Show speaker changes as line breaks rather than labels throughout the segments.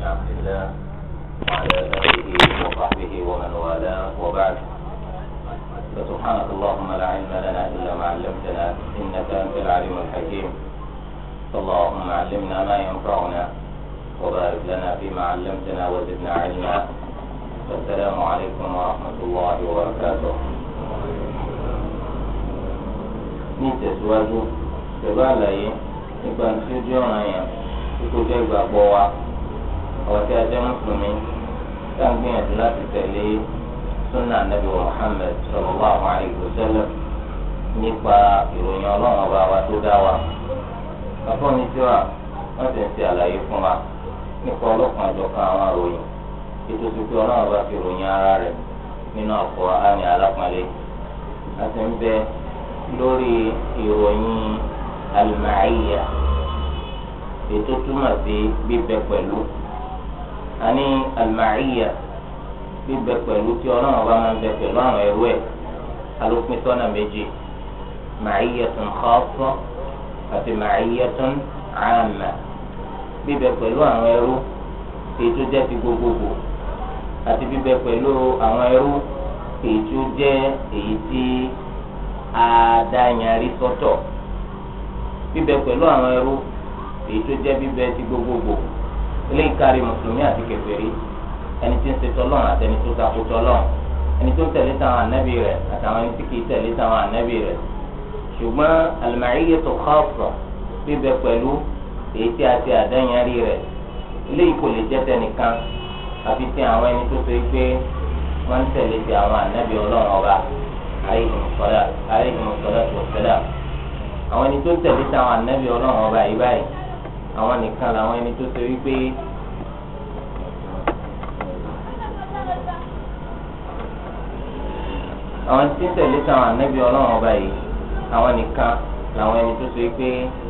بن عبد الله وعلى آله وصحبه ومن والاه وبعد فسبحانك اللهم لا علم لنا إلا ما علمتنا إنك أنت العليم الحكيم اللهم علمنا ما ينفعنا وبارك لنا فيما علمتنا وزدنا علما السلام عليكم ورحمة الله وبركاته ní ìtẹ̀síwájú pẹ̀lú àlàyé nípa tí ó jẹ́ ọ̀ràn yẹn tí kò àwọn tí a jẹ́ mùsùlùmí tá à gbìyànjú láti tẹ̀lé súnà nàbì nípa ìròyìn ọlọ́run ọba wa ti ń ṣe àlàyé fún wa nípa ọlọ́kan àjọkan àwọn àròyìn ètò ìsìnkú ọlọ́run ọba ròyìn ara rẹ̀ nínú ọ̀pọ̀ àmì a ti ń bẹ lórí ìròyìn alìmáyà ètò túmọ̀ àní àlùmáàríyà bíbẹ pẹ̀lú tí ọlọ́run ọba máa ń bẹ pẹ̀lú àwọn ẹrú ẹ̀ alópin sọ́nà méjì màáyẹ̀tún kọ́ọ̀tún àti màáyẹ̀tún àmà bíbẹ pẹ̀lú àwọn ẹrú èyí tó jẹ́ ti gbogbogbò àti bíbẹ pẹ̀lú àwọn ẹrú èyí tó jẹ́ èyí tí àdáyanrí sọ́tọ̀ bíbẹ pẹ̀lú àwọn ẹrú èyí tó jẹ́ bíbẹ ti gbogbogbò ilé ìkárí mùsùlùmí àti kèfèrí ẹni tí ń ṣe tọlọ́run àti ẹni tó takò tọlọ́run ẹni tó ń tẹ̀lé táwọn ànábì rẹ̀ àtàwọn ẹni tí kìí tẹ̀lé táwọn ànábì rẹ̀ ṣùgbọ́n al-ma'iyyatu khassa bíbẹ pẹ̀lú èyí tí a ti àdáyanrí rẹ̀ ilé ìkò lè jẹ́ tẹnìkan àfi tí àwọn ẹni tó so pé wọ́n ń tẹ̀lé ti àwọn ànábì ọlọ́run ọba alayhimus salatu wassalam àwọn ẹni tó àwọn nìkan làwọn ẹni tó ṣe wípé àwọn tí ń tẹ̀lé táwọn ànábì ọlọ́run ọba yìí àwọn nìkan làwọn ẹni tó ṣe wípé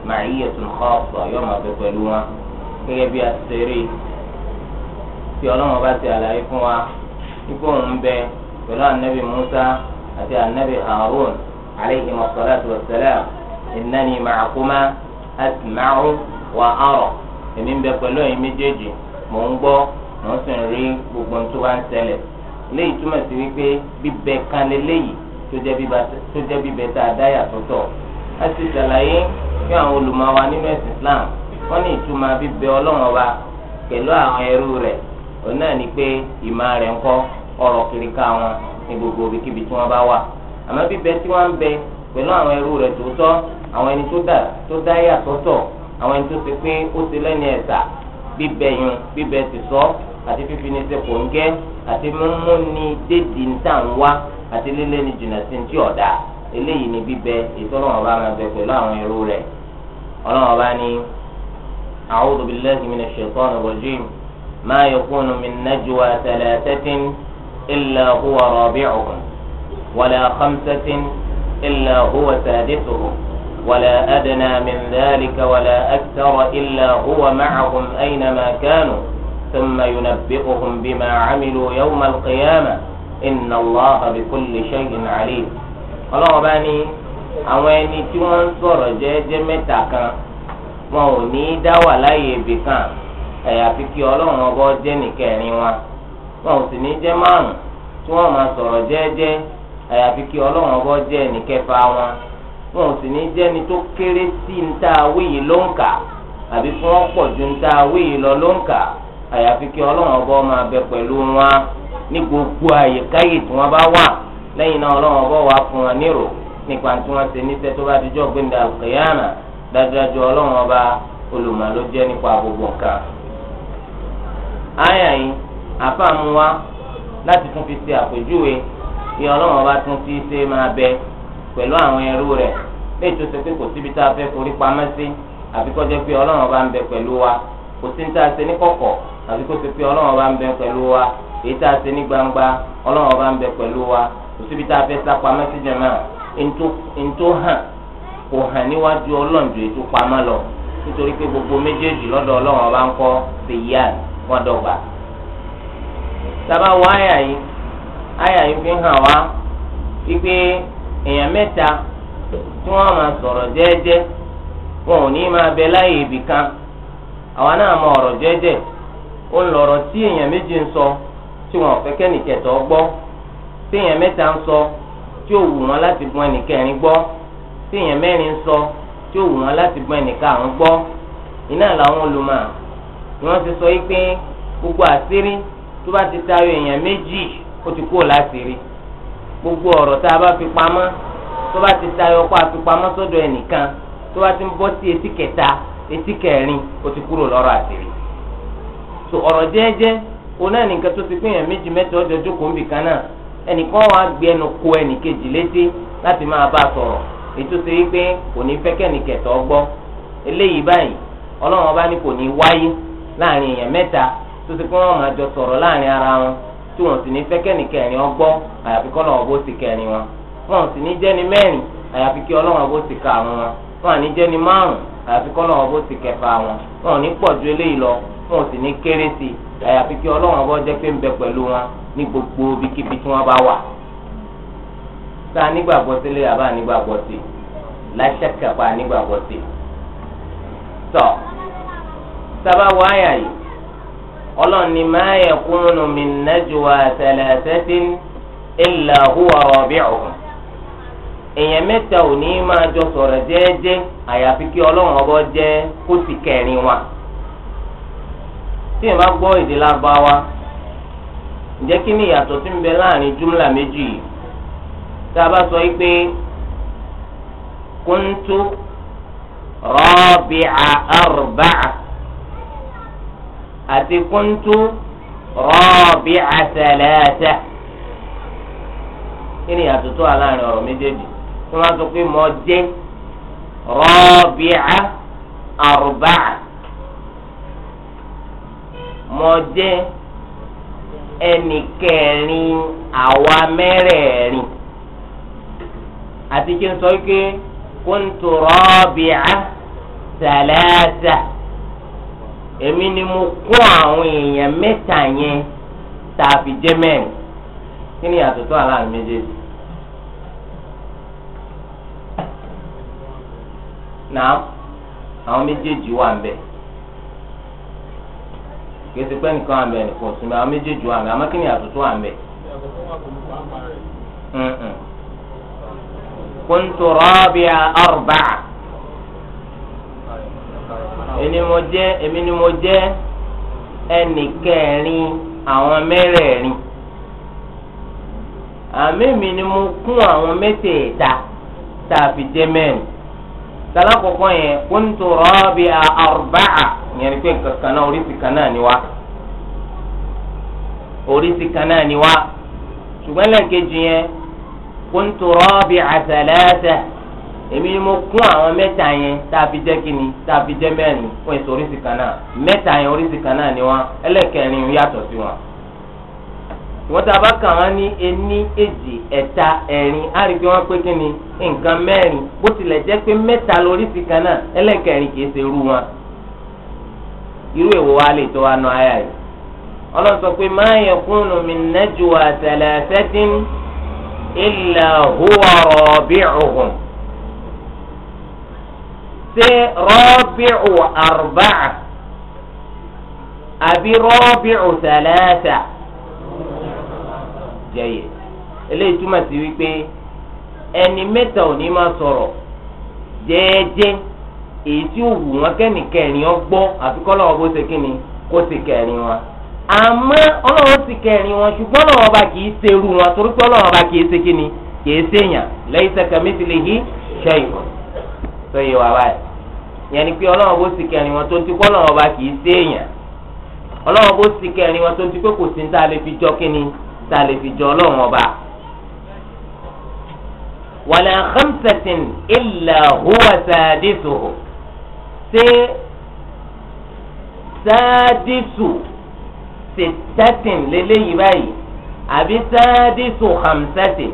ma'iyatun khassa yóò máa bẹ pẹ̀lú wọn gẹ́gẹ́ bí aṣèré tí ọlọ́run ọba ti àlàyé fún wa wípé òun bẹ pẹ̀lú ànábì Musa àti ànábì Harun alayhi salatu wa salam innani ma'akuma asma'u. wa àrọ̀ èmi ń bẹ pẹ̀lú ẹ̀yin méjèèjì mò ń gbọ mò ń sì ń gbogbo ohun tó bá ń ṣẹlẹ̀ léyìí túmọ̀ sí wípé bíbẹ kan lélẹ́yìí tó jẹ́ bíbẹ tá a dá yàtọ̀ tọ̀ a ti ṣàlàyé fún àwọn olùmọ̀wá nínú ẹ̀sìn Islam wọ́n ní ìtumọ̀ bíbẹ Ọlọ́run ọba pẹ̀lú àwọn ẹrú rẹ̀ ni pé ìmọ̀ rẹ̀ ń kọ́ ọ̀rọ̀ kiri ká wọn ní gbogbo ibikíbi tí wọ́n bá wà àmọ́ bíbẹ tí wọ́n ń bẹ pẹ̀lú àwọn ẹrú rẹ̀ tòótọ́ àwọn ẹni tó àwọn ẹni tó ti pé ó ti lẹ́ni ẹ̀sà bíbẹ yun bíbẹ ti sọ àti fífi ní ṣe kò ń gẹ́ àti mímú ni dédì ń tà ń wá àti lílé ni jìnnà sí ti ọ̀dà eléyìí ni bíbẹ ìtọ́nà ọba máa bẹ pẹ̀lú àwọn ẹrú rẹ̀ ọlọ́run ọba ni a'udhu billahi minash shaitani rajim ma yakunu min najwa thalathatin illa huwa rabi'uhum wala khamsatin illa huwa sadisuhum. ولا أدنى من ذلك ولا أكثر إلا هو معهم أينما كانوا ثم ينبئهم بما عملوا يوم القيامة إن الله بكل شيء عليم ọlọ́run bá ní àwọn ẹni tí wọ́n ń sọ̀rọ̀ jẹ́jẹ́ mẹ́ta kan wọn ò ní í dá wà láàyè ibì kan àyàfi kí ọlọ́run ọbọ̀ jẹ́ nìkẹrin wa wọn ò sì ní jẹ́ márùn-ún tí wọ́n máa sọ̀rọ̀ jẹ́jẹ́ àyàfi kí ọlọ́run ọbọ̀ jẹ́ nìkẹfà wọn wọn ò sì ní jẹ́ni tó kéré sí níta awéyè ló ń kà àbí fún ọ̀pọ̀ ju níta awéyè lọ ló ń kà àyàfi kí ọlọ́run ọba máa bẹ pẹ̀lú wọn ní gbogbo àyèkáyè tí wọ́n bá wà lẹ́yìn náà ọlọ́run ọba wà fún wọn nírò nípa tí wọ́n ṣe níṣẹ́ tó bá dijọ́ gbẹ̀ndà àlùkìyàmà dájúdájú ọlọ́run ọba olùmọ̀ jẹ́ nípa gbogbo nǹkan. àyà yìí àfàmù wa láti tún fi ṣe àpèjúwe ìyá ọlọ́run ọba tún fi ṣe máa bẹ pẹ̀lú àwọn ẹrú rẹ̀ léyìí tó ṣe pé kò síbi tá a fẹ́ forí pamọ́ sí àbí kó jẹ́ pé ọlọ́run ọba ń bẹ pẹ̀lú wa kò sí ní tá a ṣe ní kọ̀kọ̀ àbí kó ṣe pé ọlọ́run ọba ń bẹ pẹ̀lú wa èyí tá a ṣe ní gbangba ọlọ́run ọba ń bẹ pẹ̀lú wa kò síbi tá a fẹ́ sá pamọ́ sí jẹ̀mọ́ ntó hàn kò hàn níwájú ọlọ́run ju ètò pamọ́ lọ nítorí pé gbogbo méjèèjì lọ́dọ̀ ọlọ́run ọba ń kọ́ fèyíà wọ́n dọ̀gba. sábà wọ àyà yìí àyà yìí fi hàn wá wípé èèyàn mẹ́ta tí wọ́n máa sọ̀rọ̀ jẹ́ẹ́jẹ́ wọn ò ní máa bẹ láyè ibì kan àwa náà mọ ọ̀rọ̀ jẹ́ẹ́jẹ́ ó ń lọ̀rọ̀ tí èèyàn méjì ń sọ tí wọn ò fẹ́ kẹ́nìkẹ̀tọ́ gbọ́ tí èèyàn mẹ́ta ń sọ tí ò wù wọn láti ẹnìkẹrin tí èèyàn ń sọ tí ò wù wọn láti ẹnìkarùn iná gbogbo àṣírí tó bá ti tayọ èèyàn méjì gbogbo ọrọ tá a tó bá ti tayọ kó àfipamọ́ sọ́dọ̀ ẹnìkan tó bá ti ń bọ́ sí etí kẹta etí kẹrin ó ti kúrò lọ́rọ̀ àṣírí so ọ̀rọ̀ jẹ́ẹ́jẹ́ náà nìkan tó ti pín méjì mẹ́ta ọjọ́ jókòó ń bì kan náà ẹnìkan wàá gbé ẹnu kó ẹnìkejì létí láti máa bá a sọ̀rọ̀ ètò ṣe kò ní fẹ́ gbọ́ eléyìí báyìí ọlọ́run ọba ní kò ní wáyé láàrin èèyàn mẹ́ta tó ti wọn ò sì ní jẹ́ni mẹ́rin àyàfi kí ọlọ́run ọbọ̀ ti ka àwọn wọn wọn à ní jẹ́ni márùn àyàfi kí ọlọ́run ọbọ̀ ti kẹfà wọn wọn ò ní pọ̀ ju eléyìí lọ wọn ò sì ní kéré sí i àyàfi kí ọlọ́run ọbọ̀ jẹ́ pé ń bẹ pẹ̀lú wọn ní gbogbo ibikíbi tí wọ́n bá wà. tá nígbàgbọ́ sílé àbá nígbàgbọ́ sí i láṣẹ nígbàgbọ́ sí i. tọ́ sábà wọ àyà yìí ọlọ́run ni máa yẹ kúnnù min najwa thalathatin illa huwa rabi'uhum èèyàn mẹ́ta ò ní máa jọ sọ̀rọ̀ jẹ́ẹ́jẹ́ àyàfi kí ọlọ́run ọbọ̀ jẹ́ kó sì kẹrin wa tí èèyàn bá gbọ́ èdè lábáwá ǹjẹ́ kí ni ìyàtọ̀ tí ń bẹ láàrin júmùlà méjì yìí tá a bá sọ pé kuntu rọ́bìà arba'a àti kuntu rọ́bìà thalatha kí ni ìyàtọ̀ tó wà láàrin ọ̀rọ̀ méjèèjì tó bá sọ pé mọ jẹ́ rọ́bìá àrùbá mọ jẹ́ ẹnì kẹrin àwa mẹ́rẹ̀ẹ̀rin àti kí n sọ pé kóńtù rọ́bìá sàlẹ́sà èmi ni mo kún àwọn èèyàn mẹ́ta yẹn tá a kí ni yàtọ̀ tó méjèèjì. na àwọn méjèèjì wà ń bẹ gbèsè nìkan wà ń bẹ àwọn méjèèjì wà ni wà ń kuntu rọ́bìà mo èmi ni mo jẹ́ ẹnì kẹrin àwọn mẹ́rẹ̀ẹ̀rin àmì mo kún àwọn mẹ́tẹ̀ẹ̀ta tá a fi jẹ́ mẹ́rin. tala kọkọ yẹn kuntu rọbi a arba'a yẹn ni pé kankan náà oríṣi kan náà ni wa oríṣi kan náà ni wa ṣùgbọ́n lẹ́ẹ̀kejì yẹn kuntu rọbi a thalatha èmi ni mo kún àwọn mẹ́ta yẹn tá a fi jẹ́ kínní tá a fi jẹ́ mẹ́rin fún èso oríṣi kan náà mẹ́ta yẹn oríṣi kan náà ni wa wọ́n tá a bá kàn án ní ení èjì ẹ̀ta ẹ̀rin á rí i pé wọ́n pé kí ni nǹkan mẹ́rin bó tilẹ̀ jẹ́ pé mẹ́ta lórí ti kan náà ẹlẹ́kẹ̀rin kìí ṣe irú wọn irú èwo wa lè tó wa nù ayà yìí ọlọ́run sọ pé ma yakunu min najwa thalathatin illa huwa rabi'uhum ṣé rabi'u arba'a àbí rabi'u thalatha. jẹyẹ eléyìí túmọ̀ sí wípé ẹni mẹ́ta ò ní ma sọ̀rọ̀ jẹ́ẹ́jẹ́ èyí tí ò wù wọn kẹ́nìkẹ́rin ọ gbọ́ àfi kọ́ lọ́wọ́ bó ṣe kí ni kó ti kẹ́rin wọn àmọ́ ọlọ́wọ́ ti kẹ́rin wọn ṣùgbọ́n bá kì í wọn torí pé ọlọ́wọ́ bá kì í ṣe kí ni kì í tó yẹ wá báyìí yẹn ni pé ọlọ́wọ́ bó ti kẹ́rin wọn tó ti kọ́ bá kì ti kẹ́rin tá a lè fi jọ ọlọ́run ọba. wàlẹ̀ hamsatin ilà huwa sadisu ṣé sadisu sittatin lélẹ́yìí báyìí àbí sadisu hamsatin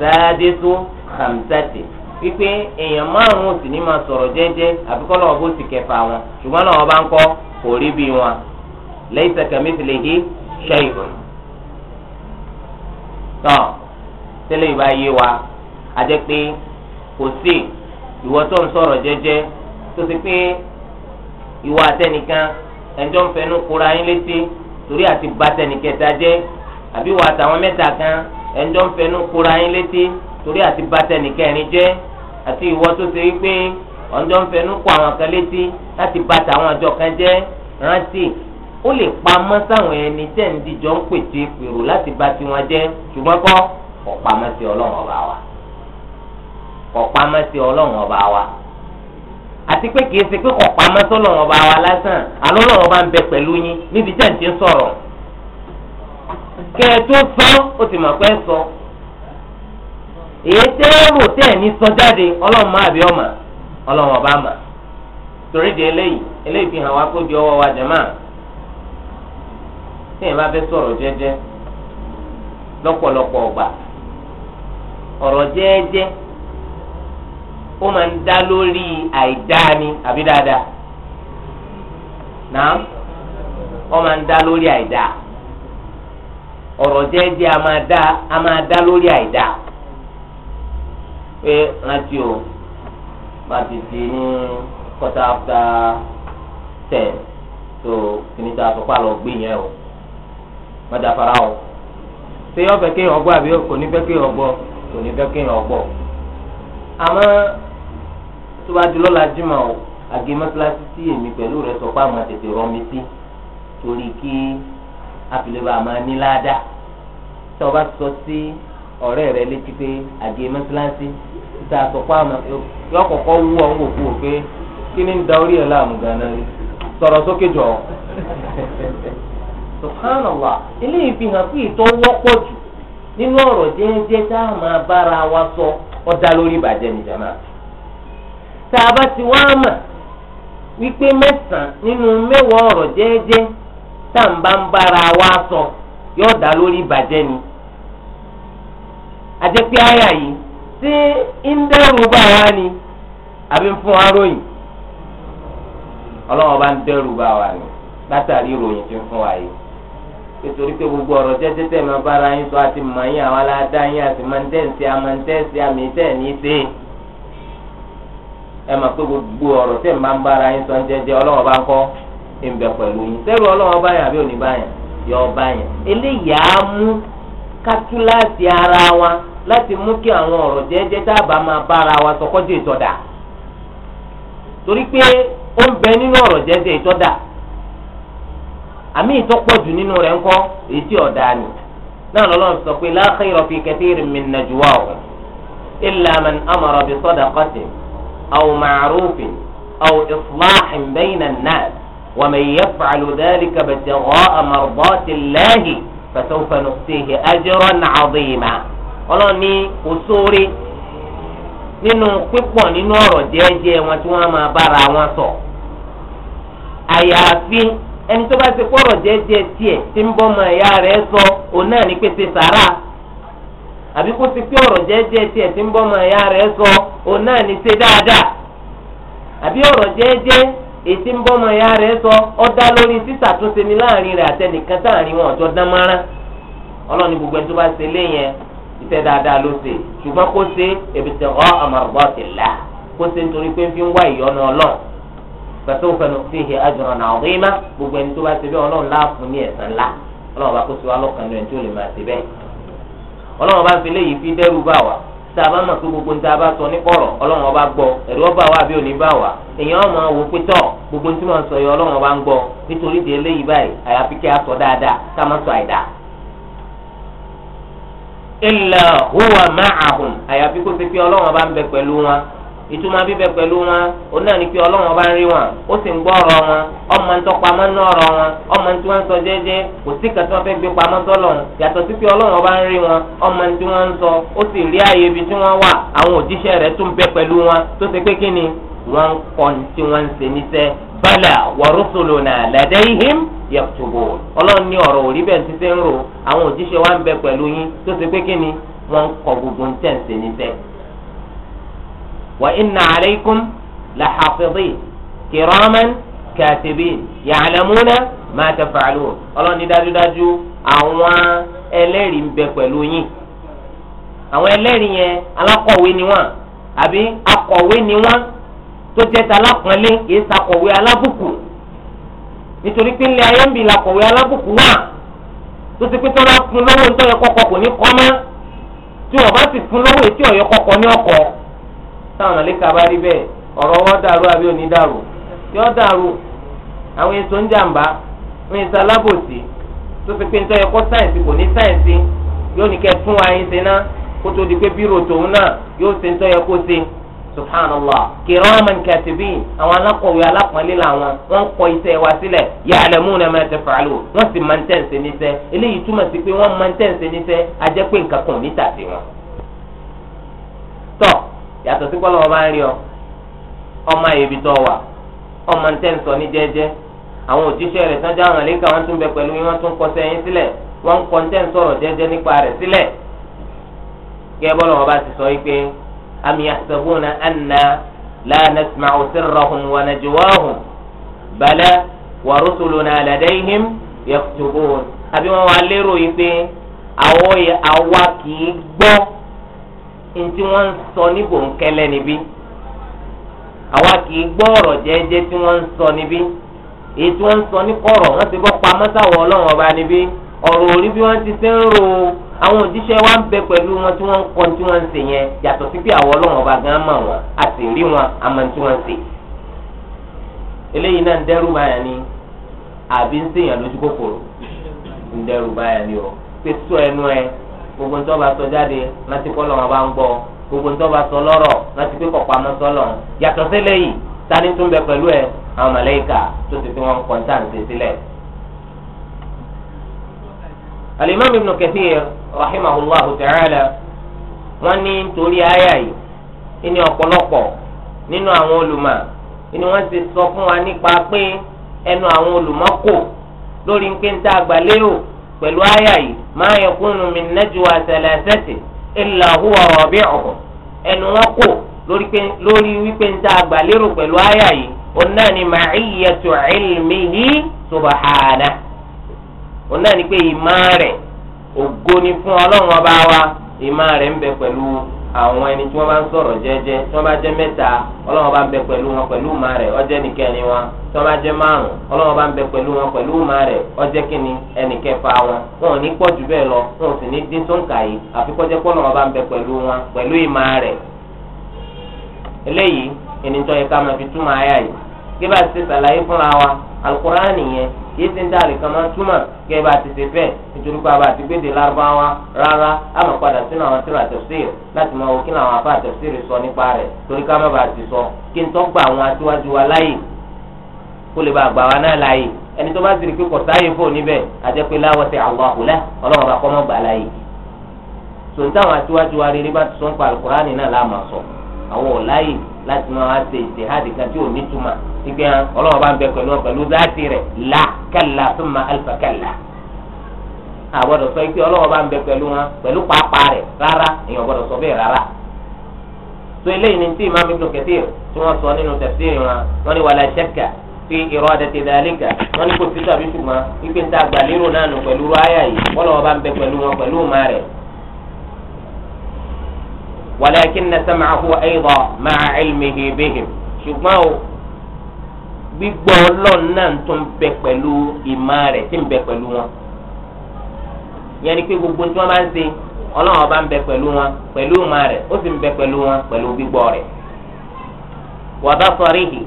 sadisu hamsatin wípé èèyàn márùn-ún sì ní máa sọ̀rọ̀ jẹ́jẹ́ àbí kọ́ lọ́wọ́ bó ti kẹfà wọn ṣùgbọ́n náà bá ń kọ́ kò rí bí wọn laysa kamithlihi shay'un tán tẹ́lẹ̀ ìbá yé wa a jẹ́ pé kò sí ìwọ tó ń sọ̀rọ̀ jẹ́jẹ́ tó ti pé ìwọ àtẹnìkan ẹjọ́ ń fẹnu kura yín létí torí àti ba tẹnìkẹta jẹ́ àbí ìwọ àtàwọn mẹ́ta kan ẹjọ́ ń fẹnu kura yín létí torí àti ba tẹnìkẹrin jẹ́ àti ìwọ tó ti pé ọjọ́ ń fẹnu kọ àwọn kan létí láti ba tàwọn àjọ kan jẹ́ rántí ó lè pamọ́ sáwọn ẹni tẹ́ ń dìjọ́ ń pète pèrò láti bá tiwọn jẹ́ ṣùgbọ́n kọ́ ọ̀pamọ́ sí ọlọ́run ọba wa ọ̀pamọ́ sí ọlọ́run ọba wa àti pé kìí ṣe pé ọ̀pamọ́ sọ́lọ́run ọba wa lásán àlọ́ ọlọ́run ọba ń ti sọ̀rọ̀ kẹ́ ẹ tó sọ ó ti mọ̀ pé sọ èyí tẹ́ ẹ tẹ́ fi hàn wá kó wa jẹ̀ téèyàn bá fẹ́ sọ̀rọ̀ jẹ́jẹ́ lọ́pọ̀lọpọ̀ ọgbà ọ̀rọ̀ jẹ́jẹ́ ó máa ń dá lórí àìdáa ni àbí dáadáa náà ó máa ń dá lórí àìdáa ọ̀rọ̀ jẹ́jẹ́ a máa dá a máa dá lórí àìdáa pé rántí o máa ti di ní quarter after ten so kìnìún ta sọ pé àlọ́ gbé yẹn o mọ̀dàfara o ṣé yọ fẹ́ kéèyàn gbọ́ àbí kò ní fẹ́ kéèyàn gbọ́ kò ní fẹ́ kéèyàn gbọ́ àmọ́ tó bá di lọ́la jímọ̀ o àgé mọ́tíláṣí tí èmi pẹ̀lú rẹ sọ pé àwọn tètè rọ mi sí torí kí àfìlẹ́bà máa ní ládàá tí wọ́n bá sọ sí ọ̀rẹ́ rẹ létí pé àgé mọ́tíláṣí tá a sọ pé àwọn yọ kọ̀kọ́ wú ọ̀hún òkú ò pé kí ni ń da orí ẹ̀ láàmú gan-an sọ̀rọ̀ sókè jọ̀ọ́. subhanallah eléyìí fi hàn pé ìtọ́ wọ́pọ̀ jù nínú ọ̀rọ̀ jẹ́jẹ́ tá a máa bára wa sọ ọ̀dà lórí ìbàjẹ́ nìjàmá tá a bá ti wá mà wípé mẹ́sàn-án nínú mẹ́wàá ọ̀rọ̀ jẹ́jẹ́ tá à bá ń bára wa sọ yóò dá ni àjẹpẹ́ àyà yìí tí ń dẹ́rù bá wa ni ni látàrí ìròyìn tí ń fún wa nítorí pé gbogbo ọ̀rọ̀ jẹ́jẹ́ tẹ̀ máa bára yín sọ àti mọ̀ yín àwọn aládá yín àti mọ̀ntẹ́ǹsì àmọ̀ntẹ́ǹsì àmì tẹ̀ẹ̀ní sí i. ẹ mọ̀ pé gbogbo ọ̀rọ̀ tẹ̀ máa ń bára yín sọ jẹ́jẹ́ ọlọ́wọ́ bá ń kọ́ ìbẹ̀ pẹ̀lú yín. sẹ́rù ọlọ́wọ́ báyàn àbí òní báyàn yọ báyàn. eléyìí á mú kátúláàsì ara wa láti mú kí àwọn ọ̀rọ̀ jẹ́jẹ́ tá a bá máa bára wa sọkọ́jọ́ ìtọ́dà torí pé ó ń bẹ nínú ọ̀rọ̀ àmì ìtọ́pọ̀ jù nínú rẹ̀ ńkọ́ èyí tí ọ̀dà ni náà lọ́lọ́run sọ pé la khayra fi kathirin min najwahum illa man amara bi sadaqatin aw ma'rufin aw islahin bayna an-nas wa man yaf'al dhalika ibtigha'a mardati llahi fasawfa nu'tihi ajran 'azima ọlọ́ni kò sóore nínú pípọ̀ ẹni tó bá ti pọ̀rọ̀ jẹ́jẹ́ tiẹ̀ tí ń bọ́mọ ẹ̀yà rẹ̀ sọ òun náà ní sàrà àbí ti pé jẹ́jẹ́ tiẹ̀ tí ń ẹ̀yà rẹ̀ sọ òun náà ní ṣe dáadáa àbí ọ̀rọ̀ jẹ́jẹ́ ètí ń bọ́mọ ẹ̀yà rẹ̀ sọ ó dá lórí sísàtúnṣe ní láàrin rẹ̀ àtẹnìkan táàrin wọn ọ̀jọ́ dán ọlọ́ni gbogbo ẹni tó bá ṣe lé yẹn dáadáa ló ṣe ṣùgbọ́n kó ṣe èbìtẹ̀ فسوف نؤتيه أجرا عظيما gbogbo ẹni tó bá ti bẹ́ẹ̀ ọlọ́run láàfún ní ẹ̀san ńlá ọlọ́run bá kó sí wa lọ́kàn lóyún tó lè máa fi fi gbogbo ní tá a bá sọ ní kọ̀rọ̀ ọlọ́run ọba gbọ́ ẹ̀rú ọba wa bí òní bá wa gbogbo tí wọ́n sọ yọ ọlọ́run ọba ń di ìtumọ̀ bíbẹ pẹ̀lú wọn òun náà ní pé ọlọ́wọ́n bá ń rí wọn ó sì ń gbọ́ ọ̀rọ̀ wọn ọmọ ń tọpamọ́ ní ọ̀rọ̀ wọn ọmọ tí wọ́n ń sọ jẹ́jẹ́ kò sí kàtí wọ́n fẹ́ gbé pamọ́ sọ́lọ́run yàtọ̀ sí pé ọlọ́wọ́n bá ń wọn ọmọ tí wọ́n ń sọ ó sì ibi wọn tó ni ní òrí ti ṣe wa ń bẹ pẹ̀lú yín tó ṣe pé kí ni wọn kọ gbogbo ń tẹ̀ ń wa inna alaykum lahafidhin kiraman katibin ya'lamuna ma taf'alun ọlọ́ni dájúdájú àwọn ẹlẹ́rìí ń bẹ pẹ̀lú yín àwọn ẹlẹ́rìí yẹn alákọ̀wé ni wọ́n àbí akọ̀wé ni wọ́n tó jẹ́ nítorí pé ńlẹ̀ ayé ń bì lakọ̀wé alábùkù wà tó ti pé tó fún ń kọ́kọ́ kò ní kọ́ táwọn mọ̀lẹ́kà bá rí bẹ́ẹ̀ ọ̀rọ̀ wọn dàrú àbí òní dàrú yọ dàrú àwọn èso ń jàǹbá wọn èso alábòsí tó fi pé nítorí ẹ̀kọ́ sáyẹ̀nsì kò ní sáyẹ̀nsì yóò ní kẹ́ tún wáyé ṣe ná kó tó di pé bírò tòun náà yóò ṣe nítorí ẹ̀kọ́ ṣe subhanallah kiraman katibin àwọn alákọ̀wé alápọ̀nlé làwọn wọ́n kọ iṣẹ́ wa sílẹ̀ ya'lamuna ma taf'alu wọ́n sì máa ń tẹ̀sí níṣẹ́ eléyìí túmọ̀ sí pé wọ́n máa ń tẹ̀sí níṣẹ́ ajẹ́pé nǹkan kan ò ní tàbí wọn. tọ́ yàtọ̀ sí kọ́lọ́ wọn bá ń rí ọ ọmọ ayébi tó wà ọmọ ntẹ́ ń sọ ní jẹ́jẹ́ àwọn òjíṣẹ́ rẹ̀ tán jáwọn àlékà wọn tún bẹ pẹ̀lú yín wọn tún kọ́ sẹ́yìn sílẹ̀ wọn ń kọ́ ntẹ́ ń sọ̀rọ̀ jẹ́jẹ́ nípa rẹ̀ sílẹ̀ kẹ́ bọ́lọ̀ wọn ti sọ yìí pé am yahsabuna anna la nasma'u sirrahum wa najwahum bala wa rusuluna ladayhim yaktubun àbí wọn wà lérò yìí pé àwọ̀ àwa kì gbọ́ ntí wọ́n ń sọ ní bòńkẹ́lẹ́ níbí àwa kì í gbọ́ ọ̀rọ̀ jẹ́ẹ́jẹ́ tí wọ́n ń sọ níbí èyí tí wọ́n ń sọ ní kọ̀rọ̀ wọ́n ti bọ́ pamọ́ sáwọ́ ọlọ́run ọba níbí ọ̀rọ̀ orí bí wọ́n ti ṣe ń ro àwọn òjíṣẹ́ wa ń bẹ pẹ̀lú wọn tí wọ́n ń kọ́ tí wọ́n ń ṣe yẹn yàtọ̀ sí pé àwọn ọlọ́run ọba gan mọ̀ wọn a sì rí wọn àmọ́ tí wọ́n ń ṣe. eléyìí náà ń dẹ́rù báyà ni àbí ń ṣèyàn lójú kòkòrò ń dẹ́rù báyà ni o pé sọ ẹnu ẹ gbogbo ntọ́ bá sọ jáde láti kọ́ lọ́wọ́ bá ń gbọ́ gbogbo ntọ́ bá sọ lọ́rọ̀ láti pé kọ̀ pamọ́ sọ́lọ̀ yàtọ̀ sílẹ̀ yìí tani tún bẹ pẹ̀lú ẹ àwọn màláíkà tó ti fi wọn kọ́ńtà ń ṣe sílẹ̀. alimami ibn kathir rahimahullahu ta'ala wọn ní torí àyà yìí ìní ọ̀pọ̀lọpọ̀ nínú àwọn olùmọ̀ ìní wọ́n ti sọ fún wa nípa pé ẹnu àwọn olùmọ̀ kò lórí ń pé ń tá àgbà lérò pẹ̀lú àyà yìí máa yẹ kúnnù mi nẹ́jú àtẹlẹsẹ̀tì ìlà hùwà ọ̀bí ọ̀hún ẹnu wọn kò lórí wípé ń tá àgbàlérò pẹ̀lú àyà yìí òun náà ni màáyẹ̀tù ìlmìhì subahana òun náà ni pé ìmá rẹ̀ ògo ni fún ọlọ́run ọba wa ìmá rẹ̀ ń bẹ pẹ̀lú àwọn ẹni tí wọ́n bá ń sọ̀rọ̀ jẹ́jẹ́ tí wọ́n bá jẹ́ mẹ́ta ọlọ́wọ́n bá ń bẹ pẹ̀lú wọn pẹ̀lú ìmá wọn tí wọ́n bá jẹ́ márùn ọlọ́wọ́n bá ń bẹ wọn pẹ̀lú ìmá rẹ̀ ọjẹ́ kíni ẹnìkẹfà wọn wọn ò ní jù lọ wọn ò sì ní dín sóńkà yìí gẹ́gẹ́ bá ti ṣe ṣàlàyé fúnra wa alukur'ani yẹn yìí ti ń dá àlìkan máa ń túmọ̀ gẹ́gẹ́ bá ti ṣe fẹ́ nítorí pé a bá ti gbéde lárúbáwá rárá a máa padà sínú àwọn tíra tafsir láti máa wo kí ni àwọn afá tafsir sọ nípa rẹ̀ torí ká má bàa ti sọ kí n tó gba àwọn aṣíwájú wa láàyè kó lè bá àgbà wa náà láàyè ẹni tó bá ti rí pé kò sáàyè fò níbẹ̀ àjẹpé láwọ̀sí àwọn àkùlẹ̀ ọlọ́run ike hàn ọlọ́wọ́ bá ń bẹ pẹ̀lú ọ pẹ̀lú dáàtì rẹ̀ là kàlà thumma alfa kàlà àgbọ̀dọ̀ sọ ike ọlọ́wọ́ bá ń bẹ pẹ̀lú wọn pẹ̀lú pàápàá rẹ̀ rárá èèyàn gbọ́dọ̀ sọ bẹ́ẹ̀ rárá so eléyìí ni tí imaam ibn kathir tí wọ́n sọ nínú tafsiri wọn wọ́n ní wàlá ṣẹ́kà fi iradati dhalika wọ́n ní kò sí tàbí ṣùgbọ́n ṣùgbọ́n o gbígbọ́ ọlọ́run náà tó ń bẹ pẹ̀lú ìmọ̀ rẹ̀ tí ń bẹ pẹ̀lú wọn. ìyẹn ni pé gbogbo tí wọ́n bá ń ọlọ́run ọba ń bẹ pẹ̀lú wọn pẹ̀lú ìmọ̀ rẹ̀ ó sì ń bẹ pẹ̀lú wọn pẹ̀lú gbígbọ́ rẹ̀. wàbá sọríhì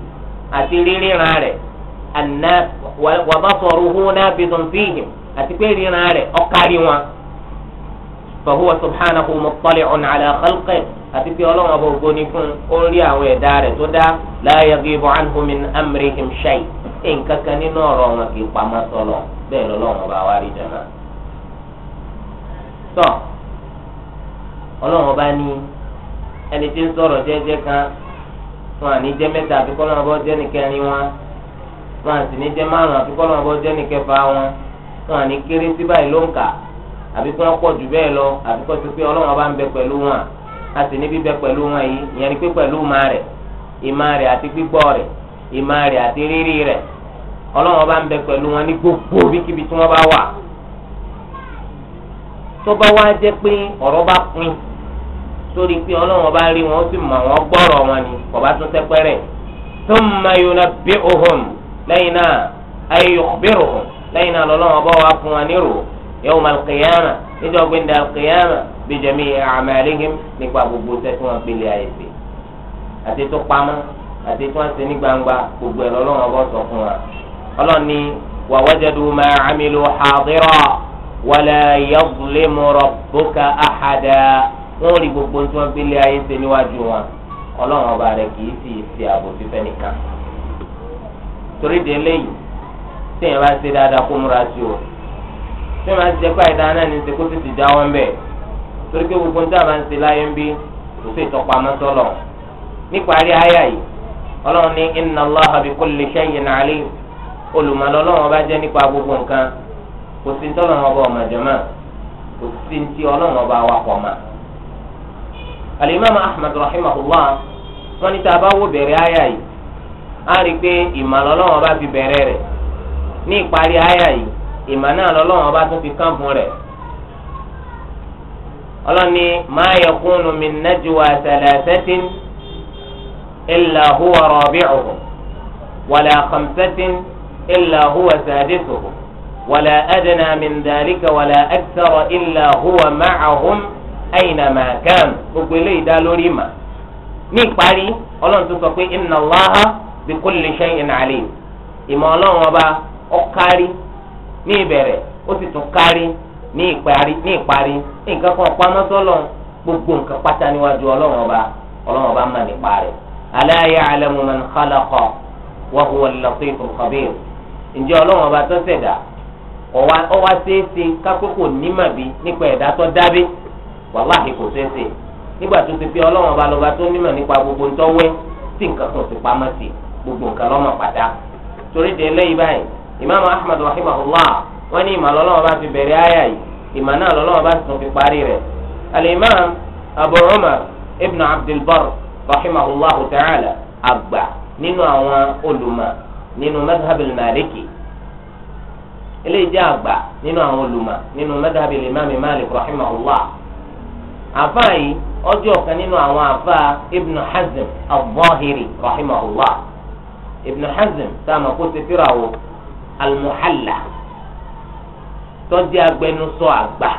àti ríríran rẹ̀ wàbá náà fi àti pé ríran rẹ̀ ọ̀kárí wọn. فهو سبحانه مطلع على خلقه àtìpé ọlọ́run ọba ògo ni fún ó ń rí àwọn ẹ̀dá rẹ̀ tó dá la yagibu anhu min amrihim shay nǹkan kan nínú ọ̀rọ̀ wọn kì í pamọ́ sọlọ bẹ́ẹ̀ lọ́lọ́run ọba wa rí jọ̀nà. tọ́ ọlọ́run ọba ní ẹni tí ń sọ̀rọ̀ jẹ́jẹ́ kan wọn à ní jẹ́ mẹ́ta àfi kọ́ lọ́wọ́ jẹ́ nìkẹrin wọn wọn à sì ní jẹ́ márùn-ún àfi kọ́ lọ́wọ́ jẹ́ nìkẹfà wọn wọn à ní kéré sí báyìí ló ń kà á. àbí kí wọ́n pọ̀ jù bẹ́ẹ̀ lọ àbí kọ́ sí pé ọlọ́run bá ń wọn a sì ní bíbẹ pẹ̀lú wọn yìí ìyẹn ni pé pẹ̀lú ìmá rẹ̀ ìmá rẹ̀ àti gbígbọ́ rẹ̀ ìmá rẹ̀ àti rírí rẹ̀ ọlọ́run bá ń bẹ pẹ̀lú wọn ní gbogbo bíkíbi tí wọ́n bá wà. tó bá wá jẹ́ pé ọ̀rọ̀ bá pin sórí pé ọlọ́run bá rí wọn ó sì mọ̀ gbọ́rọ̀ wọn ni kò yawm al-qiyamah níjọ́ gbẹ̀ndẹ̀ al-qiyamah bi jami'i a'malihim nípa gbogbo sẹ́tí wọn gbélé ayé sí àti tó pamọ́ àti tó ń ṣe ní gbangba gbogbo ẹ̀ lọ́lọ́run ọgbọ́n sọ fún wa ọlọ́run ni wa wajadu ma 'amilu hadira wala yazlimu rabbuka ahada wọn rí gbogbo tí gbélé ayé ṣe níwájú wọn ọlọ́run ọba rẹ̀ kì í sì ṣe àbòsí fẹ́nìkan torí de eléyìí tí bá ṣe dáadáa kó múra sí o tí màá jẹ́ pé àìdáa náà ní ṣe kó tètè jáwọ́ ńbẹ̀ torí pé gbogbo níta máa ń ṣe láyé ń bí kò sí ìtọ́pamọ́ sọ́lọ̀ níparí àyà yìí ọlọ́run ní inna Allaha bi kulli shay'in alim olùmọ̀lọ́lọ́wọ́n bá jẹ́ nípa gbogbo nǹkan kò sí tọ́lọ́run ọba ọ̀mọ̀jọ́mọ́ kò sí ti ọlọ́run ọba awakọ̀ mọ́. alimami ahmed rahimahullah wọn ní tá a bá wò bẹ̀rẹ̀ àyà yìí á rí i pé ìmọ̀lọ́lọ́wọ́n bá fi bẹ̀rẹ̀ rẹ̀ ní ìparí àyà yìí ìmọ̀ náà lọ́lọ́wọ́n bá tún fi kánfún rẹ̀ ọlọ́ni máa yakunu min najwa thalathatin illa huwa rabi'uhum wala khamsatin illa huwa sadisuhum wala adna min dhalika wala akthara illa huwa ma'ahum aynama kan gbogbo eléyìí dá lórí ìmọ̀ ní ìparí ọlọ́run tó sọ pé inna Allaha bikulli shay'in ìmọ̀ ọlọ́run ọba ọ̀kárí ní ìbẹ̀rẹ̀ ó sì tún kárí ní ìparí ní ìparí nǹkan kan pamọ́ sọ́lọ̀ gbogbo nǹkan pátá níwájú ọlọ́run ọba ọlọ́run ọba mà nípa rẹ̀ ala ya'lamu man khalaqa wa huwa al-latiful ǹjẹ́ ọlọ́run ọba tó ṣẹ̀dá wá ṣeéṣe nípa ẹ̀dá tó dábí kò ṣeéṣe nígbà gbogbo ntọ́wẹ́ tí nǹkan kan gbogbo nǹkan lọ́mọ pàdá torí imaamu ahmed rahimahullah wọ́n ní ìmọ̀ lọ́lọ́wọ́ bá fi bẹ̀rẹ̀ àyà yìí ìmọ̀ náà lọ́lọ́wọ́ bá tún fi parí rẹ̀ alimam abu umar ibn abdulbar rahimahullah ta'ala àgbà nínú àwọn olùmọ̀ nínú madhabil maliki eléyìí jẹ́ àgbà nínú àwọn olùmọ̀ nínú madhabil imaami malik rahimahullah àfa yìí ọjọ́ kan nínú àwọn àfa ibn hazm al-zahiri rahimahullah ibn hazm táwọn kó ti fira wo almuhalla tó jẹ́ agbẹnusọ àgbà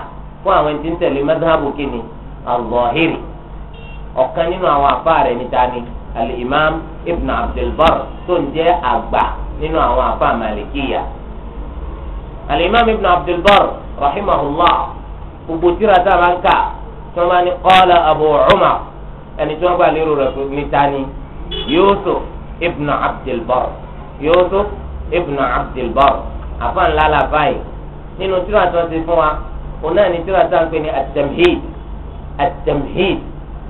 fún àwọn tí ń tẹ̀lé madhabu kínní al-Zahiri ọ̀kan nínú àwọn àfa rẹ̀ níta ni al-imam ibn abdulbar tó ń jẹ́ àgbà nínú àwọn àfa malikiya al-imam ibn abdulbar rahimahullah gbogbo tíra tá a máa ń kà tí wọ́n ní qala abu umar ẹni tí wọ́n gbà lérò rẹ̀ níta ni yusuf ibn abdulbar yusuf ibn abdulbar afa ńlá la báyìí nínú tíra tó ń ti fún wa òun náà ní tíra tó ń pè ní atamhid atamhid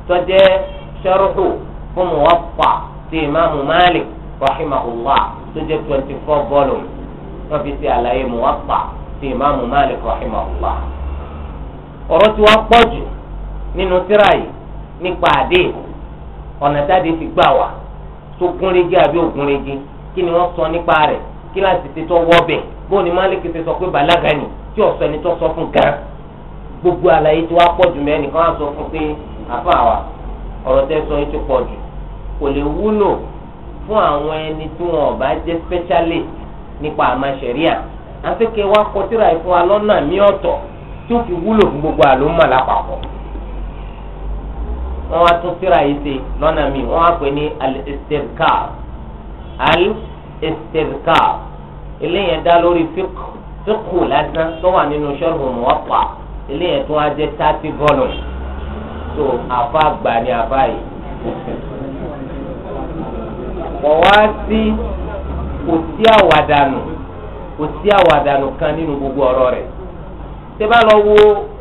tó jẹ́ sharhu fún muwaffa ti imaamu malik rahimahullah tó jẹ́ twenty four volume wọ́n fi ṣe àlàyé muwaffa ti imaamu malik rahimahullah ọ̀rọ̀ tí wọ́n pọ̀ nínú tíra yìí nípa àdéhùn ọ̀nà táde fi gbà wá tó gúnrégé àbí ògúnrégé kí ni wọ́n sọ nípa rẹ̀ kíláàsì ti tọ́ wọ́ọ̀bẹ̀ bóun ni malik ti sọ pé balaga ni tí ọ̀sọ́ ẹni tó sọ fún gan gbogbo àlàyé tí wàá pọ̀ jù mẹ́rin kan á sọ fún pé àfa wa ọ̀rọ̀ tẹ́ sọ yìí ti pọ̀ jù kò lè wúlò fún àwọn ẹni tí wọn ò bá jẹ́ specialist nípa àmà ṣẹ̀ríà àfikẹ́ wa kọ tírà ìfún wa lọ́nà mí ọ̀tọ̀ tó fi wúlò fún gbogbo àlòmọ̀ lápapọ̀ wọ́n wá tún tírà yìí ṣe lọ́nà mí wọ́n wá pè ní al istidkar eléyẹn dá lórí fíkù lásán tó wà nínú sharhu muwatta eléyẹn tó wá jẹ́ thirty volume so àfa gbà ní àfa yìí wọ́n wá sí kò sí àwàdànù kò sí àwàdànù kan nínú gbogbo ọ̀rọ̀ rẹ̀ tẹ́ bá lọ wo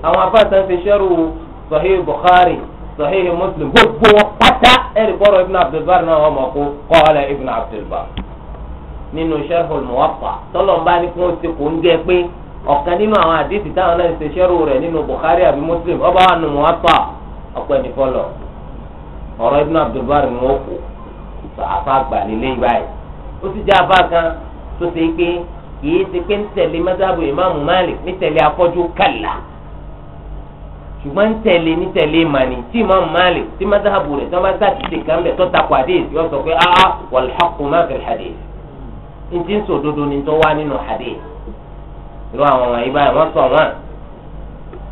àwọn afáàsán ti sharhu sahih bukhari sahih muslim gbogbo wọn pátá ẹ̀rí bọ́rọ̀ ibn abdulbar náà wọ́n mọ̀ kó qala ibn abdulbar nínú sharhul muwatta tọ́lọ̀ ń bá ní kó ti kò ń gẹ pé ọ̀kan nínú àwọn àdìsí táwọn náà ṣe sharhu rẹ̀ nínú bukhari àbí muslim ọba wa nù muwatta ọ̀pọ̀ ẹ̀nìkan lọ ọ̀rọ̀ ibn abdul bar ni wọ́n kù àfa àgbà nílé ibáyìí ó sì jẹ́ àfa kan tó ṣe pé kìí ṣe pé ń tẹ̀lé mẹ́tàbù ìmáàmù Malik ní tẹ̀lé afọ́jú kàlà ṣùgbọ́n ń tẹ̀lé ní tẹ̀lé ìmàní tí ìmáàmù Malik tí mẹ́tàbù rẹ̀ tí wọ́n bá sá ti ṣe kàn bẹ̀ tó takò àdéhìí yóò sọ pé ah wal haqqu ma fil ntí ń sòdodo ni tó wá nínú hadith irú àwọn wọ̀nyí báyìí wọ́n sọ wọ́n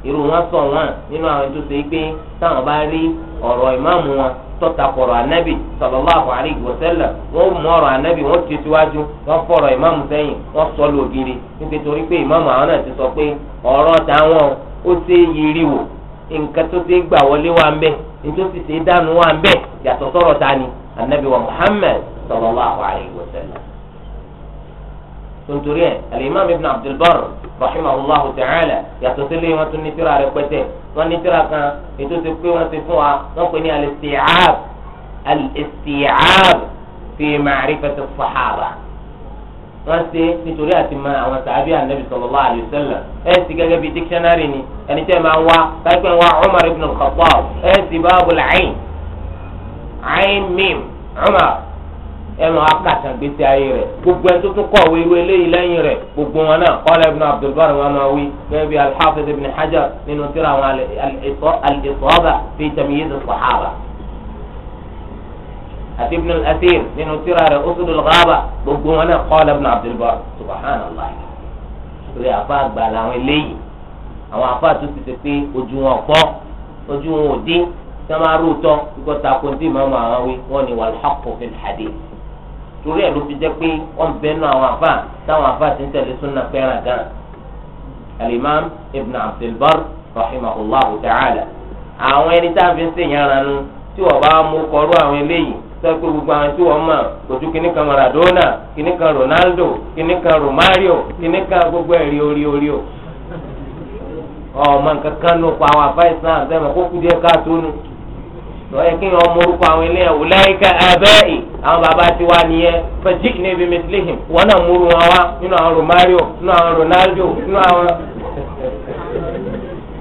irú wọn sọ wọ́n nínú àwọn tó ṣe pé táwọn bá rí ọ̀rọ̀ ìmáàmù wọn tọ́ta kọ̀rọ̀ ànábì sallallahu alayhi wa sallam wọ́n mú ọ̀rọ̀ anabi wọ́n ti síwájú wọ́n fọ̀rọ̀ ìmáàmù sẹ́yìn wọ́n sọ lògiri nítorí pé ìmáàmù àwọn náà ti sọ pé ọ̀rọ̀ táwọn ó ṣe yiri wò nǹkan tó ṣe gbà wọlé wa ń ṣe dànù wa ń yàtọ̀ ta ni anabi wa Muhammad sallallahu tontori ẹ alimami ibn abdulbar rahimahullah ta'ala yàtọ̀ sí lẹ́yìn wọn tún ní tírà rẹ̀ pẹ́tẹ́ wọn ní tírà kan ètò ti pé wọn ti fún wa wọn pè ní al-isti'ab al-isti'ab fi ma'rifati sahaba wọn ṣe nítorí àti mọ àwọn sàbí anabi sallallahu alayhi wa sallam ẹ sì gẹ́gẹ́ bíi dictionary ni ẹni tẹ́ máa wá káyipẹ́ wá umar ibn al-khattab ẹ sì báàbù làáyìn àyìn mim umar ẹnu akata gbèsè ayé rẹ gbogbo ẹ tuntun kọ wíwí eléyìí lẹ́yìn rẹ gbogbo wọn náà kọlá ibn abdulbar wọn máa wí gẹ́gẹ́ bí alḥafiz ibn hajar nínú tírà àwọn al-isaba fi tamyiz as-sahaba àti ibn al-athir nínú tírà rẹ usudul ghaba gbogbo wọn náà kọlá ibn abdulbar subhanallah rẹ afa àgbà làwọn eléyìí àwọn afa tó ti ṣe pé ojú wọn pọ ojú wọn ò dín sọmọ arúgbó tán kíkọ́ takò ní ìmọ̀ àwọn wí wọn ni wal haqqu fil torí ẹ̀ ló fi jẹ́ pé wọ́n bẹ́ẹ̀ nù àwọn àfà táwọn àfà ti ń tẹ̀lé súnà fẹ́ràn gan. alimam ibn abdulbar rahimahullahu ta'ala àwọn ẹni tá a fi ń sèyàn ara nu tí wọ́n bá mú kọrú àwọn eléyìí sọ pé gbogbo àwọn tí wọ́n mọ̀ ojú kìíní kan maradona kìíní kan ronaldo kìíní kan romario kìíní kan gbogbo ẹ̀rí orí orí o. ọmọ nǹkan kan nù pa àwọn àfà islam sẹ́mi kó kú díẹ̀ káàtó nù lọ́yẹ̀ kí wọ́n morúkọ àwọn eléyàn wò láyìíká abẹ́ẹ̀ àwọn bàbá ti wá nìyẹn fẹ́jì ní ibi mẹtìlẹ́hìn wọn náà múru wọn wá nínú àwọn Romario nínú àwọn Ronaldo nínú àwọn.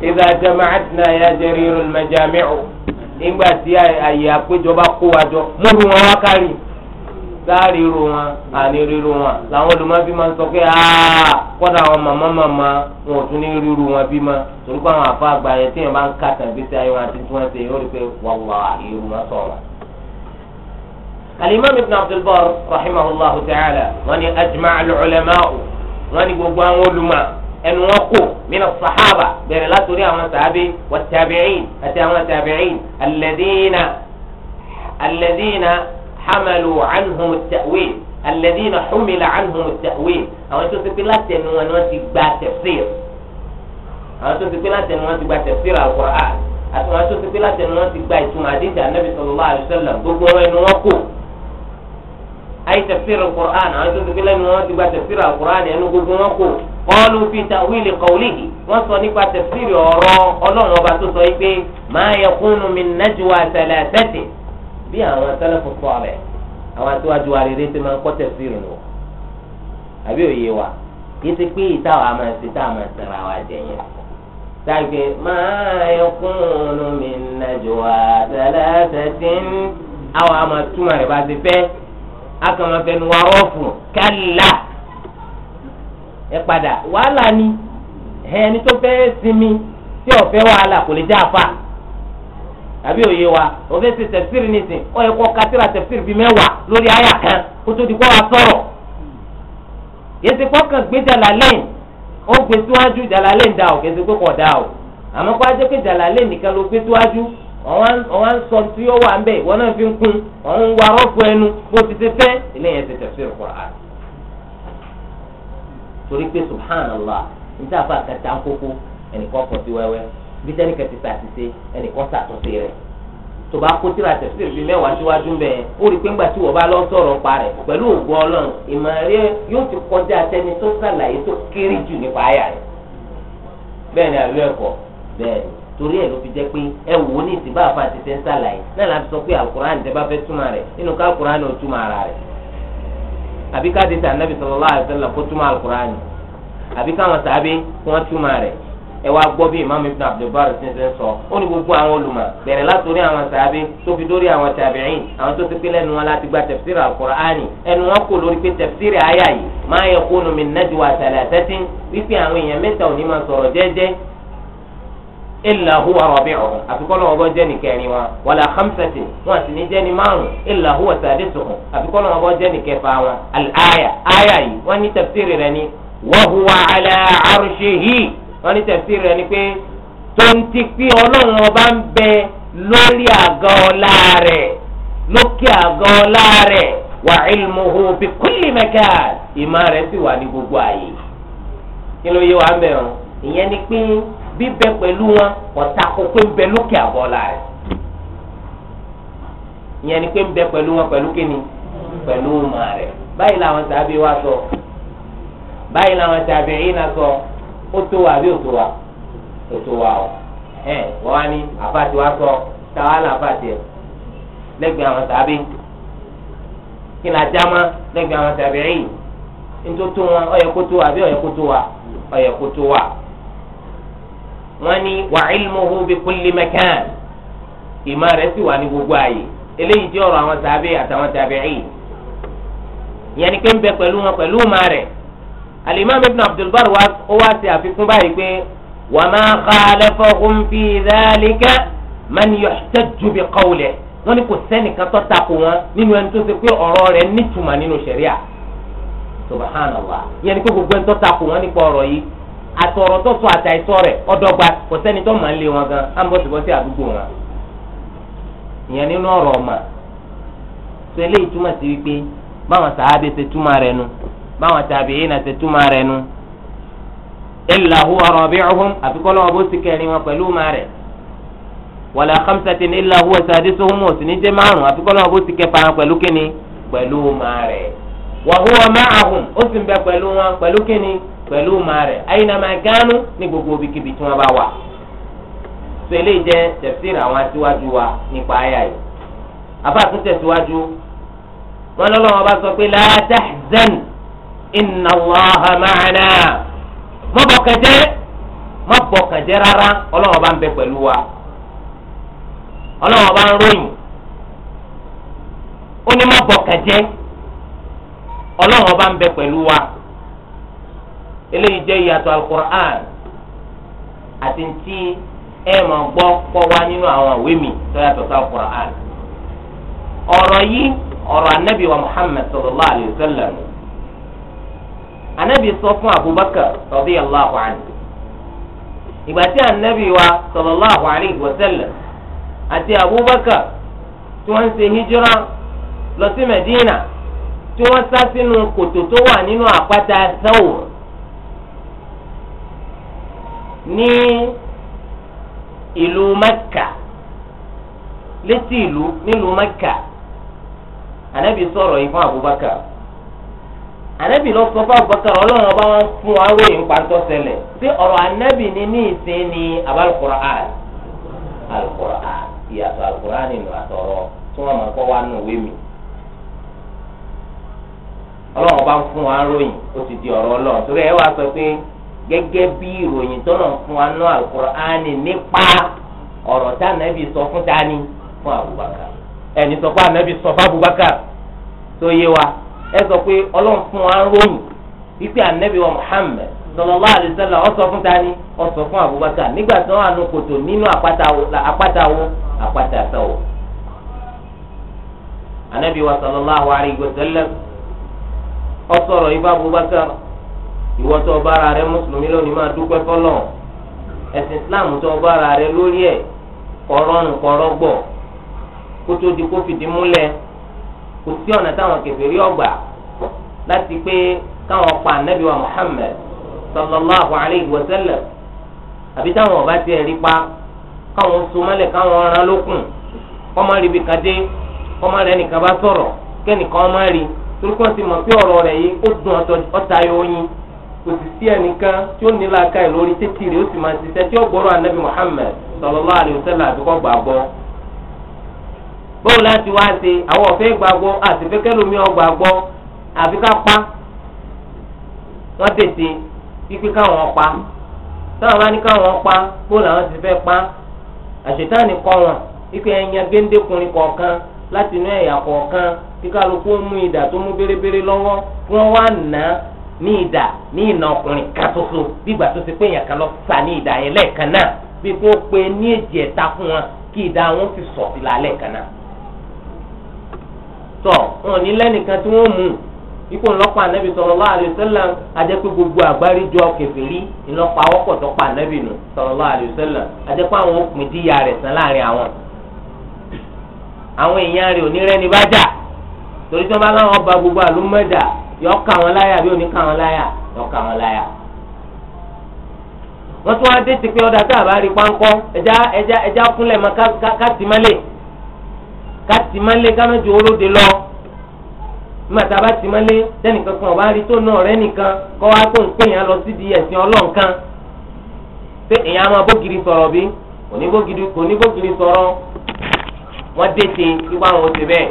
ìdá jama'atna ya jarirul majami'u ìgbà tí àyè àpéjọba kó wa jọ múru wọn wá kárí sáárì irú wọn àní ríru wọn làwọn olùmọ́bí máa ń sọ pé kọ́dà àwọn màmá màmá wọn ò tún ní ríru wọn bí ma torí pé àwọn àfa àgbà yẹn tí yẹn bá ń ká tàbí sí ayé wọn àti tí wọ́n ṣe yóò rí pé wàhùwà irú wọn sọ̀rọ̀. alimami ibn abdul bar rahimahullah ta'ala wọn ni ajma al wọn ni gbogbo àwọn olùmọ̀ ẹnu wọn kò mina sahaba bẹ̀rẹ̀ látòrí àwọn sàábé wa tabi'in àti àwọn tabi'in alladhina alladhina hamalu anhum tawil alladhina humila anhum tawil àwọn tó ti pé láti ẹnu wọn ni wọ́n ti gba tafsir àwọn tó ti pé láti ẹnu wọn ti gba tafsir al-Qur'an àti àwọn tó ti pé láti ẹnu wọn ti gba ìtumọ̀ àdéjà anábì sallallahu alaihi wasallam gbogbo wọn ẹnu wọn kò ayi tafsir al-Qur'an àwọn tó ti pé lẹ́nu wọn ti gba tafsir al-Qur'an ẹnu gbogbo wọn kò qalu fi ta'wili qawlihi wọ́n sọ nípa tafsir ọ̀rọ̀ ọlọ́run ọba tó sọ yìí pé ma yakunu min najwa thalathati bí àwọn sẹlẹfù sọọlẹ àwọn àtiwájú wa rere ṣe máa ń kọ́ tẹ̀síìrì nù àbí òye wa kì í ṣe pé ìta wa máa ṣe tá a máa sẹ̀ra wa jẹ yẹn. sàgbé máa yakunu min najwa thalathatin àwọn àmọ́ túmọ̀ rẹ̀ bá ti fẹ́ akọ̀mọ̀fẹ́nu wa rọ́ọ̀fù kálá ẹ padà wàhálà ni ẹni tó fẹ́ sinmi tí ó fẹ́ wàhálà kò lè jẹ́ àbí òye wa òfin ṣe tẹ̀síìrì nìsín ó yẹ kó kátìrà bi bíi mẹ́wàá lórí àyà kan kó tó di kó wa sọ̀rọ̀ yẹsi kọ́kàn gbé jalalẹ́yìn ó gbé síwájú o kẹsì pé kò da o àmọ́ kó ajẹ́ pé jalalẹ́yìn nìkan ló gbé síwájú ọ̀wá ń sọ tí ó wà ń bẹ̀ náà fi ń kún ń rọ́ọ̀fù ẹnu bó ti ti fẹ́ ẹsẹ̀ torí pé subhanallah bí tẹ́nìkan ti ṣàtìṣe ẹnìkan ṣàtúnṣe rẹ̀ tó bá kó tíra tẹ̀síìrì bíi mẹ́wàá síwájú bẹ́ẹ̀ ó rí i pé ńgbà tí wọ́n bá lọ sọ̀rọ̀ pa rẹ̀ pẹ̀lú ògo ọlọ́run ìmọ̀ rẹ̀ yóò ti kọjá tẹni tó ṣàlàyé tó kéré jù nípa àyà rẹ̀ bẹ́ẹ̀ ni àlọ́ ẹ̀kọ́ bẹ́ẹ̀ ni torí ẹ̀ ló fi jẹ́ pé ẹ wò ó ní ìsìnbá àfa àti tẹ́ ń ṣàlàyé náà láti sọ pé alukur'an tẹ́ bá fẹ́ túmọ̀ rẹ̀ nínú ká alukur'an ò túmọ̀ ara rẹ̀ àbí ẹ wá gbọ́ bí imam ibn abdulbar ṣe ń ṣe ń sọ ó ní gbogbo àwọn olùmọ̀ bẹ̀rẹ̀ látòrí àwọn sàbí tó fi dórí àwọn tàbíìn àwọn tó ti pín lẹ́nu wọn láti gba tafsiri al ẹnu wọn kò lórí pé tafsiri àyà yìí ma yakunu min najwa thalathatin wípé àwọn èèyàn mẹ́ta ò ní máa sọ̀rọ̀ jẹ́jẹ́ illa huwa rabi'uhum àfikọ́nà ọgbọ́n jẹ́ ní kẹrin wọn wala khamsatin wọn àti ní jẹ́ ní márùn illa huwa sadisuhum àfikọ́nà ọgbọ́n jẹ́ ní kẹfà wọn al-aya aya yìí wọ́n tafsiri rẹ̀ ni wa ala arshihi wọ́n ní tẹ̀sí rẹ̀ ni pé tó ń ti pé ọlọ́run ọba ń bẹ lórí àga ọlá rẹ̀ lókè àga ọlá rẹ̀ wà ilmuhu bi kulli makan ìmọ̀ rẹ̀ sì wà ní gbogbo àyè kí ló yẹ wàá bẹ̀ ọ́ ìyẹn ni pé bíbẹ pẹ̀lú wọn ọ̀tà kò ń bẹ lókè àga ọlá rẹ̀ ìyẹn ni pé ń bẹ pẹ̀lú wọn pẹ̀lú kíni pẹ̀lú ìmọ̀ rẹ̀ báyìí làwọn tàbí wa sọ báyìí làwọn tàbí ìyìn náà sọ ó tó wa àbí ó tó wa ó tó wa o ẹ wọ́n wá ní àfàtì wa sọ táwa là àfàtì ẹ lẹ́gbẹ̀ẹ́ àwọn tàbí kí ni ajá má lẹ́gbẹ̀ẹ́ àwọn tàbí ẹ̀yìn ntótó wọn ó yẹ kó tó wa àbí ó yẹ kó tó wa ó yẹ kó tó wa wọ́n ní wà ilmuhu bi kulli makan ìmọ̀ rẹ̀ sì wà ní gbogbo ààyè eléyìí jẹ́ ọ̀rọ̀ àwọn tàbí àtàwọn tàbí ẹ̀yìn yẹn ni pé ń bẹ pẹ̀lú wọn pẹ̀lú ìmọ̀ rẹ̀ alimami ibn abdulbar ó wá sí àfikún báyìí pé wa ma khalafahum fi dhalika man yuhtajju bi qawlihi wọ́n ní kò sẹ́nìkan tó takò wọn nínú ẹni tó ṣe pé ọ̀rọ̀ rẹ̀ nítumọ̀ nínú ṣẹ̀ríà subhanallah ìyẹn ni pé gbogbo ẹni tó takò wọn nípa ọ̀rọ̀ yìí àtọ̀rọ̀ tó sọ àtàìsọ rẹ̀ ọ̀dọ́gba kò sẹ́ni tó máa ń lé wọn gan á ń bọ́sibọ́sí àdúgbò wọn ìyẹn nínú ọ̀rọ̀ ọ̀mà tó eléyìí túmọ̀ sí wípé báwọn sàábẹ̀ ṣe túmọ̀ rẹ̀ nu báwọn tàbíyìn náà ṣe túmọ̀ rẹ̀ nu illa huwa rabi'uhum àfikọ́lọ́ ọ̀bọ sì kẹrin wọn pẹ̀lú ma rẹ̀ wala khamsatin illa huwa sadisuhum òsì ní jẹ́ márùn àfikọ́lọ́ ọ̀bọ sì kẹfà wọn pẹ̀lú kíni pẹ̀lú ma rẹ̀ wa huwa ma'ahum ó sì ń bẹ pẹ̀lú wọn pẹ̀lú kíni pẹ̀lú ma rẹ̀ aynama wọn lọ́lọ́wọ́ bá sọ pé la tahzan inna allaha ma'ana má bọkàn jẹ́ má bọkàn jẹ́ rárá ọlọ́wọ́n bá ń bẹ pẹ̀lú wa ọlọ́wọ́n bá ń ròyìn ó ní má bọkàn bá ń bẹ pẹ̀lú wa eléyìí alukur'an àti muhammad sallallahu alayhi wa sallam. anabi sọ fún abubakar radiyallahu anhu ìgbà tí anabi wa sallallahu alayhi wa sallam àti abubakar tí wọ́n ń ṣe hijira lọ sí medina tí wọ́n sá sínú kòtò tó wà nínú àpáta Thawr ní ìlú mẹ́kà létí ìlú nílùú mẹ́kà anabi sọ̀rọ̀ yìí fún abubakar anabi lọ sọ fún Abubakar Ọlọ́run ọba wọn fún wa wéyìn pàtó ṣẹlẹ̀ ṣé ọ̀rọ̀ anabi ni ní ìsìn ni abalukura alukura ìyàtọ̀ alukura nínú àtọ̀rọ̀ tí wọ́n máa kọ́ wa nù wé mi. Ọlọ́run ọba fún wa ròyìn ó ti di ọ̀rọ̀ Ọlọ́run torí ẹ wá sọ pé gẹ́gẹ́ bí ìròyìn tọ́nà fún wa nù alukura ni nípa ọ̀rọ̀ tá anabi sọ fún tani fún Abubakar ẹni sọ fún anabi sọ fún Abubakar tó yé wa. ẹ sọ pé ọlọ́run fún wa ròyìn wípé anabi wa muhammed sallallahu alaihi wasallam fún tani ó fún abubakar nígbà tí ninu àánú kòtò nínú àpáta wo àpáta sáwọ. anabi wa sallallahu alaihi abubakar rẹ mùsùlùmí lónìí máa dúpẹ́ islam rẹ lórí ẹ̀ kọ́rọ́nù kọ́rọ́gbọ̀ kò sí ọ̀nà táwọn kèfèrí ọgbà láti pé káwọn pa anabi wa muhammed sallallahu alayhi wa sallam àbí táwọn ọba tiẹ̀ rí pa káwọn so káwọn ọ̀ràn lókun kọ́mọ rí kadé kọ́mọ rẹ nìkan bá sọ̀rọ̀ kẹ́nìkan ọmọ rí torúkọ sí mọ̀ pé ọ̀rọ̀ rẹ̀ yìí ó dùn ọ̀tayọ̀ oyin kò sì sí aka ìlórí títì rẹ̀ ó sì máa ṣiṣẹ́ tí ó gbọ́rọ̀ bóun láti wá ṣe àwọn ọ̀fẹ́ gbàgbọ́ àti fẹ́kẹ́lómi ọgbàgbọ́ àfi ká pa wọ́n tètè pípé káwọn pa táwọn bá ní káwọn pa bóun làwọn ti fẹ́ pa àṣetáàní kọ wọn ikú ẹ̀yàn géńdékùnrin kọ̀ọ̀kan láti inú ẹ̀yà kọ̀ọ̀kan kí kálukú mú ìdà tó mú bérebére lọ́wọ́ kí wọ́n wá nà á ní ìdà ní ìnà ọkùnrin kan ṣoṣo bí ìgbà tó ti pé èèyàn kan lọ sà ní ìdà yẹn lẹ́ẹ̀kan náà bí kò pé ní èjì ẹ̀ta fún wọn kí ìdá wọn fi sọ̀tì lálẹ́ kan náà. tọ wọn ò ní lẹ́nìkan tí wọ́n mú ipò ńlọ́pàá ànábì sallallahu alaihi wasallam àjẹpẹ́ gbogbo agbari kẹfìrí ńlọ́pàá awọ́pọ̀ tọ́pàá ànábì nù sallallahu alaihi wasallam àjẹpẹ́ àwọn òpin díya rẹ sàn láàrin àwọn. àwọn èèyàn rẹ̀ ò ní bá jà torí tí bá láwọn ọba gbogbo yọ ká wọn láyà bí wọn wọn láyà. tún wá dé ti pé tá a ká tì má lé kámẹ́jọ olóde lọ nígbà tá a bá tì má lé sẹ́nìkan kan ọba rí tó náà rẹ́ nìkan kọ́ wá kó ń pè yàn lọ sídìí ẹ̀sìn ọlọ́ọ̀kan pé èèyàn á máa bógiri sọ̀rọ̀ bí kò ní bógiri sọ̀rọ̀ wọ́n dètè wípé àwọn ò ti bẹ́ẹ̀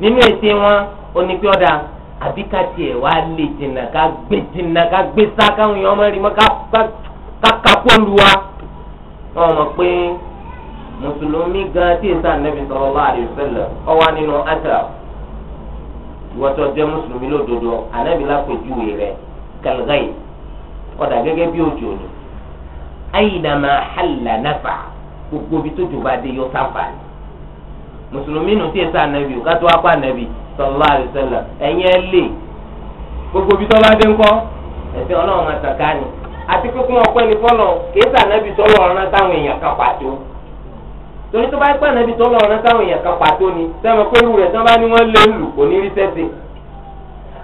nínú ète wọn ò ní pé ọ̀dà àbí ká tiẹ̀ wá lè jìnnà ká gbé jìnnà ká gbé sá káwọn èèyàn máa rí mọ́ ká kákó lu wa wọn mọ̀ pé. musulumi gan tí èsà nẹ́bí sallallahu alaihi wasallam ó ninu nínú àtàrà ìwọ́tọ̀ jẹ́ mùsùlùmí lódodo ànábì lápèjúwe rẹ̀ kàlgáì ɔda gẹ́gẹ́ bi òjò ni ayinama hàlà nàfà gbogbo bí tójú bá dé yọ sáfà musulumi mùsùlùmí nù tí èsà nẹ́bí ò kátó apá nẹ́bí sallallahu alaihi wasallam gbogbo bí torí tó bá pẹ́ nàbí tó lọ ọ̀rẹ́ sáwọn èèyàn kan pàtó ni sẹ́wọ̀n pé irú rẹ̀ tí wọ́n bá ní wọ́n lé lù kò ní rí sẹ́sẹ̀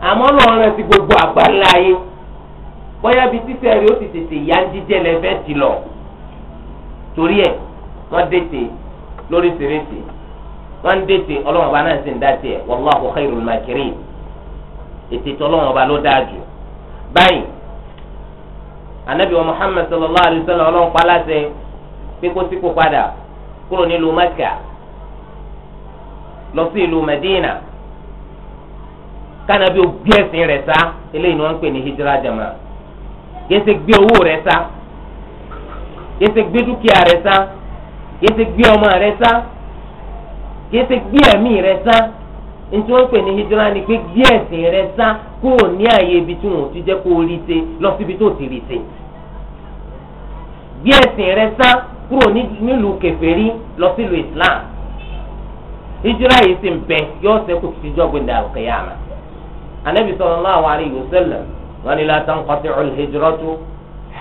àmọ́ lọ́ọ̀rẹ́ ti gbogbo àgbáńlá ayé bóyá bíi títẹ̀ rẹ̀ ó ti tètè yá jíjẹ́ lẹ́fẹ́ ti lọ torí ẹ̀ wọ́n dètè lóríṣiríṣi wọ́n dètè ọlọ́wọ́n ọba náà sì ń dàtì ẹ̀ wallahu khairul makirin ètè tọ́lọ́wọ́n ọba ló dáa jù báyìí anabi wa muhammad sallallahu alayhi wa sallam ọlọ́run pa láṣẹ pé kó kúrò nílùú Mẹ́kà lọ sí ìlú Mẹ́dínà kánábí ó gbé ẹ̀sìn rẹ̀ sá eléyìí ni wọ́n ń pè ní hijira jama yẹsẹ gbé owó rẹ̀ sá yẹsẹ gbé dúkìá rẹ̀ sá yẹsẹ gbé ọmọ rẹ̀ sá yẹsẹ gbé ẹ̀mí rẹ̀ sá ntí wọ́n ń pè ní hijira ni pé gbé ẹ̀sìn rẹ̀ sá kúrò ní àyè ibi tí wọ́n ti jẹ́ kó o rí ṣe lọ síbi tó ti rí ṣe gbé ẹ̀sìn rẹ sá kúrò nílùú kèfèrí lọ sílùú islam ìjírá yìí sì ń bẹ yóò ṣẹ́kù títí jọ́gbìn dàrú kẹyàmà anabi sallallahu alayhi wa sallam wọn ni la tanqati'u al-hijratu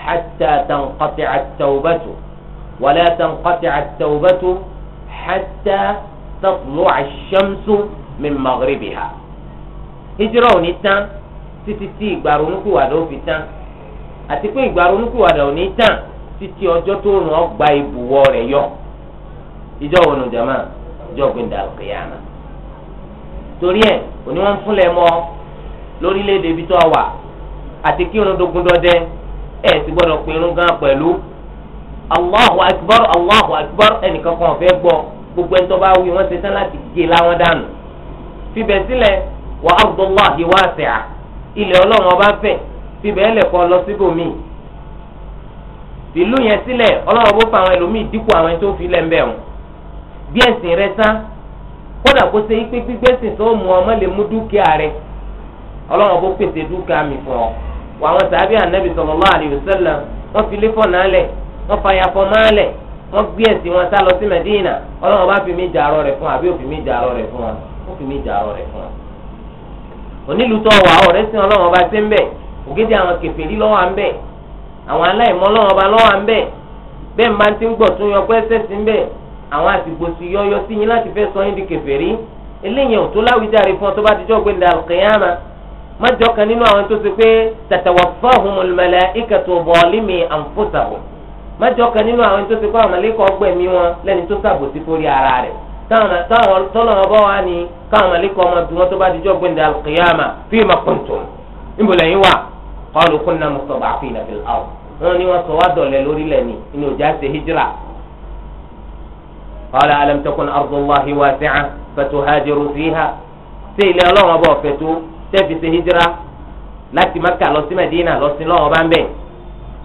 hatta tanqati'a at-tawbatu wa la tanqati'a at-tawbatu hatta tatlu'a ash-shamsu min maghribiha ìjírá tán títí tí ìgbà ronúkúwàdà ó tán àti pé ìgbà ronúkúwàdà ò ní tán títí ọjọ́ tó rùn ọ́ gba ìbùwọ̀ rẹ̀ yọ ìjọ wo nù jama ìjọ gbẹ̀ndà kìyàmà torí ẹ̀ òní wọ́n fúnlẹ̀ mọ́ lórílẹ̀‐èdè ibi tó wà àti kírun dogun dọdẹ ẹ̀ ti gbọ́dọ̀ pinnu gan pẹ̀lú allahu akbar allahu akbar ẹnìkan kan fẹ́ gbọ́ gbogbo ẹni tó bá wí wọ́n ṣe tán láti gé e láwọn dànù fibẹ̀ sílẹ̀ wà abdullahi wasi'a ilẹ̀ ọlọ́run ọba fẹ̀ fibẹ̀ ẹlẹ́kọ̀ọ́ lọ síbòmíì fìlú yẹn sílẹ̀ ọlọ́run bó fa àwọn ẹlòmíì dípò àwọn ẹni tó fi lẹ́ mbẹ́ wọn. bí ẹ̀sìn rẹ tán kódà kó ṣe pé gbígbẹ́sìn tó mú ọmọ lè mú dúkìá rẹ ọlọ́run bó pèsè dúkìá mi fún ọ. wà àwọn sàbí ànábì sallallahu alaihi wasallam wọ́n fi léfọ̀ náà lẹ̀ wọ́n fàyàfọ́ máa lẹ̀ wọ́n gbé ẹ̀sìn wọn sá lọ sí Mẹ́dínà ọlọ́run bá fi mí jàrọ rẹ̀ fún wa àbí òfin mí jàrọ rẹ̀ fún wa ó fi mí jàrọ rẹ̀ fún wa. onílùtọ̀ wà ọ̀rẹ́sìn ọlọ́run ọba ṣe ń bẹ̀ ògidì àwọn kèfèrí lọ́wọ́ à ń bẹ̀ àwọn aláìmọ̀ Ọlọ́run ọba lọ́wọ́ à ń bẹ̀ bẹ́ẹ̀ máa ti ń gbọ̀ tún yọ pé ẹsẹ̀ sí ń bẹ̀ àwọn àsìkò yọyọ sí yín láti fẹ́ sọ yín di kèfèrí eléyìí ò tó láwùjáre fún ọ tó bá ti jọ́ gbẹ̀ndà àlùkìyàmà má jọ kan nínú àwọn tó ṣe pé tatawaffahumul jọ kan nínú àwọn tó ṣe pé àwọn màlẹ́kọ̀ ọgbẹ̀mí wọn lẹ́ni tó forí ara rẹ̀ tọ́lọ̀ wọn ni wọn sọ wá dọ̀lẹ́ lórílẹ̀ ni inú ìjà ṣe hijira. qala alam takun ardullahi wasi'a fatuhajiru fiha ṣé ilé ọlọ́run ọba ọ̀fẹ́ tó tẹ́fi ṣe hijira láti maka lọ sí Madina lọ sí lọ́wọ́ bá ń bẹ̀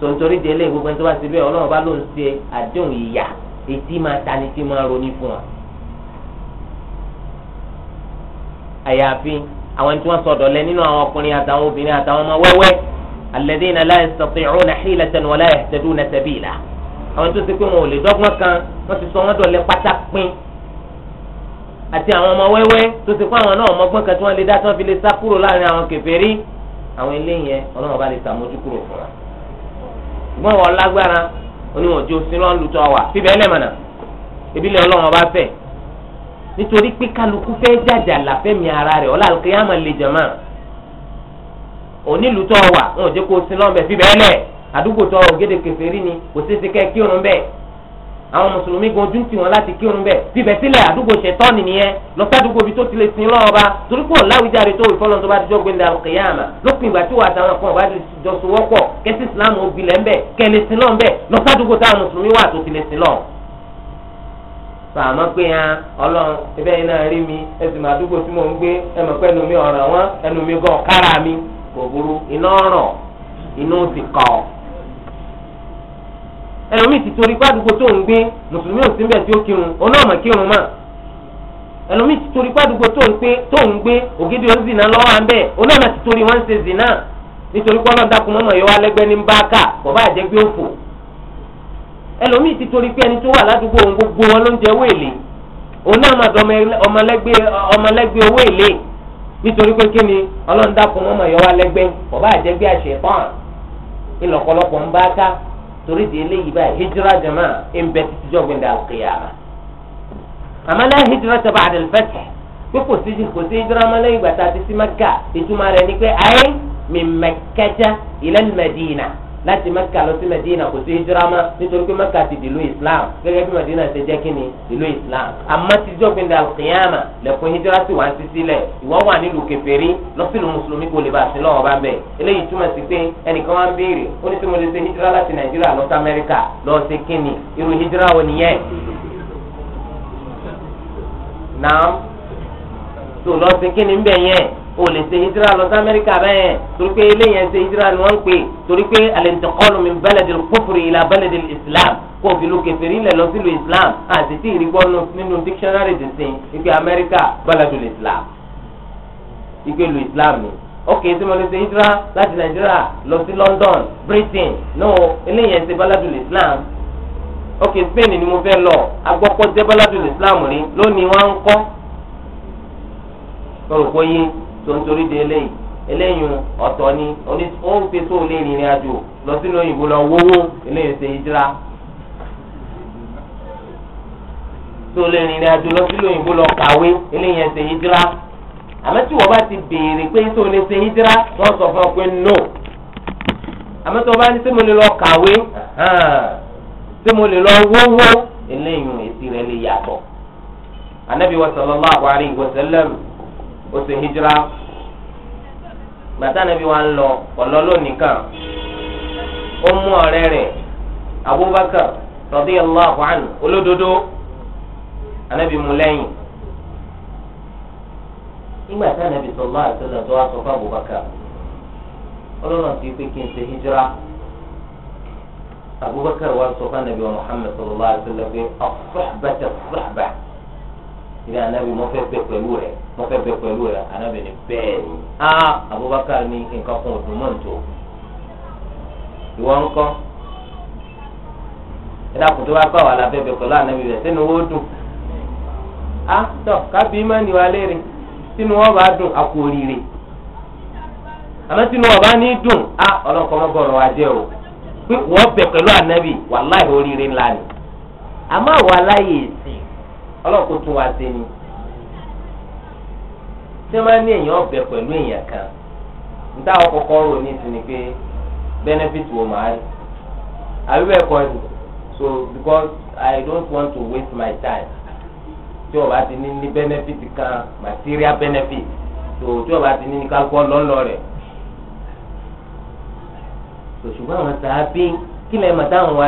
tontori délé gbogbo ẹni tó bá ti bẹ́ẹ̀ ọlọ́run bá ló ń ṣe àdéhùn ìyà etí máa tani tí máa ronú fún wa. àyàfi àwọn tí wọ́n sọ̀dọ̀ lẹ nínú àwọn ọkùnrin àtàwọn obìnrin àtàwọn ọmọ wẹ́wẹ́ الذين لا يستطيعون حيلة ولا la yahtaduna sabila àwọn tó ti pé wọn ò lè dọ́gbọ́n kan wọ́n ti sọ wọ́n dọ̀lẹ́ pátá pín àti àwọn ọmọ wẹ́wẹ́ tó ti pé àwọn náà ọmọgbọ́n kan tí wọ́n lè dá tí wọ́n fi lè sá kúrò láàrin àwọn kèfèrí àwọn eléyẹn ọlọ́run bá lè sàmójú kúrò fún wa ṣùgbọ́n wọn lágbára oníwọ̀n tí o sin lọ́n lùtọ́ fífẹ́ lẹ́mọ̀nà ebi lẹ́ ọlọ́run ọba fẹ́ nítorí pé kálukú fẹ́ jàjà làfẹ́mi ara rẹ̀ ọlá onílù tó wà wọn ò jẹ́ kó sin lọ́nbẹ̀ fi bẹ́ẹ̀ lẹ̀ àdúgbò tó ògèdè kèfèrí ni kò ṣeé ṣe kẹ́ kírun bẹ́ẹ̀ àwọn mùsùlùmí gan ojú ń tì wọn láti kírun bẹ́ẹ̀ bíbẹ̀ sílẹ̀ àdúgbò ṣẹ̀tọ́ọ̀nì nìyẹn lọ́sàdúgbò ibi tó ti lè sin lọ́wọ́ bá torí pé ọ̀làwíjàre tó ìfọ́nà tó bá dijọ́ gbẹ̀ndẹ̀ àlùkìyàmà lópin ìgbà tí wàá tàwọn kan bá jọ sowọ́pọ̀ kẹ́sì islam pé ya ọlọ́run ẹbẹ́ yìí náà rí mi ẹ̀sìn màdúgbò tí mò ń gbé ẹ̀mọ̀pẹ́ ẹnu mi ọ̀ràn wọn ẹnu mi gan kára mi kò burú iná ọ̀ràn inú ti kà ọ́. ẹlòmíì ti torí pàdúgbò tó ń gbé mùsùlùmí ò síbẹ̀ tí ó kírun òun náà mọ̀ kírun mọ́ ẹlòmíì ti torí pàdúgbò tó ń pé tó ń gbé ògidì ó ń zìnà lọ́wọ́ à ń bẹ̀ òun náà ti torí wọ́n ń ṣe zìnà nítorí pọ́nlọ́ dákun mọ́mọ́ yọ alẹ́gbẹ́ ní báàkà bọ̀bá àjẹgbé òfò ẹlòmíì ti torí pé ẹni tó wà ládùúgbò òun gbogbo wọn ló ń jẹ owó èlé òun náà máa dọ ọmọlẹ́gbẹ́ owó èlé nítorí pé kí ni ọlọ́run dákun mọ́mọ́ yọ wá lẹ́gbẹ́ ọba àjẹgbẹ́ àṣẹ tán ìlọ̀kọlọpọ̀ ń bá ká torí di eléyìí báyìí hijira jama ń bẹ títí jọ́gbìn dà kéèyàmà àmọ́ lẹ́yìn hijira tẹ̀bà àdìl fẹ́tẹ̀ pé kò sí kò sí hijira mọ́ lẹ́yìn gbàtà àti sí mẹ́kà ìtumọ̀ rẹ̀ ni pé ayé mi mẹ́kẹ́jà ilẹ̀ mẹ́dínà láti mẹ́kà lọ sí mẹ́dínà kò sí hijirama nítorí pé mẹ́kà ti dìlú islam gẹ́gẹ́ bí mẹ́dínà ṣe jẹ́ kí ni ìlú islam àmọ́ ti jọ́ pé al-qiyama lẹ́kùn hijira sì wá sí sílẹ̀ ìwọ wà nílùú kèfèrí lọ́sìnù mùsùlùmí kò lè bá àṣẹ lọ́wọ́ bá bẹ̀ eléyìí túmọ̀ sí pé ẹnìkan wá ń béèrè ó ní tí mo lè ṣe hijira láti nàìjíríà lọ sí amẹ́ríkà lọ sí kí ni irú hijira wo nìyẹn náà tó lọ sí kí ni ń bẹ̀ o lè ṣe hijira lọ sí amẹ́ríkà bẹ́ẹ̀ torí pé eléyẹn ṣe hijira ni wọ́n ń pè torí pé al-intiqal min baladil kufri ila baladil islam kó o fi lu kèfèrí lẹ̀ lọ sílùú islam àti tí ìrìgbọ́ nínú dictionary ti sìn ìpè amẹ́ríkà baladil islam ìpè lu islam ni ok ṣé mo lè ṣe hijira láti nàìjíríà lọ sí london britain no eléyẹn ṣe baladil islam ok spain ni mo fẹ́ lọ agbọ́kọ́ jẹ́ baladil islam rí lónìí wọ́n ń kọ́ lọ́rùkọ́ yé tó ń torí de eléyìí eléyìí ọ̀tọ̀ ni oní ó ń pe tó lé ìrìn àjò lọ sínú òyìnbó lọ wówó eléyìí ṣe ìdíra tó lé ìrìn àjò lọ sínú òyìnbó lọ kàwé eléyìí ṣe ìdíra àmọ́ tí wọ́n bá ti béèrè pé tó lè ṣe ìdíra wọ́n sọ fún ọ pé no àmọ́ tí bá ní sí lè lọ kàwé sí lè lọ wówó eléyìí èsì rẹ̀ lè yàtọ̀ anabi wa sallallahu alayhi wa sallam ó ṣe hijira. gbàtà nàbí wa ń lọ ọ̀lọ́ lónìí kan Abubakar radiyallahu anhu olódodo anabi mu lẹ́yìn nígbà tí alaihi wasallam tó wá sọ fún Abubakar ọlọ́run ti pé kí hijira Abubakar wá sọ wa Muhammad sallallahu alaihi wasallam pé ìrẹ anabi mo fẹ́ bẹ pẹ̀lú rẹ mo fẹ́ bẹ pẹ̀lú rẹ anabi ni bẹ́ẹ̀ ni a abubakar ni nǹkan kan ò dùn mọ́ nítorí ìwọ ńkọ́ ẹ̀dá kùtù bá kọ́ àwọn alábẹ́bẹ̀ pẹ̀lú anabi rẹ sínú owó dùn a tọ kábíyì má ní wa léèrè sínú wọn bá dùn a kú oríire àmọ́ sínú wọn bá ní dùn a ọlọ́nkọ́ mọ́ bọ̀rọ̀ wa jẹ́ o pé wọ́n bẹ̀ pẹ̀lú anabi wàláhì oríire ńlá ni àmọ́ àwọn aláyè sí ọlọ́run kò tún wá sí ni tí wọ́n máa ní èèyàn ọ̀bẹ pẹ̀lú èèyàn kan níta benefit wo màá rí àbí ni so because I don't want to waste my time tí o bá ti ní ní benefit kan material benefit so tí o bá ti ní ní so ṣùgbọ́n àwọn mọ̀ táwọn wá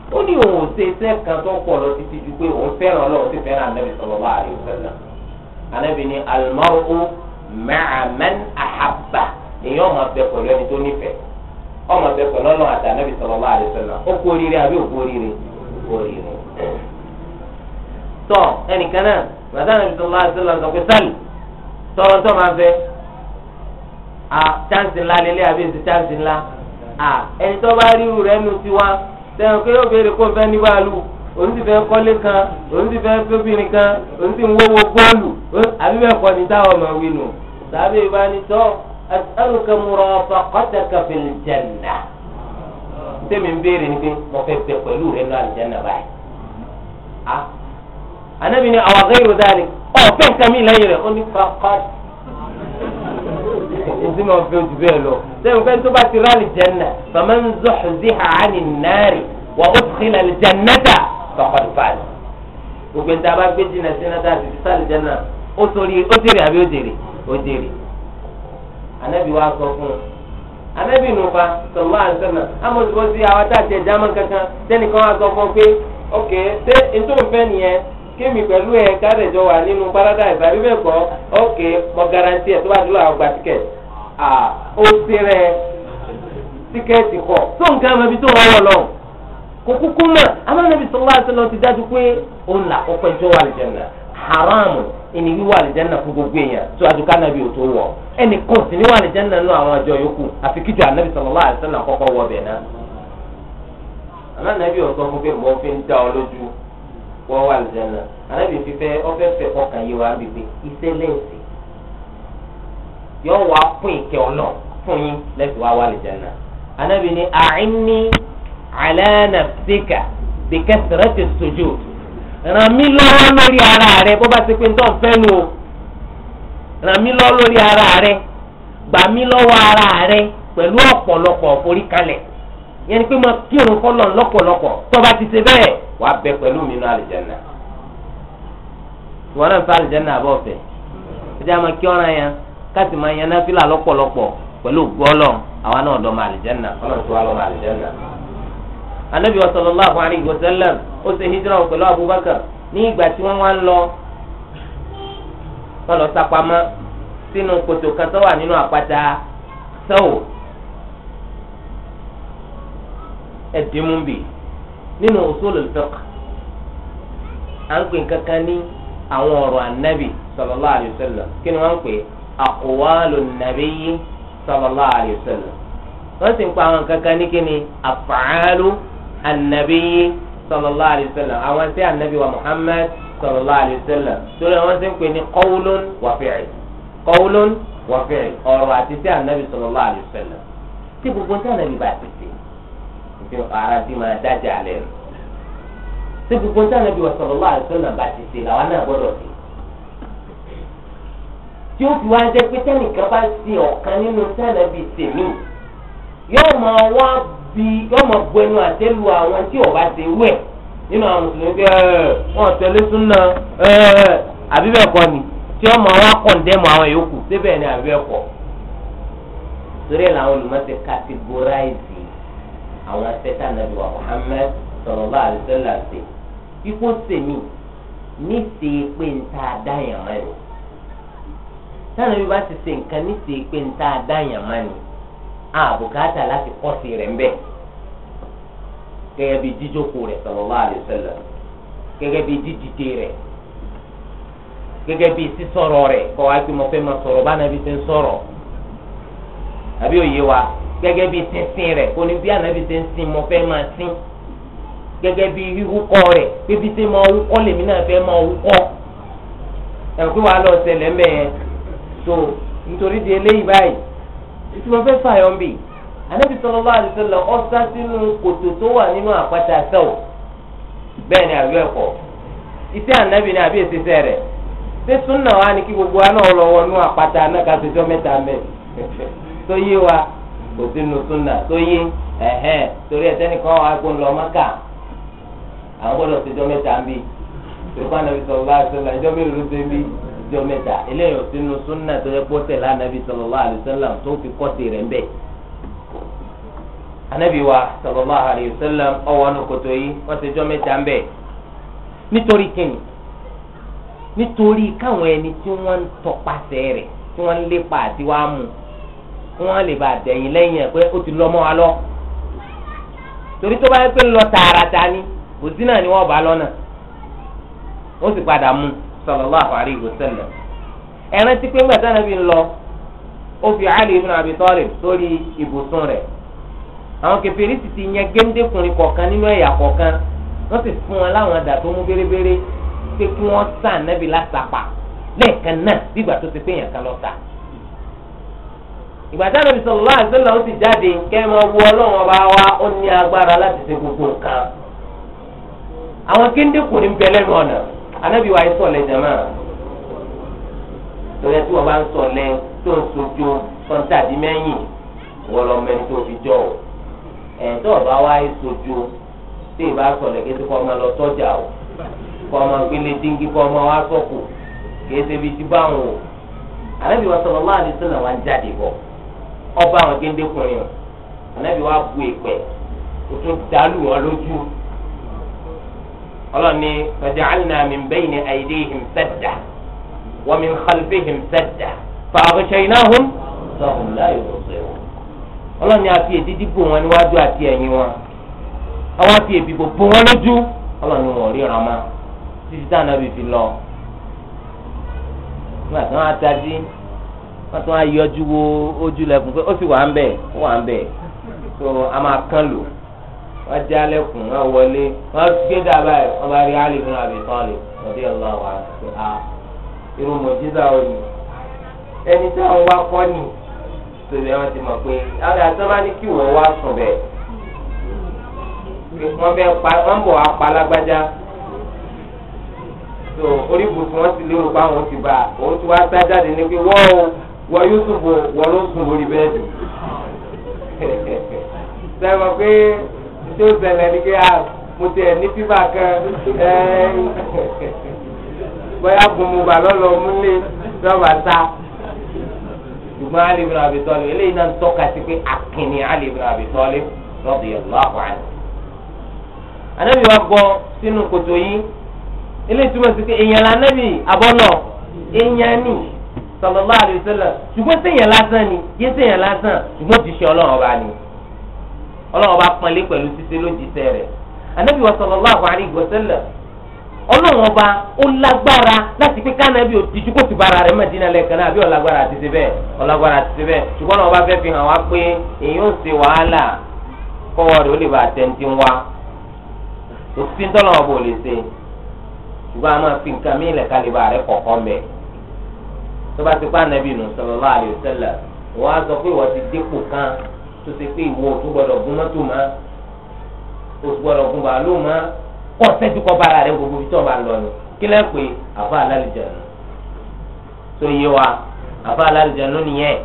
ó ní òun ò ṣe iṣẹ́ kan tó pọ̀ lọ títí ju pé òun fẹ́ràn Ọlọ́run sì fẹ́ràn anábì sallallahu alaihi wasallam anábì ní al-mar'u ma'a man ahabba èèyàn ọmọ bẹ pẹ̀lú ẹni tó nífẹ̀ẹ́ ọmọ bẹ pẹ̀lú Ọlọ́run àti anábì sallallahu alaihi wasallam ó kú oríire àbí òkú oríire òkú oríire. tọ ẹnìkan náà màdá anábì sallallahu alaihi wasallam sọ sẹ́yìn pé yóò béèrè kó fẹ́ níwá lu òun ti fẹ́ kọ́lé kan òun ti fẹ́ fẹ́bìnrin kan òun ti ń wọ́wọ́ bọ́ọ̀lù àbí bẹ́ẹ̀ kọ́ ni táwọn máa wí nù. sábẹ́ ìbánitọ́ as'aluka murafaqataka fil janna. sẹ́mi ń béèrè ni pé mo fẹ́ bẹ pẹ̀lú rẹ lọ àlùjánnà báyìí. a àwọn akẹ́yìn rẹ̀ dáa ni ọ̀ fẹ́ mi lẹ́yìn rẹ̀ ó ní faqat ntí ma fi ojú bẹ́ẹ̀ lọ sẹ́yìn pé tó bá ti rálì jẹ́nà bàmá ń zuhziha 'ani an-nari wa udkhila al-jannata faqad faz gbogbo ntí a bá gbé jìnnà sínú tá a ti sálì jẹ́nà ó sori ó jèrè àbí ó jèrè ó jèrè anabi wa sọ fún un anabi nufa sọlá àṣẹmà amọ̀sibọ́sí àwọn tá a kankan sẹ́nìkan wa sọ fún un pé ok ṣé ntòun fẹ́ nìyẹn. kémi pẹ̀lú ẹ̀ káàdì jọ wà nínú paradise àbí bẹ́ẹ̀ kọ́ ókè mo garanti ẹ̀ tó bá dúró àwọn gba tíkẹ́ẹ̀tì à ó ti rẹ̀ tíkẹ́ẹ̀tì tó nǹkan ẹ̀mọ́ tó wọ́n lọ kò kúkú mọ̀ ti dájú pé òun là kọ́kọ́ ẹjọ́ wà lè jẹun haram ẹni wíwà lè jẹun gbogbo èèyàn tó nàbí ẹni kò sí lè jẹun nù àwọn yòókù àfi wọ bẹ̀ náà ọ̀sán fún pé wọ́n wà lùjánà anábì fífẹ́ ọfẹ́ fẹ́ ọkàn yìí wà á bìbí iṣẹ́ lẹ́sì yọ wà pín ìkẹ́ ọ̀nà fún yín lẹ́sì wà wà lùjánà anábì ní àìní àlẹ́nà síkà bìkẹ́sìrẹ́ ti sojú ràn mí lọ́wọ́ lórí ara rẹ bó bá ti pé nítorí fẹ́ nu o ràn mí lọ́wọ́ lórí ara rẹ gbà mí lọ́wọ́ ara rẹ pẹ̀lú ọ̀pọ̀lọpọ̀ foríkalẹ̀ yẹn ni pé máa kírun fọlọ́ lọpọlọpọ tọ́ba ti ṣe bẹ pẹ̀lú mi nínú àlìjẹ́nà ìwọ náà fẹ́ àlìjẹ́nà àbọ̀ fẹ́ ẹjẹ́ àmọ́ kí ọ̀ràn yẹn káàtì máa yan náfìlà lọ́pọ̀lọpọ̀ pẹ̀lú gbọ́lọ̀ àwa náà dọ̀ máa àlìjẹ́nà ọlọ́run tó wà lọ́mọ àlìjẹ́nà. anabi wa sallallahu alayhi wa sallam ó ṣe hijira abubakar ní ìgbà tí wá lọ sínú kòtò kan tó ẹ̀dínmú bì nínú usulul fiqh à ń pè kankan ní àwọn ọ̀rọ̀ ànábì sallallahu alayhi wa sallam kí ni wọ́n ń pè aqwalun nabiyyi sallallahu alayhi wa sallam wọ́n sì ń pa àwọn kankan ní kí ni af'alu ànábìyí sallallahu alayhi wa sallam àwọn sí ànábì wa Muhammad sallallahu alayhi wa sallam torí àwọn sì ń pè ní qawlun wa fi'l qawlun ọ̀rọ̀ àti sí ànábì sallallahu alayhi sínú ara tí máa dájà lẹ̀ nù. ṣé gbogbo tí ànábì wa sallallahu alaihi wasallam bá ti ṣe làwa náà gbọ́dọ̀ ṣe. tí ó fi wá jẹ́ pé bá ṣe ọ̀kan nínú tí ànábì yóò máa wá bí yóò máa bu ẹnu àtẹ́ lu àwọn tí ọba ṣe wẹ̀ nínú àwọn mùsùlùmí pé wọ́n tẹ̀lé ni tí àwọn yòókù síbẹ̀ ni làwọn olùmọ̀ ti àwọn asẹ́tà nàbí wa Muhammad sallallahu alaihi wasallam ṣe kíkó sèmi ní ṣe pé ń ta dáyàn mọ́ ni táwọn ibi bá ti ṣe nǹkan ní ṣe pé ń ta dáyàn mọ́ ni àbùkátà láti kọ́ sí rẹ̀ ń gẹ́gẹ́ bí rẹ̀ gẹ́gẹ́ bí rẹ̀ gẹ́gẹ́ bí sísọ̀rọ̀ rẹ̀ kọ́ pé mo fẹ́ máa sọ̀rọ̀ bá nàbí ti ń sọ̀rọ̀ àbí òye wa. gẹ́gẹ́ bí sínsìn rẹ̀ kò ní bí ànábì ṣe ń sin mo fẹ́ máa sin gẹ́gẹ́ bí wíwúkọ rẹ̀ pé bí ṣe máa wúkọ lèmi náà fẹ́ máa wúkọ ẹ̀rù pé wàá lọ ṣẹlẹ̀ mẹ́ẹ̀ tó nítorí di eléyìí báyìí tí mo fẹ́ fà yọ̀ǹbì ànábì sallallahu alaihi wasallam ọ̀sá sínú kòtò tó wà nínú àpáta sẹ́wọ̀ bẹ́ẹ̀ ni àwẹ̀ ẹ̀kọ́ iṣẹ́ ànábì ni àbí èsìṣẹ́ rẹ̀ ṣé súnà wa ni kí gbogbo wa náà lọ wọnú àpáta náà ká ṣe jọ mẹ́ta mẹ́ẹ̀ tó yé wa kò sínú súnà tó yé ẹ̀hẹ́n torí ẹ̀ sẹ́nìkan wà kó ń lọ mọ́kà àwọn gbọ́dọ̀ ṣèjọ́ mẹ́ta ń bí ìrúkọ ànábi sallallahu alaihi wasallam ìjọ mélòó ló ṣe ń bí ìjọ mẹ́ta eléyìí ò sínú súnà tó yẹ pọ́sẹ̀ lánàbi sallallahu alaihi wasallam tó fi kọ́sì rẹ̀ ń bẹ̀. ànábi wa sallallahu alaihi wasallam ọwọ́ ọ̀nà kòtò yìí wọ́n ṣèjọ́ mẹ́ta ń bẹ̀ nítorí kíni nítorí káwọn ẹni tí wọ́n ń tọpasẹ̀ rẹ̀ tí wọ́n ń lépa àti wàá mú kí wọ́n lè bá dẹ̀yìn lẹ́yìn ẹ̀ pé ó ti lọ́mọ́ wa lọ. torí tó bá yẹ pé ń lọ tààràtà ni kò sí náà ni wọ́n bá lọ́nà ó sì padà mú sallallahu alaihi wasallam. ẹ̀rín ti pé ńgbà táwọn fi ń lọ ó fi Ali ibn Abi Talib sórí ibùsùn rẹ̀ àwọn kẹfìrí sì ti yan géńdékùnrin kọ̀ọ̀kan nínú ẹ̀yà kọ̀ọ̀kan wọ́n sì fún wọn láwọn àdá tó mú bérebére pé kí wọ́n sàn nábì lásàpà lẹ́ẹ̀kan náà bí ìgbà tó ti pé èèyàn kan lọ ìgbà tí Ànábì sallallahu alaihi wasallam ó sì jáde kẹ́mọ wu ọlọ́run ọba wa ó ní agbára láti ṣe gbogbo nǹkan àwọn kéńdékù ní bẹ lẹ́nu ọ̀nà Ànábì wa yìí sọ̀lẹ̀ jẹ̀mọ́ lórí ẹtí wọn bá ń sọ̀lẹ̀ tó ń sojú kọ́ńtàdí mẹ́yìn wọ́n tó fi jọ ọ́ ẹ̀ tó ọba wa yìí sojú tí ì bá sọ̀lẹ̀ kí ẹ ti kọ́ ọmọ lọ tọ́jà o kọ́ ọmọ gbélé díngí kọ́ ọmọ wa sọ̀kù kì í ṣe báwọn o Ànábì wa sallallahu alaihi wasallam wa ń jáde bọ̀. ọba àwọn géńdékùnrin o ànábì wa bu ìpè o tún dàlù wọn lójú ọlọ́ni min bayni aydihim sadda wa min khalfihim sadda fa'aghshaynahum fahum la yubsirun ọlọ́ni àfi èdídí bò wọn níwájú àti ẹ̀yìn wọn àwọn àfi èbìbò bò wọn lójú ọlọ́ni wọn ríran mọ́ títí táwọn àbí fi lọ nígbà tí wọ́n á tají. wọ́n tún á yọjú wo ojú lẹ́kùn pé ó sì wà ń bẹ̀ ó wà ń bẹ̀ so a máa kán lò wọ́n já lẹ́kùn wọ́n wọlé wọ́n gbé dábàá ẹ̀ wọ́n bá rí Ali ibn Abi Talib lọ́dí ọ̀la wa ṣe a irun mọ̀jísà wọn ni ẹni tí àwọn wá kọ́ ni tòbí wọn ti mọ̀ pé àwọn àtọ́bá ní kí wọ́n wá sùn bẹ́ẹ̀ wọ́n fẹ́ pa wọ́n bọ̀ wá pa lágbájá so orí ibùsùn wọn ti lérò pé àwọn ti bá òun ti wá sá jáde ní pé wọ́ọ̀ wọ́n yóò sùn bò wọ́n ló sùn lórí bẹ́ẹ̀dì
sẹ́wọ̀n pé tí ó ṣẹlẹ̀ ní kí mo ti ẹ̀ ní fífà kan
bóyá gbòmùgbà lọ́lọ́ múlé lọ́wọ́ ta ṣùgbọ́n Ali ibn Abi Talib eléyìí náà ń tọ́ka sí pé akínní Ali ibn Abi Talib radiyallahu anhu. anábì wa gbọ́ sínú kòtò yìí eléyìí túmọ̀ sí pé èèyàn lànàbì abọ́nà èèyàn nìyí sallallahu alaihi wasallam ṣùgbọ́n sẹ́yìn lásán ni yé sẹ́yìn lásán ṣùgbọ́n jíṣẹ́ ọlọ́run ọba ni ọlọ́run ọba pọ́nlé pẹ̀lú ṣíṣe ló jíṣẹ́ rẹ̀ anabi wa sallallahu alaihi wasallam ọlọ́run ọba ó lágbára láti pé kánábì ò tijú kó ti bára rẹ̀ Mẹ́dínà lẹ́ẹ̀kan náà àbí ọ̀lágbára àti ṣe bẹ́ẹ̀ ọ̀lágbára àti ṣe bẹ́ẹ̀ ṣùgbọ́n ọlọ́run ọba fẹ́ fi hàn wá pé èyí ò ṣe wàhálà kọ́wọ́ rẹ̀ ó lè bá àtẹ̀ǹtì wá òfin tọ́lọ́run ọba ò lè ṣe ṣùgbọ́n a máa fi nǹkan mí ilẹ̀ kálíbà rẹ̀ kọ̀ọ̀kan bẹ́ẹ̀ tó bá ti pa ànábì nù sallallahu alaihi wasallam wọ́n á sọ pé wọ́n ti dépò kan tó ṣe pé ìwọ tó gbọ́dọ̀ gún mọ́tò mọ́ o gbọ́dọ̀ gún bàálù mọ́ kọ́ sẹ́jú kọ́ bára rẹ̀ gbogbo ibi tí wọ́n bá lọ ni kí lẹ́ pé àfa alálìjẹ̀nu tó yé wa àfa alálìjẹ̀nu nìyẹn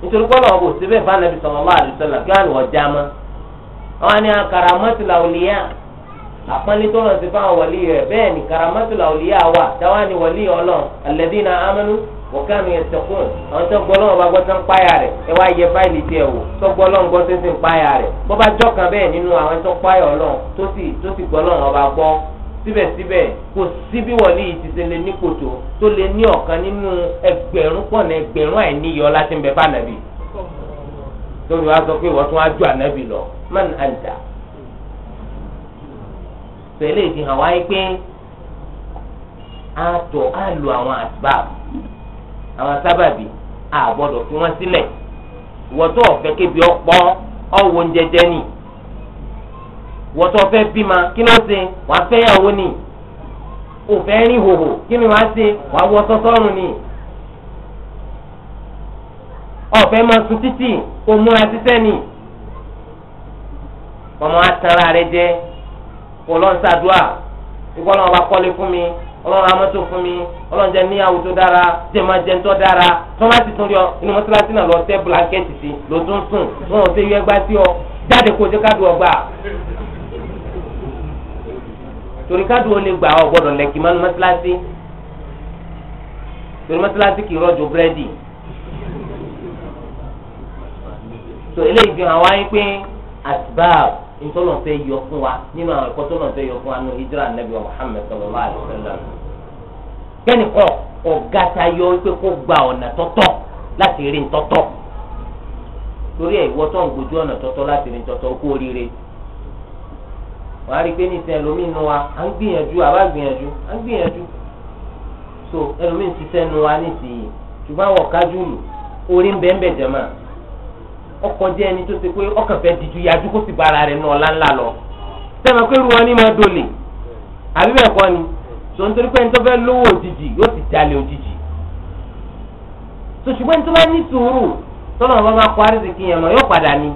nítorí pé ọlọ́wọ́ síbẹ̀ fún ànábì sallallahu alaihi wasallam kí wọ́n á wọ́n já mọ́ àwọn ni àkàrà mọ́tìlá òlìyà àpọ́nlé tó lọ́n ti fáwọn wàlí rẹ̀ bẹ́ẹ̀ ni karamatula òlíyà wà táwa ni wàlí ọlọ́n alladina amanu wa kanu yattaqun àwọn tó gbọ́ lọ́wọ́ bá gbọ́ tó ń páyà rẹ̀ ẹ wá yẹ fáìlì tiẹ̀ wò tó gbọ́ lọ́wọ́ gbọ́ tó ń páyà rẹ̀ bó bá jọ́ bẹ́ẹ̀ nínú àwọn tó páyà ọlọ́n tó sì tó sì gbọ́ lọ́wọ́ bá gbọ́ síbẹ̀síbẹ̀ kò síbí wọlé yìí ti ṣe lè ní kòtò tó lè ní ọ̀kan nínú ẹgbẹ̀rún pọ̀nà ẹgbẹ̀rún àìníyọ láti ń bẹ fún ànábì tóbi wá sọ pé ìwọ tún wá ju ànábì lọ man anta pẹ̀lú ìfihàn wáyé pé a tọ̀ á lo àwọn àtibáà àwọn sábàbí a gbọ́dọ̀ fi wọ́n sílẹ̀ wọ́tọ̀ ọ̀fẹ́ kébi ọ̀pọ̀ ọ̀wọ́ jẹjẹ ni wọ́tọ̀ ọ̀fẹ́ bímọ kí ló ṣe wà á fẹ́yàwó ni òfẹ́ rìn hòhò kí ni wàá ṣe wà á wọ sọ́sọ́rùn ni ọ̀fẹ́ máa sun títì kó múra sísẹ́ ni ọmọ atara rẹ jẹ́ kò lọ ṣàdúrà ìkọ́ lọ́wọ́ bá kọ́lé fún mi ọlọ́run ra fún mi ọlọ́run jẹ́ níyàwó tó dára jẹ́ máa jẹ́ tó dára tó má ti tún inú mọ́tíláṣí náà lọ tẹ́ blanketi sí ló tún sùn wọn ṣe yọ ẹgbá sí ọ jáde kó o jẹ́ kádùn ọgbà torí kádùn ó gbà ọ gbọ́dọ̀ lẹ́kì mọ́nú mọ́tíláṣí torí mọ́tíláṣí kì í rọ́jò búrẹ́dì tó eléyìí fi hàn wáyé pé asbab ntọ́nà fẹ́ yọ fún wa nínú àwọn ẹ̀kọ́ tọ́nà fẹ́ yọ fún wa nínú hijira anabi wa muhammed sallallahu alayhi wa sallam kẹ́ni kọ́ ọ̀gá ta yọ pé kó gba ọ̀nà tọ́tọ́ láti rí ntọ́tọ́ torí ẹ̀ ìwọ tó ń gbójú ọ̀nà tọ́tọ́ láti rí ntọ́tọ́ kú oríire wà á rí i pé nísìnyí ẹlòmíín nu wa à ń gbìyànjú àbá gbìyànjú à ń gbìyànjú so ẹlòmíín ti sẹ́nu wa nísìnyí ṣùgbọ́n àwọn ọ̀kájú lù orí ń bẹ́ẹ̀ bẹ́ẹ̀ jẹ́ máa ọkọ jẹ́ ẹni tó ṣe pé ọkàn fẹ́ díjú yájú kó sì bára rẹ̀ náà láńlá lọ sẹ́mi pé irú wọn ní máa dolè àbí bẹ́ẹ̀ kọ́ ni tó ń torí pé ẹni tó fẹ́ lówó òjijì yóò ti jalè òjijì tó ṣùgbọ́n ẹni tó bá ní sùúrù tọ́lọ̀ bá bá kọ́ àrísìkì yẹn lọ yóò padà ní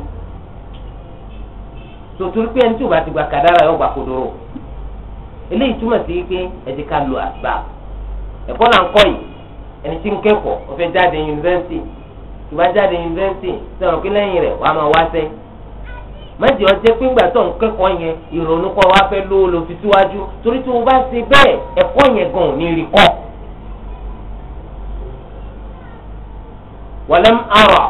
tó torí pé ẹni tí ò bá ti gba kàdára yóò gbà kodoro eléyìí túmọ̀ sí pé ẹ ká lo àgbà ẹ̀kọ́ là ń kọ́ yìí ẹni tí ń kẹ́kọ̀ọ́ ó ìbájáde inventing sọ̀rọ̀ pé lẹ́yìn rẹ̀ wàá máa wáṣẹ́ mẹ́jọ jẹ́ pé ńgbà tó ń kẹ́kọ̀ọ́ yẹn ìrònú wa fẹ́ lo fi síwájú torí o bá ṣe bẹ́ẹ̀ ẹ̀kọ́ yẹn gan ní ara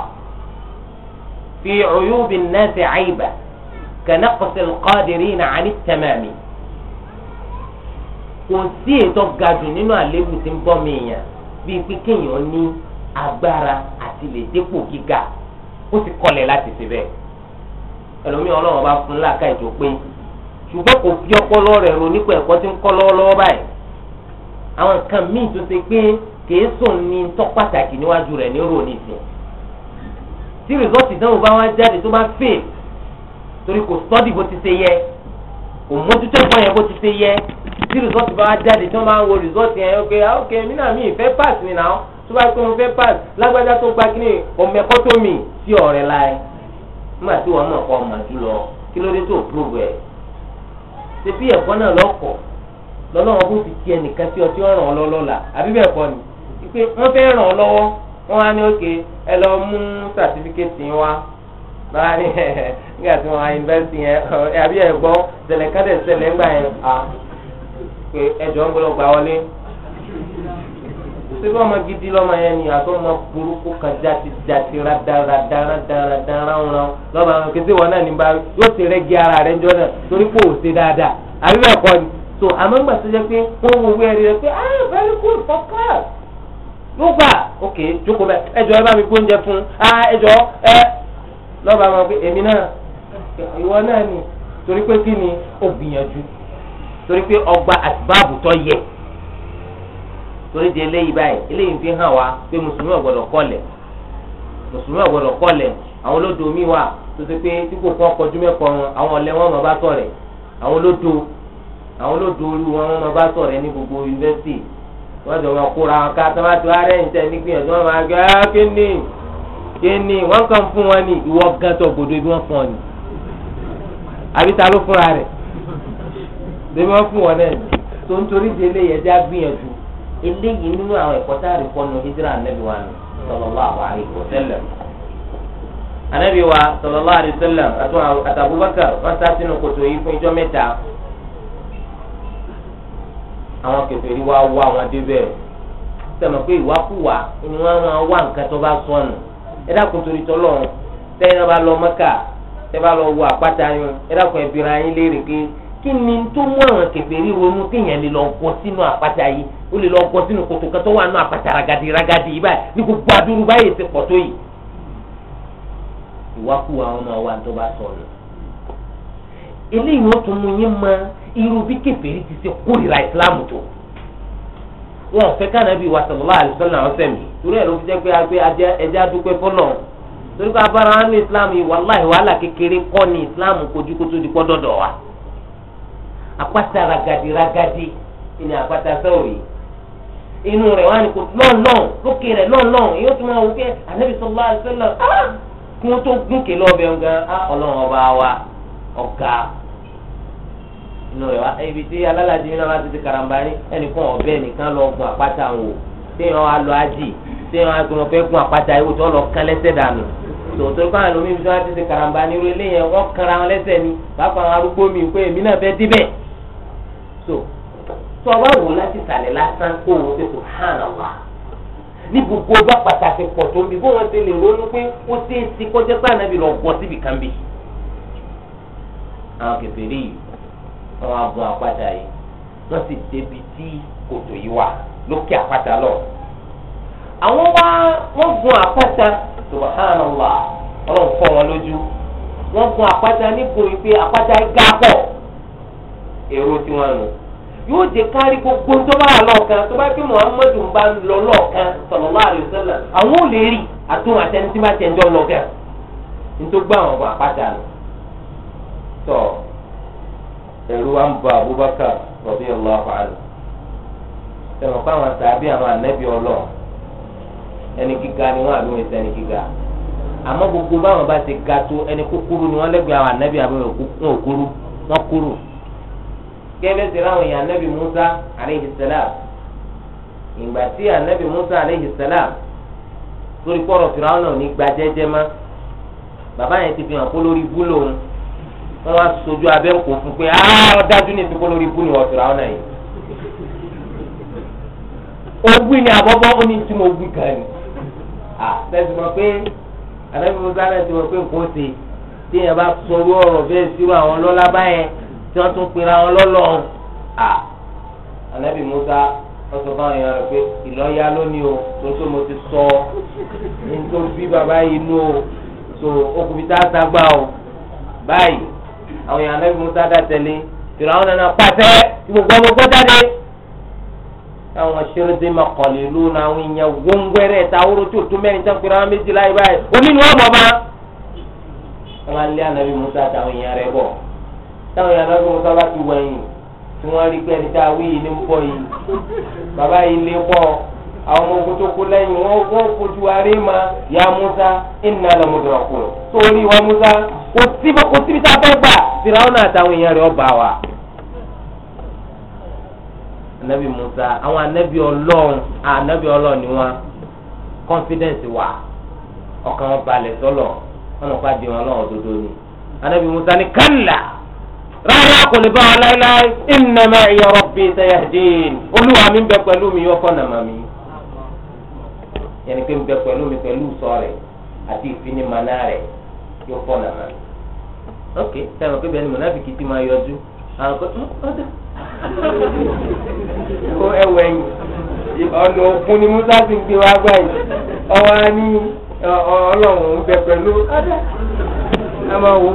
fi uyubi an-nas Gana ka naqsi al-qadirina tamami kò sí ètò gajù nínú àléébù tí ń bọ́ mi agbára àti lè dépò gíga ó ti kọlẹ̀ láti ṣe bẹ́ẹ̀ ẹlòmíì ọlọ́run bá fún láàká ìjọ pé ṣùgbọ́n kò fi ọpọlọ rẹ̀ ro nípa ẹ̀kọ́ tí ń kọ́ lọ́wọ́lọ́wọ́ báyìí àwọn nǹkan míì tó ṣe pé kìí sùn ní tọ́ pàtàkì níwájú rẹ̀ ní rò nìsín tí rìsọ́ọ̀tì náà bá wá jáde tó bá fè torí kò sọ́dì bó ti ṣe yẹ kò mójútó ẹ̀kọ́ yẹn bó ti ṣe yẹ tí rìsọ́ọ̀tì bá wá jáde tí wọ́n bá ń wo rìsọ́ọ̀tì yẹn ó ah, ok mí náà mi ì fẹ́ pàṣẹ nìyàwó tó bá pé mo fẹ́ pass lágbájá tó gba kí ni ọmọ ẹ̀kọ́ tó mì sí ọ̀rẹ́ láì nígbà tí wọ́n mọ̀ kọ́ ọmọ jùlọ kí ló dé tó prove ẹ̀ ṣe bí ẹ̀kọ́ náà lọ́kọ̀ lọ́lọ́wọ́n bó ti ti ẹnìkan sí ọtí ọ̀ràn ọlọ́lọ́la àbí bẹ́ẹ̀ kọ́ ni pé wọ́n fẹ́ ràn ọ́ lọ́wọ́ wọ́n á ní òkè ẹ lọ mú sàtífíkẹ́tì wa náà ní ẹ nígbà tí wọ́n á invest yẹn àbí ẹ̀ gbọ́ tẹ̀lẹ̀kádẹ̀ tẹ̀lẹ̀ ńgbà yẹn à pé ẹ̀jọ̀ ń gbọ́dọ̀ gbà wọlé síbí ọmọ gidi lọ́mọ yẹn ni àtọ́ ọmọ burúkú kan jáde jáde rádaràdaràdaràdarà ń ran lọ́mọ àwọn kìí sí wọn náà ní bá yóò ti rẹ́gí ara rẹ̀ jọ náà torí kò ṣe dáadáa àbí bẹ́ẹ̀ kọ́ ni so àmọ́ ńgbà tó jẹ́ pé wọ́n wo wí ẹ̀rí rẹ̀
pé ah very good for class
yóò gbà ok jókòó bẹ́ẹ̀ ẹ jọ̀ọ́ ẹ bá mi gbóúnjẹ fún un ah ẹ jọ̀ọ́ ẹ lọ́mọ àwọn pé èmi náà ìwọ náà ni torí pé kí ni ó gbìyànjú torí pé ọgbà àtibáàbù tó yẹ torí di eléyìí báyìí eléyìí fi hàn wá pé mùsùlùmí ọ̀gbọ́dọ̀ kọlẹ̀ mùsùlùmí ọ̀gbọ́dọ̀ kọlẹ̀ àwọn olódò mi wà tó ṣe pé tí kò kọ́ kọjú mẹ́kọ wọn àwọn ọ̀lẹ́ wọn máa bá ṣọ̀rẹ́ àwọn olódò àwọn olódò orí wọn wọn máa bá ṣọ̀rẹ́ ní gbogbo yunifásitì wọ́n jọ wọn kóra wọn ká tọ́mátì wá rẹ̀ níta ní gbìyànjú wọn máa gbé ah, kíni kíni wọ́n kàn fún wọn ní ìwọ gàtọ̀ gbòdo bí wọ́n fún ọ ní àbí ta ló fúnra rẹ̀ débi wọ́n fún wọn náà tó ń torí délé yẹn já gbìyànjú eléyìí nínú àwọn ẹ̀kọ́ tá a rí kọ́nu hijira anabi wa ni sallallahu alaihi wasallam anabi wa sallallahu alaihi wasallam àti Abubakar wọn sá sínú kòtò yìí fún ijọ́ mẹ́ta àwọn kèfèrí wa wá wọn débẹ̀ sọmọ pé ìwákùwà ni wọn máa wá nǹkan tó bá sọnù ẹ dákun torí tọlọ́run tẹyin náà bá lọ Mẹ́kà tẹ bá lọ wo àpáta yín ẹ dákun ẹbí kí ni tó mú àwọn kẹfẹ́rí ronú kéèyàn lè lọ gbọ́ sínú àpáta yìí ó lè lọ gbọ́ sínú kòtò kan wà nù àpáta ragadi ragadi yìí báyìí ní gbogbo adúrú báyìí ti pọ̀ yìí. ìwákùú àwọn ọmọ wa tó bá sọnù. eléyìí ó tún mú yín mọ irú bí ti ṣe kórìíra ìsìláàmù tó. wọn wa mi torí ló fi pé àpáta ragadi ragadi ìní àpáta sẹ́wòrì inú rẹ̀ wá ní kò lọ́ọ̀lọ́ọ̀ lókè rẹ̀ lọ́ọ̀lọ́ọ̀ èyí ó ti máa wò pé ànábì sallallahu alaihi wasallam ah, kí wọ́n tó gúnkè lọ́ọ̀bẹ̀ ń gan ah, ọlọ́run ọba wa ọ̀gá inú rẹ̀ wá ibi tí alálàájì nínú àwọn àti karambani ẹnìkan ọ̀bẹ nìkan lọ gun àpáta wò téèyàn á lọ ájì téèyàn á gbọ́n fẹ́ gun àpáta ewu tó lọ dànù tòótọ́ kó àwọn omi ibi tí wọ́n ti karambani rẹ̀ léyìn wọ́n kanra wọn lẹ́sẹ̀ ni pàápàá àwọn arúgbó mi pé èmi náà fẹ́ débẹ̀ so tó o bá wò láti sàlẹ̀ lásán kó o ṣe subhanallah ní gbogbo bá pàtàkì pọ̀ tó ń bí bó wọn ṣe lè ronú pé ó ṣe é ti kọjá sáà náà bí lọ gbọ́ síbi kan bì. àwọn kẹfẹ́rẹ́ yìí wọ́n á gun àpáta yìí wọ́n sì débi tí kòtò yìí wà lókè àpáta lọ. àwọn wá wọ́n gun àpáta subhanallah ọlọ́run fọ́ wọn lójú wọ́n gun àpáta níbo yìí pé àpáta yìí gá pọ̀. èrò tiwọn nù yóò jẹ kárí gbogbo tó bá wà lọ́ọ̀kan muhammadu bá ń lọ lọ́ọ̀kan sallallahu alaihi wasallam àwọn ò lè rí àtúntò àtẹnudí bá tẹ̀ ń jọ lọ́ọ̀kan apata àpáta wa ń ba abubakar radiyallahu anhu tẹ̀wọ̀n pa àwọn sàbí àwọn ànábì ọlọ́ ẹni gíga ni wọ́n ẹsẹ̀ ẹni àmọ́ gbogbo báwọn bá ti ga tó ẹni kúkúrú ni wọ́n lẹ́gbẹ̀ẹ́ àwọn gẹ́gẹ́ ti ráwọn èèyàn anabi musa aleyhi salam ìgbà tí anabi musa aleyhi salam torí pọ̀rọ̀ fìràwọn náà ní gba jẹ́jẹ́ má bàbá yẹn ti fi hàn kó lórí ibú lòun wọn wá sojú abẹ́ ń kó fún pé áá dájú ní ìsìnkú lórí ibú ni wọ́n fìràwọn náà yìí ogbi ni abọ́bọ́ ó ní tí mo gbi kan ni à tẹ̀sí mọ̀ pé àdàbí musa náà ti mọ̀ pé nǹkan ó ti tí yẹn bá sọ̀rọ̀ ọ̀rọ̀ bẹ́ẹ̀ sírò àwọn lọ́lá báyẹn tí wọ́n tún pera wọn lọ́lọ́run à ànábì Musa wọ́n sọ fáwọn èèyàn rẹ̀ pé ìlọ́ya lónìí o tó tó mo ti sọ ní tó bí bàbá yìí nú o tó okùnfin tá a sagbá o báyìí àwọn èèyàn ànábì Musa dá tẹ̀lé tìrọ àwọn nana pàṣẹ gbogbo gbogbo jáde àwọn ṣẹ́rẹ́dẹ́ máa kọ̀lé ló na àwọn èèyàn wọ́ngbẹ́rẹ́ táwọ́rọ́ tó tó mẹ́rin tán pèrè àwọn méjìlá yìí báyìí omi ni wọ́n bọ̀ bá. wọ́n á lé ànábì Musa àtàwọn èèyàn rẹ̀ bọ̀ táwọn èèyàn lọ́dún wọn sábà ti wẹ̀yìn tí wọ́n rí pé ẹni tá a wí yìí ní ń pọ̀ yìí bàbá yìí lé pọ̀ àwọn ọmọ ogun tó kó lẹ́yìn wọn wọ́n fojú aré ma ya Musa iná lọ́mọdúnrún kù sórí wa Musa kò síbi tá a fẹ́ gbà Fìràwọ́n àtàwọn èèyàn rẹ̀ ọba wa. anabi Musa àwọn anabi Ọlọ́run anabi Ọlọ́run ni wọn confidence wà ọkàn wọn balẹ̀ sọlọ wọn lọ pa di wọn lọ́wọ́ dodo ni anabi Musa ni kálá. radio kò lè bá wa láéláé ìnàmà ìyàrá bíi sayahdin olúwa mi ń bẹ mi yọkọ̀ nàmà mi yẹn ni pé ń bẹ pẹ̀lú mi pẹ̀lú sọ rẹ̀ àti ìfinimànà rẹ̀ yọkọ̀ ti máa yọjú àwọn kan
kó hm, ń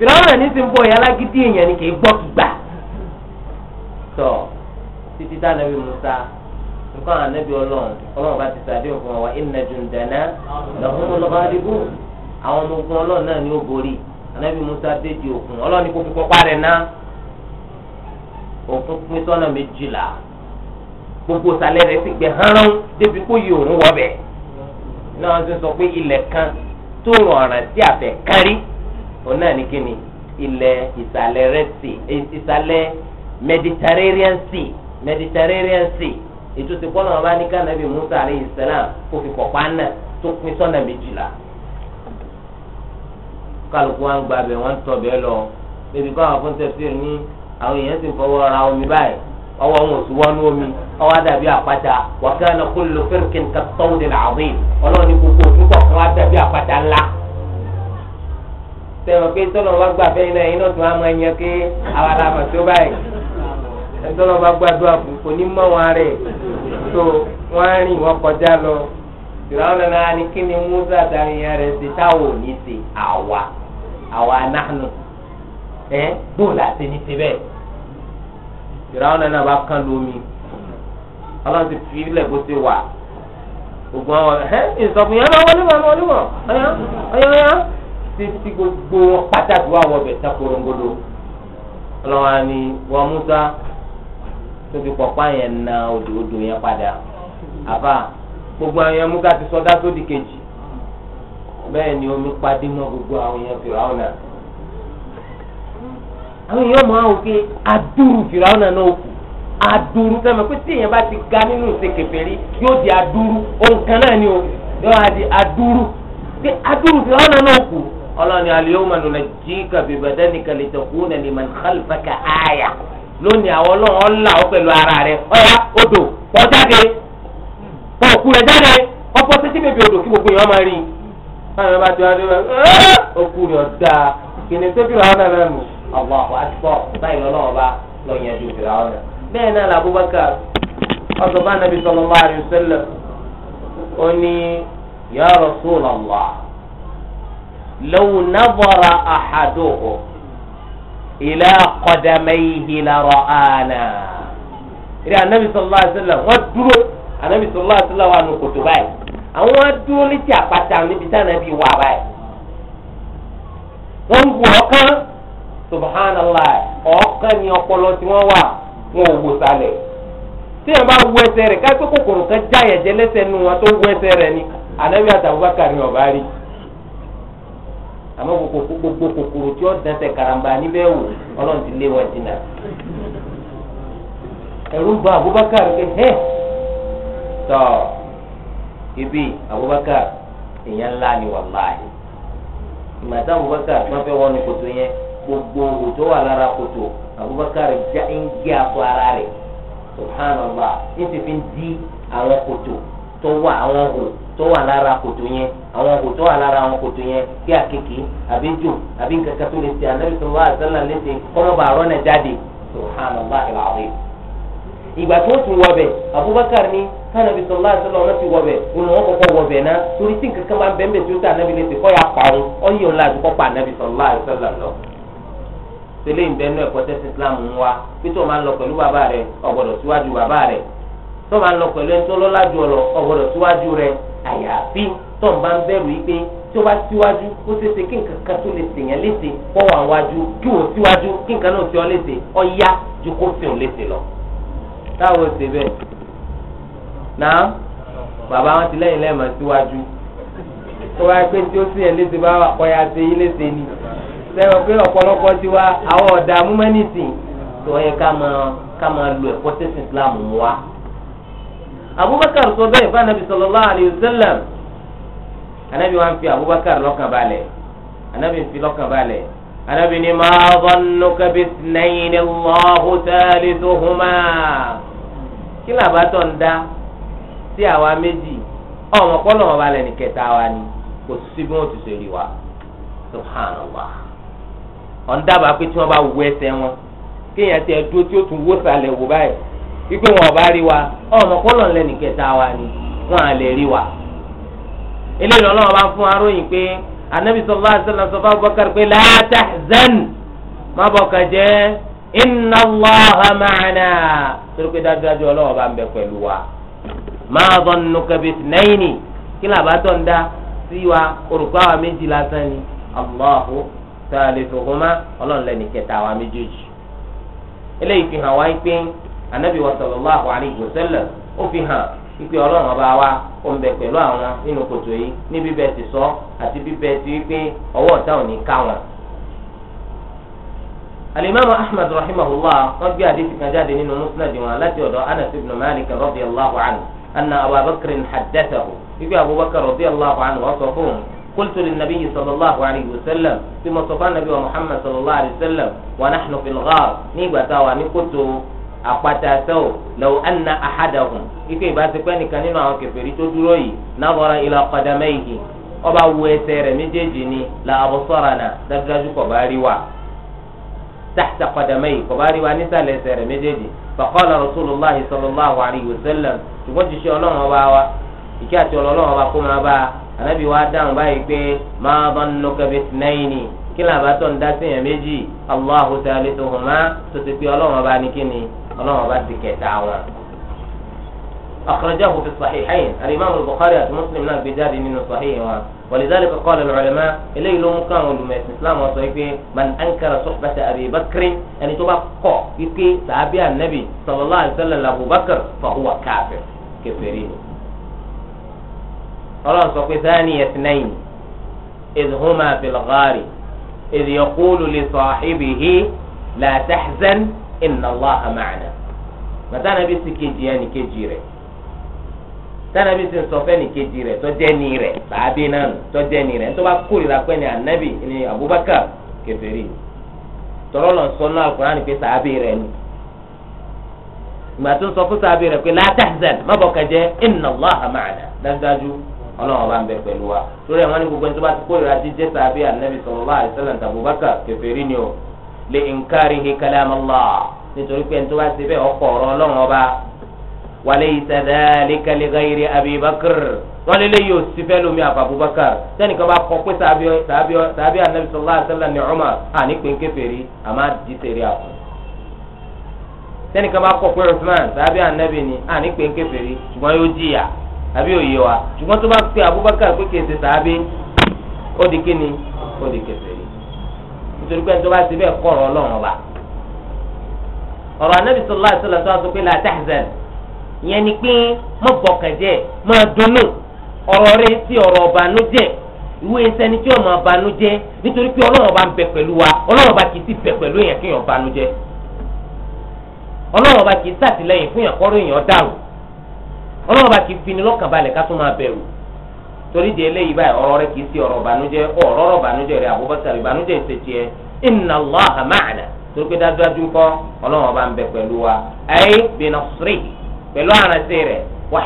fìràwọ̀n ní ti ń bọ̀ yàrá gidi èèyàn ni kì í gbọ́ gbà tọ̀ títí tá nàbí Musa nǹkan ànábì ọlọ́run ọlọ́run bá ti sàdé òfin wa inna jundana lahumul ghalibun àwọn ọmọ ogun ọlọ́run náà ni ó borí ànábì Musa déjì òkun ọlọ́run ní kó fi kọ́pá rẹ̀ ná òkun pín sọ́nà méjìlá gbogbo sàlẹ̀ rẹ̀ sì gbẹ hánrán débi kó yí òun wọ̀ náà wọ́n ti sọ pé ilẹ̀ kan tó rọrùn sí àfẹ́ kárí Ona náà ní kíni ilẹ̀ ìsàlẹ̀ red sea ìsàlẹ̀ mediterranean sea mediterranean sea ètò ti kọ́ lọ́wọ́ bá ní kánàbì musa alayhi salam kó fi kọ̀pá náà tó pín sọ́nà méjìlá kálukú wa ń gba abẹ wọn ń tọ bẹ́ẹ̀ lọ bébí kọ́ àwọn fún tẹ̀síìrì ní àwọn èèyàn sì fọwọ́ ra omi báyìí ọwọ́ wọn ò sí wọnú omi ọwọ́ dàbí àpáta wa kana kullu firqin kat-tawdil azim ọlọ́run ní gbogbo òtún kọ̀ọ̀kan wá dàbí àpáta ńlá sẹ́wọ̀n pé tọ́lọ̀ wá gbà fẹ́yìn náà iná tó wá mọ ẹyẹ pé àwa la mọ̀ tó báyìí tọ́lọ̀ wá gbàdúrà fún kò ní mọ̀ wọn rẹ̀ tó wọ́n rìn wọ́n kọjá lọ ìrọ̀lẹ́ náà ni kí ni musa àtàwọn èèyàn rẹ̀ ṣe táwọn ò ní ṣe àwa àwa nahnu ẹ bóòlù àti ní ti bẹ́ẹ̀ ìrọ̀lẹ́ náà bá kán lómi ọlọ́run ti fi ilẹ̀ bó ṣe wà ògùn àwọn ẹ̀ ìsọ̀kùn yẹn náà wọlé wọn wọlé wọn ọ̀yá ọ̀yá ọ̀yá títí gbogbo wọn pàtàkì wà wọbẹ̀ tán korongodo ọlọ́wà ni wọ́n Musa tó fi pọ̀pá yẹn na odò odò yẹn padà àbá gbogbo àwọn yẹn Musa ti sọdá sódì kejì bẹ́ẹ̀ ni omi padì mọ́ gbogbo àwọn yẹn Fìràwọ̀nà àwọn èèyàn máa wò pé adúrú Fìràwọ̀nà náà kù adúrú sẹ́mi pé tí èèyàn bá ti ga nínú ìsekèfèrí yóò di adúrú òǹkan náà ni o yóò di adúrú pé adúrú Fìràwọ̀nà náà kù ọlọ́ni al-yawma nunajjika bi badanika litakuna liman khalfaka aya lónìí àwọn ọlọ́run ọ̀là ọ pẹ̀lú ara rẹ ọ̀yà odò kọ́ jáde kọ́ òkú rẹ jáde kọ́ pọ́ títí bèbè odò kí gbogbo yẹn máa rí i. báyọ̀ bá ti wá dé báyọ̀ òkú rẹ ọ̀dà kìnì tó fi ràwọn náà ọ̀gbọ̀n àpò àtìpọ̀ báyìí lọ́wọ́ bá lọ yẹn ju fi bẹ́ẹ̀ náà làbúbákàr ọ̀sọ̀ لو نظر أحدهم إلى قدميه لرآنا إلى النبي صلى الله عليه وسلم ودرو النبي صلى الله عليه وسلم وأنه كتباي àwọn adúró subhanallah ọkàn ni wọn wà wọn ò wò sálẹ̀ tí yẹn bá wú ẹsẹ̀ rẹ̀ àmọ́ gbogbo gbogbo kòkòrò tí ó dẹ́sẹ̀ karamba níbẹ̀ wò ọlọ́run ti lé wọn jìnnà. ẹ̀rù bà Abubakar pé hẹ́ tọ́ ibi Abubakar èèyàn ńlá ni wàláhì ìgbà tí Abubakar wọ́n fẹ́ wọnú kòtò yẹn gbogbo òtó wà lára kòtò Abubakar já ń gé aṣọ ara rẹ̀ subhanallah ní ti fi ń di àwọn kòtò tó wà àwọn hù tó wà lára kòtò yẹn àwọn kòtò wà lára àwọn kòtò yẹn kí àkekè àbí jò àbí nkankan tó lè ṣe ànábì tó wà àzálà léṣe kọ́mọ́bà àrọ́ náà jáde subhanallah alazim. ìgbà tó tún wọbẹ̀ abubakar ní kánàbì sọlá àzálà wọn ti wọbẹ̀ olùwọ́n kọ́kọ́ wọbẹ̀ náà torí tí nkankan máa ń bẹ́ẹ̀ bẹ́ẹ̀ tó tẹ ànábì léṣe kọ́ ya pa òun ọ̀yìn òun láti kọ́ pa ànábì sọlá àzálà lọ lọ pẹ̀lú ń lọ pẹ̀lú ẹni tó lọ́lá àyàfi tó ń bá ń bẹ̀rù yìí pé tí ó bá síwájú ó ṣeéṣe kí nǹkan kan tó lè sèyàn léṣe kó wà wájú kí wò síwájú kí nǹkan náà sí ọ léṣe ọ yá ju kó sí òun léṣe lọ. táwọn ò ṣe bẹ́ẹ̀ náà bàbá wọn ti lẹ́yìn lẹ́ẹ̀mọ́ síwájú tó bá pé tí ó sì yẹn léṣe bá wà ya ṣe yín léṣe ni sẹ́wọ̀n pé ọ̀pọ̀lọpọ̀ ti wá àwọn ọ̀dà múmẹ́nìtì tó yẹ ká máa ká máa lo ẹ̀kọ́ tẹ̀sí Islam wa abubakar sọ bẹ́ẹ̀ fún anabi sallallahu alayhi wa sallam anabi wa ń fi abubakar lọ́kàn balẹ̀ anabi ń fi lọ́kàn balẹ̀ anabi ni ma zannuka bisnayn Allahu thalithuhuma kí làbátọ̀ ń dá sí àwa méjì ọmọ kọ́nà ọba lẹ́nu kẹta wa ni kò sí bí wọ́n ti sọ èrè wa subhanallah ọ̀n dábàá pé tí wọ́n bá wọ ẹsẹ̀ wọn kéèyàn ti ẹ̀ dúró tí ó tún wó sàlẹ̀ wò báyìí. wípé wọn ò bá rí wa ọmọ kọlọ ńlẹ wa ni wọn à rí wa eléyìí lọ́nà bá fún aróyìn pé anabi sọ Abubakar pé má inna Allaha torí pé dájúdájú ọlọ́wọ́ bá ń bẹ pẹ̀lú wa ma dhannuka bithnayni kí làbá tó ń dá sí wa orúkọ àwa méjì lásán ni Allahu ọlọ́run kẹta anabi wa sallallahu alayhi wa sallam ó fi hàn ipe ọlọ́run ọba wa ó ń bẹ pẹ̀lú àwọn nínú kòtò yìí ní bíbẹ ti sọ àti bíbẹ ti wípé ọwọ́ ọ̀tá ò ní ká wọn. alimami ahmed rahimahullah wọn gbé àdéhùn kan jáde nínú musnad wọn láti ọ̀dọ̀ anas ibn malik radiyallahu anhu anna abubakar haddathahu ipe abubakar radiyallahu anhu wọn sọ fún قلت للنبي صلى الله عليه وسلم بما صفى النبي محمد صلى الله عليه وسلم ونحن في الغار نيبتا ونكتو àpáta sẹ́wò lọ́wọ́ ẹ̀nà àhádàhùn ike ìbáṣepẹ́ nìkan nínú àwọn kèfèrí tó dúró yìí nàbọ̀rọ̀ ilà ọ̀kadàmẹ́ yìí ọba wo ẹsẹ̀ rẹ̀ méjèèjì ni la àbọ̀sọ̀rọ̀ náà dájúdájú kọ̀ bá rí wa tàxtà ọ̀kadàmẹ́ yìí kọ̀ nísàlẹ̀ ẹsẹ̀ rẹ̀ méjèèjì fàkọ́lá rasulillahi sallallahu alayhi wa sallam ṣùgbọ́n ti ṣe ọlọ́run ọba wa ìkẹ́ àti ọlọ́run ọba kó ń dá sí yẹn méjì allahu ta'ala tó hùmá tó ti pé ọlọ́run ọba ní kíni اللهم bá يا kẹta أخرجه في الصحيحين الإمام البخاري ومسلم لا بجاري من صحيح ولذلك قال العلماء إليه لو كان علماء الإسلام وصحيح من أنكر صحبة أبي بكر يعني تبقى قو يكي صحابي النبي صلى الله عليه وسلم أبو بكر فهو كافر كفرين خلاص ثاني اثنين إذ هما في الغار إذ يقول لصاحبه لا تحزن inna Allaha ma'ana màtá nàbí sí kejì ẹnì kejì rẹ̀ tánàbí sì ń sọ fẹ́ nìkejì rẹ̀ tọ́jẹ́ ni rẹ̀ tàbí náà nù tọ́jẹ́ ni rẹ̀ tó ni ni Abubakar keferi Al-Qur'an ni pé sàábì rẹ̀ nù ìgbà tó ń inna ma'ana dájúdájú daju bá ń wa torí àwọn ní gbogbo ẹni tó bá ti kórìíra jíjẹ́ sàábì ànábì sallallahu alaihi wasallam Abubakar keferi ni o le nkarihi kalama Allah nítorí pé ntoma ṣe bẹ́ẹ̀ ọkọ̀ ọba wàlẹ́ ìsẹ̀dáàlì kẹlẹ́gàyèrè abibakar wọn lẹ́yìn òsì fẹ́ àbàbùbakar sẹ́ni kan bá kọ pé sàbí anabi wa sallam ni Umar àní pèǹkè àmà Usman anabi ṣùgbọ́n yóò jìyà àbí òye wa ṣùgbọ́n tó bá pé Abubakar pé kèsè sàbí nítorí pé ẹjọba ti bẹ́ẹ̀ kọ̀rọ̀ ọlọ́run ọba ọ̀rọ̀ anábì sọlá àtúnlá tó aṣọ pé la ìyẹn ni pé má bọ̀kànjẹ́ má dunnú ọ̀rọ̀ rẹ sí ọ̀rọ̀ ọ̀bànújẹ́ ìwé tí ọmọ nítorí pé ọlọ́run ọba ń bẹ pẹ̀lú wa ọlọ́run ọba kìí sì bẹ pẹ̀lú èèyàn kí èèyàn ọlọ́run ọba kìí sàtìlẹ́yìn fún èèyàn kọ́rọ̀ èèyàn torí di eléyìí báyìí ọ̀rọ̀ rẹ kìí sí ọ̀rọ̀ ìbànújẹ́ ọ̀rọ̀ ọ̀rọ̀ ìbànújẹ́ rẹ Abubakar ìbànújẹ́ ìsètì ẹ inna Allaha ma'ana torí pé dájúdájú kọ́ ọlọ́run ọba ń bẹ pẹ̀lú wa ayé binasri pẹ̀lú àrànṣe rẹ wa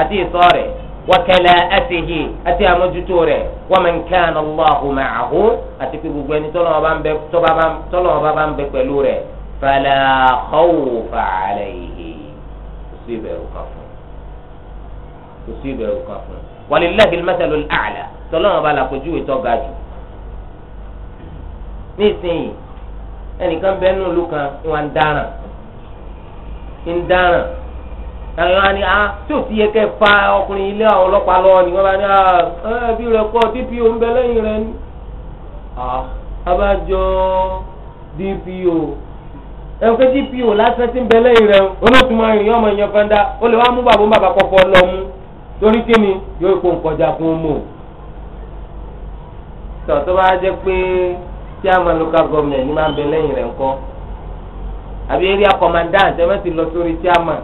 àti ìṣọ́ rẹ wa kala'atihi àti àmójútó rẹ wa man walillahi al-mathalul a'la tọ́lọ́wọ́n bá làpèjúwe tó ga jù ní ìsinyìí ẹnìkan bẹ́ẹ̀ nù lù kan wọn ń dáràn ń dáràn àwọn àni à ah, tí ò ti yẹ kẹ́ fa ọkùnrin ilé àwọn ọlọ́pàá lọ́wọ́ ni wọ́n bá ní ah, ẹ bí rẹ kọ́ dpo ń bẹ lẹ́yìn rẹ ni abájọ ah, dpo ẹnì pé dpo lásán ti ń bẹ lẹ́yìn rẹ olóòtú máa rìn ọmọ ìyẹn fẹ́ ń dá ó lè wá mú bàbá bàbá kọ́kọ́ lọ mú torí kíni yóò kó nkọjá kún mú tọ́ tó bá jẹ́ pé tí a máa local government ní máa ń bẹ lẹ́yìn rẹ̀ ńkọ́ àbí area commandant ẹ bá ti lọ sórí tí a máa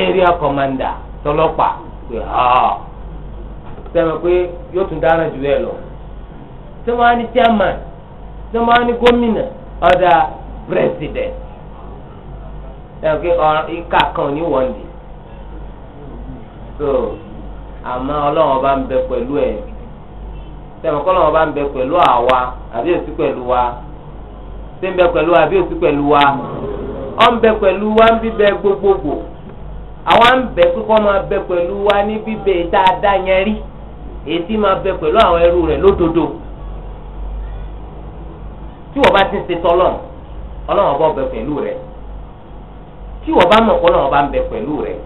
area commander tọlọ́pàá pé ọ́ ah. sẹ́wọ̀n pé yóò tún dára jù bẹ́ẹ̀ lọ tí wọ́n á ní chairman tí wọ́n á ní gómìnà ọ̀dà president sẹ́wọ̀n pé ìka kan ní wọ́n dì so àmọ́ ọlọ́run ọba ń bẹ pẹ̀lú ẹ̀ sẹ́wọ̀n kọ́ ọlọ́run ọba ń bẹ pẹ̀lú àwa àbí òsì pẹ̀lú wa ṣé ń bẹ pẹ̀lú wa àbí òsì pẹ̀lú wa ọ̀ ń bẹ pẹ̀lú wa ń bíbẹ gbogbogbò àwa ń bẹ pé kọ́ máa bẹ pẹ̀lú wa ní bíbẹ tá a dá yẹn rí èyí tí máa bẹ pẹ̀lú àwọn ẹrú rẹ̀ lódodo tí wọ́n bá ti ń ṣe tọ́lọ̀ ọlọ́run ọba ń bẹ pẹ̀lú rẹ̀ tí wọ́n bá mọ̀ kọ́ ọba ń bẹ pẹ̀lú rẹ̀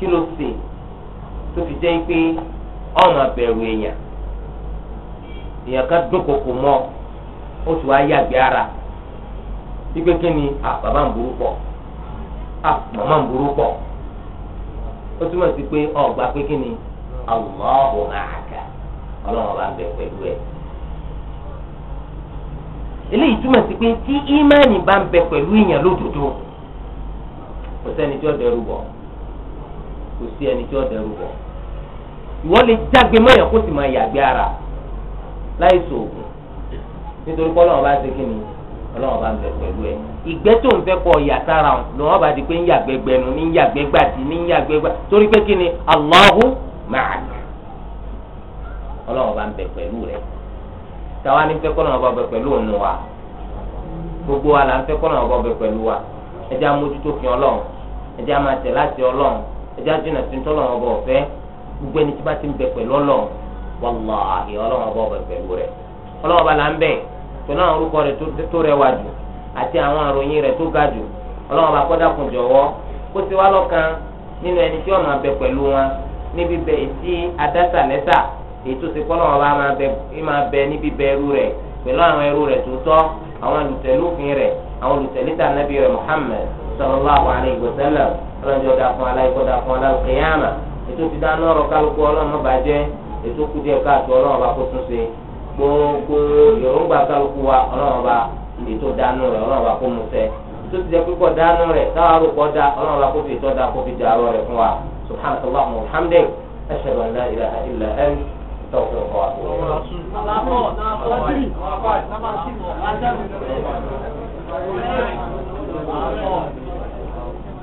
kí ló ṣe tó fi jẹ́ pé ọmọ bẹ̀rù èèyàn èèyàn kan dúnkòkò mọ́ ó sì wá ara wípé kí ni bàbá ń burú pọ̀ màmá ń burú pọ̀ ó túmọ̀ sí pé pé kí ni Allahu ma'aka ọlọ́run bá ń pẹ̀lú ẹ̀ eléyìí túmọ̀ sí pé tí ímánì bá ń bẹ pẹ̀lú èèyàn lódodo kò sẹ́ni tí ó dẹrù kò sí ẹni tí ó dẹrù bọ̀ ìwọ lè jágbe mọ́yàn kó sì máa yàgbé ara láì sòògùn nítorí pé ọlọ́run bá ṣe kí ni ọlọ́run bá ń bẹ pẹ̀lú ẹ̀ ìgbẹ́ tó ń fẹ́ kọ ọ̀yà sára wọn ni wọ́n bá di pé ń yàgbẹ́ gbẹnu ní ń yàgbẹ́ gbàdí ní ń yàgbẹ́ gbà torí pé kí ni Allahu ma'ak ọlọ́run bá ń bẹ pẹ̀lú rẹ̀ táwa ní fẹ́ kọ́nà ọba bẹ pẹ̀lú òun wa gbogbo wa là ń fẹ́ kọ́nà ọba bẹ pẹ̀lú wa ẹ jẹ́ amójútó fi ọlọ́run ẹ jẹ́ amátẹ̀ láti ọlọ́run ẹjẹ àjùnà sí tọ́lọ̀ wọn bọ̀ ọ̀fẹ́ gbogbo ẹni tí bá ti ń bẹ pẹ̀lú ọlọ́ wàláhì ọlọ́wọ́n bọ̀ ọ̀fẹ́ pẹ̀lú rẹ̀ ọlọ́wọ́n bá là ń bẹ̀ orúkọ rẹ̀ tó rẹwà jù àti àwọn àròyìn rẹ̀ tó ga jù ọlọ́wọ́n bá kọ́dà jọ̀wọ́ kó ti wá lọ́kàn nínú ẹni tí pẹ̀lú wọn níbi bẹ adásà lẹ́sà èyí tó ti kọ́ bá máa bẹ ọlọ́njọ́ da fún aláì kọ́ da fún aláì kéyàmà ètò ti dáná ọ̀rọ̀ kálukú ọlọ́mọ bàjẹ́ ètò kù díẹ̀ káàtó ọlọ́mọ bá kó tún ṣe gbogbo èròǹgbà kálukú wa ọlọ́mọ bá ètò dáná rẹ̀ ọlọ́mọ bá kó mu fẹ́ tó ti jẹ́ pípọ̀ dáná rẹ̀ táwọn kọ́ da ọlọ́mọ bá kó fi ìtọ́ da kó fi jà rẹ̀ fún wa subhanallahi wa hamdihi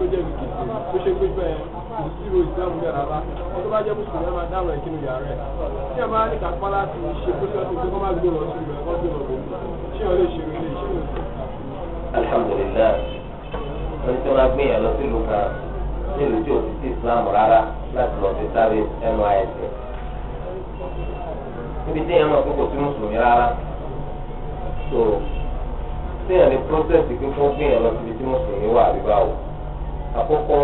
tó jẹ́ bí kìí tó ṣe pé bẹ́ẹ̀ ìṣirò ìsìlámù bẹ́ẹ̀ rárá wọ́n tó bá jẹ́ mùsùlùmí ẹ̀ máa dáhùn ẹ̀kínú ìyá rẹ̀ tí ẹ̀ máa ní kápá láti ṣe pé lọ́sẹ̀ pé kọ́ máa gbé lọ sí ìgbà gbé lọ bòmí ṣé ọ lè ṣe rere ṣé o sì.
alhamdulilayi wọ́n ti máa gbé yàn lọ sí kan ní ìlú tí òsì sí ìsìlámù rárá láti lọ sí sáré NYSC níbi tí yẹn mọ̀ pé kò sí mùsùlùmí rárá so tí yẹn ní prọ́sẹ̀sì pé gbé yàn lọ síbi tí mùsùlùmí wà àbí àkọ́kọ́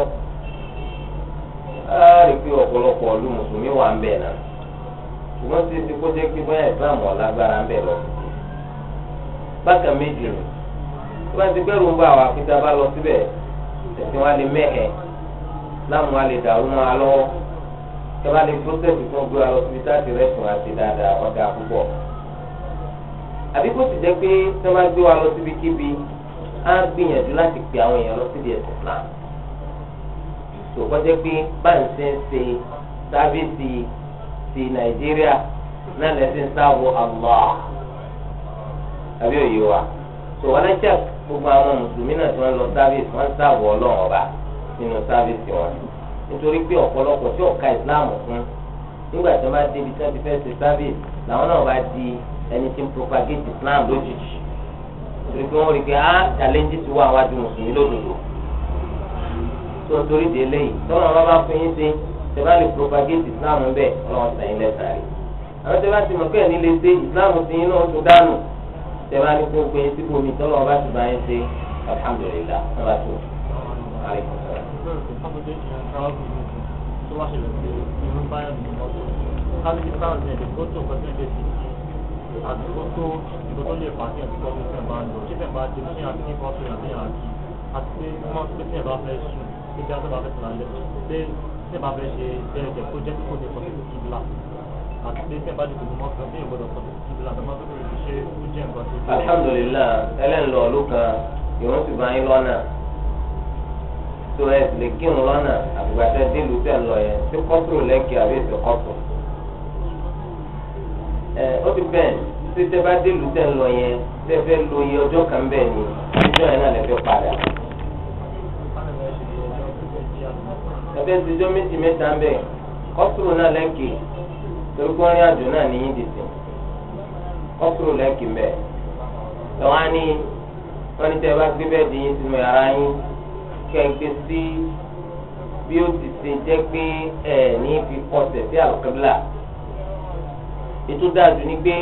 á rí pé ọ̀pọ̀lọpọ̀ ọdún mùsùlùmí wà ń bẹ̀ náà ṣùgbọ́n tí ti kó jẹ́ pé báyà ọ̀lágbára ń bẹ̀ lọ. bákan méjì rẹ̀ tí wọ́n ti gbẹ́rù ń bá àwọn akíta bá lọ síbẹ̀ ẹ̀sìn wa lè mẹ́hẹ̀ láwọn wa lè dàrú lè gbé wa lọ síbi táàtì rẹ̀sùn àti dáadáa ọ̀dà púpọ̀. àbí sì jẹ́ pé tí tòkọ́jẹ́ pé báńsì ń ṣe sábẹ́sì ti nàìjíríà náà lẹ́sìn sáwọ́ Allah àbí òye wa tó wọn lẹ́jà gbogbo àwọn mùsùlùmí náà tí wọ́n lọ sábẹ́sì wọ́n ń sáwọ́ ọlọ́run ọba nínú sábẹ́sì wọn nítorí pé ọ̀pọ̀lọpọ̀ tí ọ̀ka ìsìláàmù fún nígbà tí wọ́n bá débi tí wọ́n ti fẹ́ ṣe sábẹ́sì làwọn náà bá di ẹni tí ń propagate Islam lójijì nítorí pé wọ́n rí i pé ah challenges wà wájú mùsùlùmí lódodo tó torí de lẹ́yìn tọ́lọ́ wọn bá fún yín sí tẹ bá lè propagate islam bẹ́ẹ̀ ọlọ́run sàn yín lẹ́sàn rí àwọn tẹ bá ti mọ̀ pé ẹni lè ṣe islam sí yín náà tó dànù tẹ bá ní kó gbé yín síbò mi tọ́lọ́ wọn ti bá yín ṣe alhamdulilah wọn bá tó àtìkó
tó ìkó tó lè pàṣẹ àti kọ́mí fẹ́ bá lò ṣé fẹ́ bá ti ní àti ní àti àti àti pé wọ́n ti bá fẹ́ sùn níbi àwọn bàbá tó lálẹ́ pé ṣé bàbá ṣe bẹ̀rẹ̀ jẹ́ kó jẹ́ kó ní kọ́ sí kíbla àti pé ṣé bàbá tó mọ́ kan bí ìgbọ́dọ̀ kọ́ sí
kan ìwọ́n ti bá yín lọ́nà tó ẹ lè kírun lọ yẹn tó kọ́tù lẹ́kì àbí ètò kọ́tù. ẹ ó ti bẹ́ẹ̀ títẹ́ bá délùú tẹ̀ lọ yẹn tẹ́ fẹ́ lo iye ọjọ́ kan bẹ́ẹ̀ ni ìjọ yẹn náà lè fẹ́ padà. ẹ̀fẹ́ ṣèjọ́ méjì mẹ́ta ń bẹ̀ kọ́sùrù náà lẹ́ǹkì torí pé orin àjò náà níyìn dìde kọ́sùrù lẹ́ǹkì ń bẹ̀ lọ́wọ́ á ní wọ́n ní tẹ́ bá gbé bẹ́ẹ̀ dín sínú yàrá yín kẹ́ǹgbé sí bí ó ti ṣe jẹ́ pé ẹ̀ ní fi kọsẹ̀ sí àlùkìbìlà ètò dájú ni pé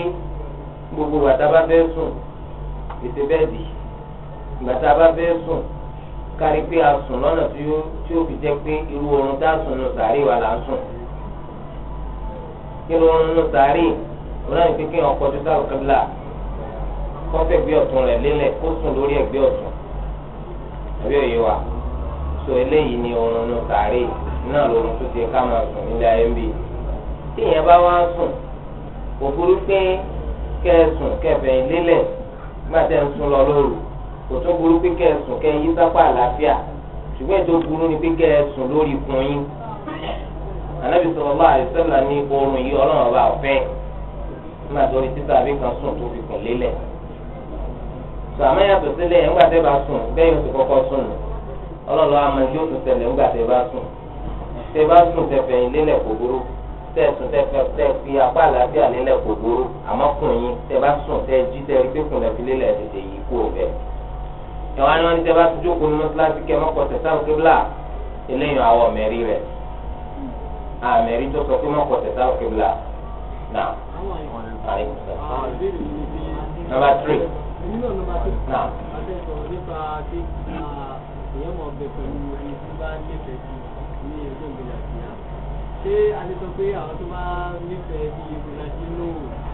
gbogbo bàtà bá fẹ́ sùn ètè bẹ́ẹ̀ dì bàtà bá fẹ́ sùn kárí pé a sùn lọ́nà tí ó fi jẹ́ pé irú oorun tá a sùn nù sàárì wà là ń sùn irú oorun nù sàárì òun náà ní pé kí wọn kọjú sáwọn kíbla kọ́fẹ́ gbé ọ̀tún rẹ̀ lélẹ̀ kó sùn lórí ẹ̀gbẹ́ ọ̀tún àbí òye wa so eléyìí ni oorun nù sàárì náà lóorun tó ti ká máa sùn nílé ayé ń bì tí ìyẹn bá wá sùn òfurufú pé kẹ́ ẹ sùn kẹfẹ́ lélẹ̀ gbàtẹ́ ń sùn lọ lóru kò tún burú pé kẹ́ ẹ sùn kẹ́ ẹ yí sápá àlàáfíà ṣùgbọ́n ètò burú ni pé kẹ́ ẹ sùn lórí ikùn yín ànábì sallallahu alaihi wasallam ní oorun yìí ọlọ́run ọba ọ̀fẹ́ nígbà tó rí títà àbí kan sùn tó fi kùn lélẹ̀ sàmì yàtọ̀ sílẹ̀ ńgbà tẹ́ bá sùn bẹ́ẹ̀ yóò ti kọ́kọ́ sùn nù ọlọ́run àmọ́ yóò tún tẹ̀lé ńgbà tẹ́ bá sùn tẹ́ bá sùn tẹ̀fẹ̀ yín lélẹ̀ kò burú tẹ́ sùn tẹ́fẹ̀ tẹ́ fi apá àlàáfíà lélẹ̀ kò burú àmọ́ kùn yín tẹ́ bá sùn ẹ̀wọ̀n á ní wọ́n ní tẹ́ bá ti jókòó ní mọ́sálásí kẹ́ mọ́kọ̀ tẹ̀sán kébìlà eléyìn àwọ̀ mẹ́rí rẹ̀ àmẹ́rí tó sọ pé mọ́kọ̀ tẹ̀sán kébìlà náà
nọ́mbà tírì náà. ṣé a lè sọ pé àwọn tó bá nífẹ̀ẹ́ bíi ìrìnàjò náà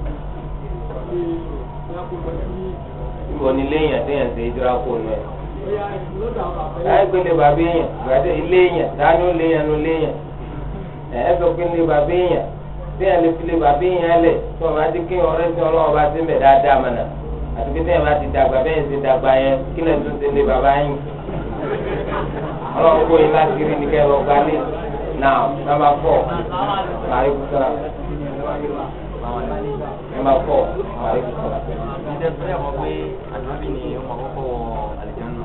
ìwọ ni léyìn
àtẹyàn ṣe ìdúrà kó nù ẹ.
láì gbélé bàbá èèyàn bàbá ilé èèyàn
dání ó léyìn ló ẹ sọ pé ní bàbá èèyàn téèyàn lè fi lè bàbá èèyàn lẹ tí wọn bá kí ọ̀rẹ́ sí bá ti ń dáadáa àti pé bá ti dàgbà bẹ́ẹ̀ dàgbà yẹn kí lè tún lè bàbá yín
kó yín ní náà nàbà nọmba fọ ǹjẹ́ sọ́yà mọ̀ pé ànábì ni ọmọ àkọ́kọ́ wọ àlìjánu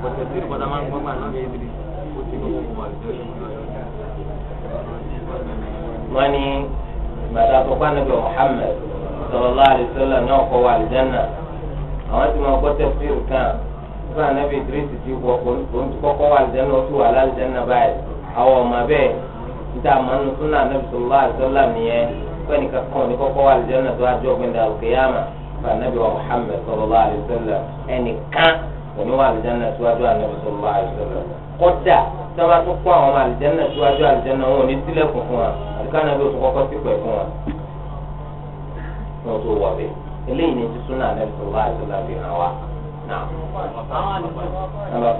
bọ̀tẹ̀ tí ìrìkọ́tà máa ń gbọ́gbà ànábì ìdílé ó ti gbogbo wọ àlìjánu wọ́n
ní bàtà àkọ́kọ́ ànábì Muhammad sallallahu alaihi wasallam náà kọ́ wọ àlìjánu àwọn tí wọ́n gbọ́ tẹ̀síìrì kan fún ànábì ìdílé ti ti wọ òun ti kọ́kọ́ wọ àlìjánu ó ti wà lálìjánu báyìí àwọn ọmọ bẹ́ẹ̀ níta àmọ́ nínú súnà ànábì sallallahu alaihi wasallam nìyẹn pẹ́ni kankan ní kọ́kọ́ wà lìjẹ́nà tó ajọ́ gbẹ̀dẹ̀ àlùkìyàmà fànàbí wa Muhammad sallallahu alaihi wasallam ẹnìkan òní wà lìjẹ́nà tó ajọ́ ànàbí sallallahu alaihi wasallam kọ́dà tí wọ́n bá tún kó àwọn àlìjẹ́nà tó ajọ́ àlìjẹ́nà wọn ò ní sílẹ̀kùn fún wa àdìkánà bí oṣù kọ́kọ́ sí pẹ̀ fún wa fún oṣù wọ̀ bẹ́ẹ̀ eléyìí ni ti súnà ànàbí sallallahu alaihi wasallam fi hàn wa. Nàmbà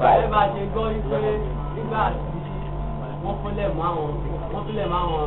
fáìlì. Ẹ bá mọ́
àwọn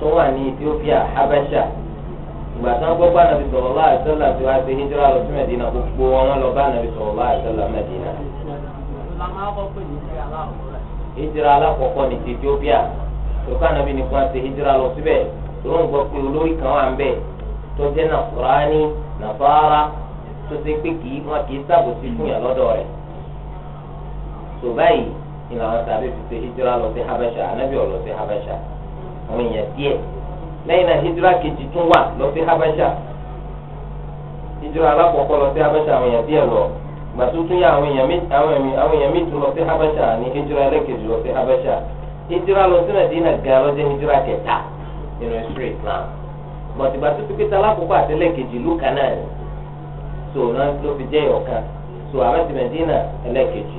tó wà ní Ethiopia Habasha ìgbà tí wọ́n gbọ́ bá nàbì sọ̀rọ̀ láàyè sọ́lá tí hijira lọ sí Mẹ̀dínà gbogbo wọn lọ bá nàbì sọ̀rọ̀ láàyè sọ́lá Mẹ̀dínà. hijira alákọ̀ọ́kọ́ ní ti Ethiopia tòkà nàbì nìkan ṣe hijira lọ síbẹ̀ tó ń kan wà ń bẹ̀ tó jẹ́ tó pé kì í wọn kì í fún yàn lọ́dọ̀ rẹ̀ tó báyìí ìlànà tàbí hijira lọ sí ọ̀ lọ àwọn èèyàn díẹ̀ lẹ́yìn náà hijira kejì tún wà lọ habasha hijira alákọ̀ọ́kọ́ lọ habasha àwọn èèyàn lọ ìgbà tún yá àwọn èèyàn méjì àwọn hijira ẹlẹ́kejì lọ habasha hijira lọ sí gan hijira kẹta nínú ẹ̀sìn Islam mọ̀tìgbà tó pípé talákòókò àtẹlẹ́kejì náà ni so náà ló fi jẹ́ ìyọ̀kan so àwọn ti Madina ẹlẹ́kejì.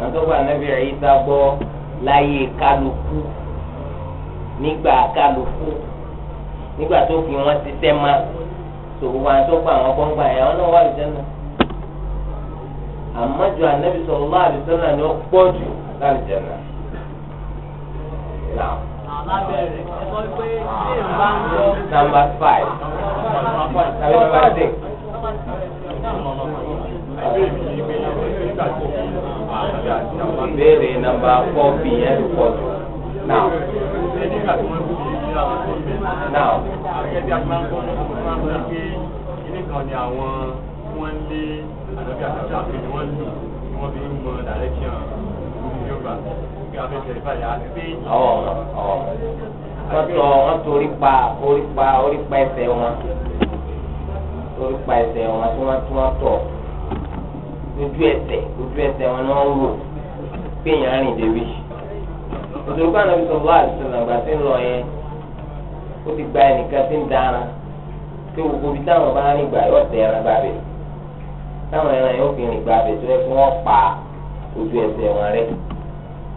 àwọn tó gba anabi gbọ́ láyé kálukú nígbà kálukú nígbà tó fi wọn ṣiṣẹ́ ma sòwò wọn tó gba àwọn gbọ́ngbà yẹn àwọn náà wà lùjẹ́ náà àmọ́jọ anabi sallallahu alaihi wasallam ni ó pọ̀ jù lálùjẹ́ náà.
Number five. Number five ìbéèrè nọ́mbà four b yẹn ló pọ̀ jù. now now. ní àwọn wọ́n lé àdókè àtàkì àti ni wọ́n lò ni wọ́n fi ń mọ direction yorùbá kí wọ́n fi tẹ̀lé
torí pa orí pa ẹsẹ̀ wọn orí pa ẹsẹ̀ wọn tí wọ́n tí lójú ẹsẹ̀ lójú ẹsẹ̀ wọn ni wọ́n wò pé èèyàn rìn débi. òṣèlú kan náà fi sọ bọ́ọ̀lù sọ̀rọ̀ àgbà tí ń lọ yẹn ó ti gba ẹnìkan tí ń dára pé gbogbo ibi táwọn bá rìn gbà yóò tẹ ẹran gbàbẹ táwọn ẹran yóò fi rìn gbàbẹ tó yẹ kí wọ́n pa ojú ẹsẹ̀ wọn rẹ̀.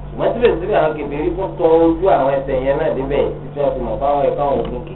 ṣùgbọ́n síbẹ̀síbẹ̀ àwọn kèbèrè tó tọ ojú àwọn ẹsẹ̀ yẹn náà débẹ̀ títí wọ́n fi mọ̀ fáwọn ẹ̀ka òkúnkè.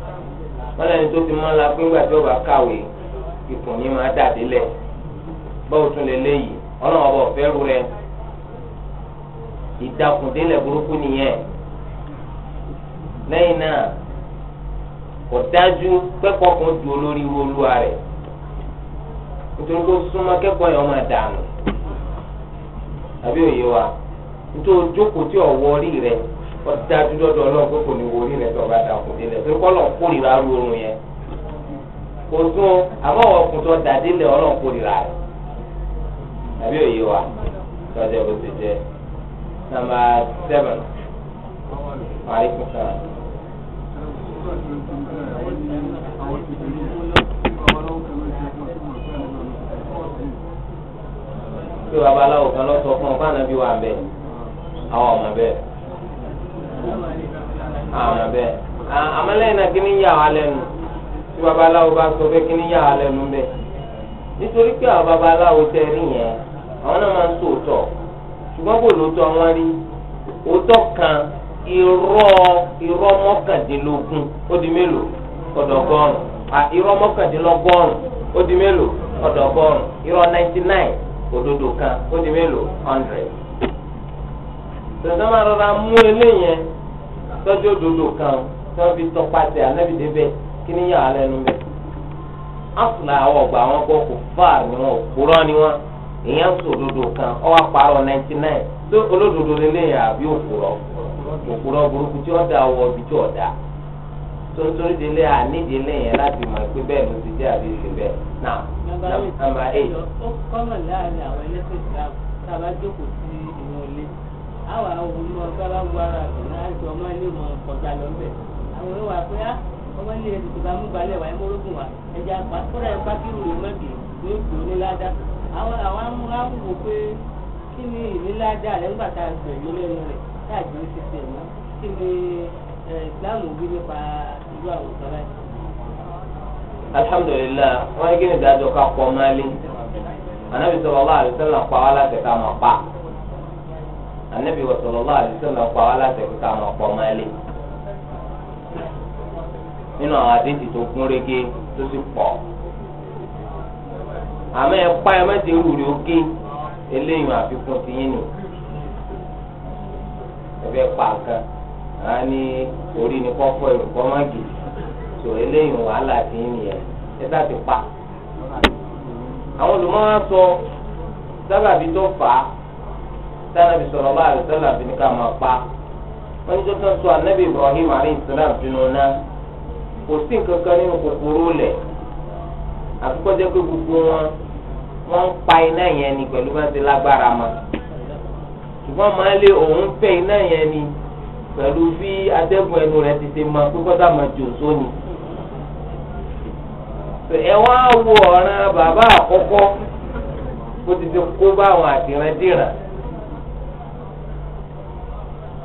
wọn lẹni tó ti máa la pé ńgbà tí ọba kàwé ikùn ní máa dàdé lẹ báwo tún lè léyìí ọlọ́run ọba ọ̀fẹ́ rú rẹ ìdàkùndínlẹ̀ burúkú nìyẹn lẹ́yìn náà kò dájú kan ju olórí irú olúwa rẹ̀ nítorí kó súnmọ́ kẹ́kọ̀ọ́ yẹn àbí òye wa nítorí ojókòó tí ọ̀wọ́ rí ọtí adúdọ́dọ̀ náà pé kò ní wo orí rẹ̀ tó bá da ọkùn délẹ̀ torí kọ́lọ̀ kórìíra ru oorun yẹn kò sún àmọ́ ọkùn tó da délẹ̀ ọlọ́run kórìíra rẹ̀ tàbí òye wa lọ́jọ́ bó ti jẹ́ nàmbà
sẹ́fẹ̀n parí kúkà.
pé babaláwo kan lọ sọ fún ọ fún ànábì wa bẹ́ẹ̀ àwọn ọmọ bẹ́ẹ̀. abe amale na kini ya alenu ti babalawo ba sọ pé kini ya alenu bẹ nítorí pé àwọn babalawo tẹ rí yẹn àwọn náà máa ń tó tọ ṣùgbọ́n kò ló tọ wọn rí òótọ́ kan irọ́ irọ́ mọ́kàndínlógún ó di mélòó ọ̀dọ́gọ́rùn irọ́ mọ́kàndínlọ́gọ́rùn ó di mélòó ọ̀dọ́gọ́rùn irọ́ náìtí náì òdodo kan ó di mélòó ọ̀ndrẹ̀d. tẹ̀sán máa rọra mú eléyẹn. tọ́jú òdodo kan tí wọ́n fi tọpasẹ̀ ànábì débẹ̀ kí ni yàrá lẹ́nu bẹ̀. wọn gbọ́ kò fà ni wọn ni wọn èèyàn sọ òdodo kan ọwọ́ àparọ̀ ninety nine tó olódodo lélẹ́yìn àbí òpùrọ́ òpùrọ́ burúkú tí wọ́n ibi tí lẹ́yìn láti mọ̀ pé bẹ́ẹ̀ ló ti jẹ́
awa àwọn ọmọ
ọgá bá wọ ara àgbẹ̀ náà àti ọmọ ilé ìmọ̀ kọjá lọ bẹ̀ àwọn ìwà pé á ah, ọmọ ilé mú balẹ̀ wáyé wa ẹja pàṣípàrọ̀ ẹ̀ pákírù rẹ̀ mọ́bì ní ìgbò àwọn àwọn pé kí ni tá a gbẹ̀ yín lẹ́nu rẹ̀ káàdì ó ti tẹ̀ mọ́ kí ni ìsìláàmù wí nípa irú àwùjọ alhamdulilayi wọn anabi sallallahu alaihi wasallam pa wá láti ẹ̀kọ́ táwọn ọ̀pọ̀ máa lé nínú àwọn àdéhùn tó gún régé tó sì pọ̀ àmọ́ ẹ pa ẹ mẹ́tẹ̀ rúurú òkè eléyìí àfikún ti yín nù ẹ fẹ́ pa kan á ní orí ni kọ́kọ́ èrò kọ́ má gì tó eléyìí wàhálà ti yín nìyẹn ẹ sá ti pa àwọn olùmọ̀ wá sọ sábàbí tó fà á sanabi sọ̀rọ̀ bá àlùsọ́là fi ní ká máa pa wọ́n ní tuntun sọ anabi ibrahim aleyhisselam sínú ná kò sí nǹkan kan nínú kòkòrò lẹ̀ àfikọ́jẹ́ pé gbogbo wọn wọ́n ń pa iná yẹn ni pẹ̀lú bá ti lágbára ma ṣùgbọ́n máa lé òun fẹ́ iná yẹn ni pẹ̀lú bí atẹ́gùn ẹnu rẹ̀ ti ṣe máa pípọ́ tá máa jò sóni. ẹ wá wo ọ̀ràn bàbá àkọ́kọ́ bó ti ti kó bá àwọn àtìrẹ́dìrán.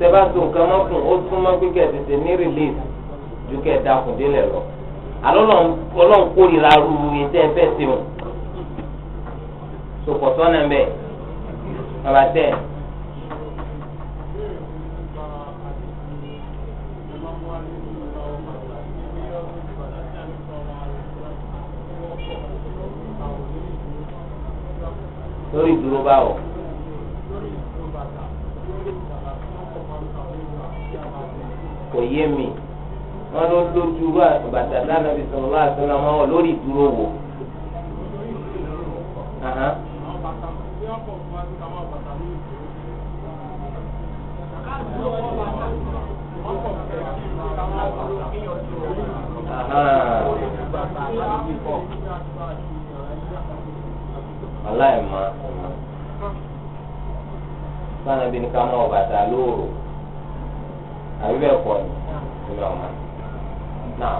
tẹ́bá so nǹkan mọ́kùn ó súnmọ́ pípẹ́ tètè ní release ju kẹ́ ẹ̀ dákun délẹ̀ lọ. àlọ́ ọlọ́run kórìíra ru ètò ẹ̀fẹ́ sí wọn. sòkòtọ́ náà bẹ́ẹ̀ bàbá tẹ̀. lórí ìdúró báwò. kò yé mi wọn ló lójú bàtà dáná bí sọ̀rọ̀ wá sọ̀rọ̀ wọn wọ lórí ìdúró wò. aláìmọ̀ báwọn ẹbí ni ká mọ̀ bàtà lóòrò àbí bẹ́ẹ̀
kọ́ ni ìlú ọmọ náà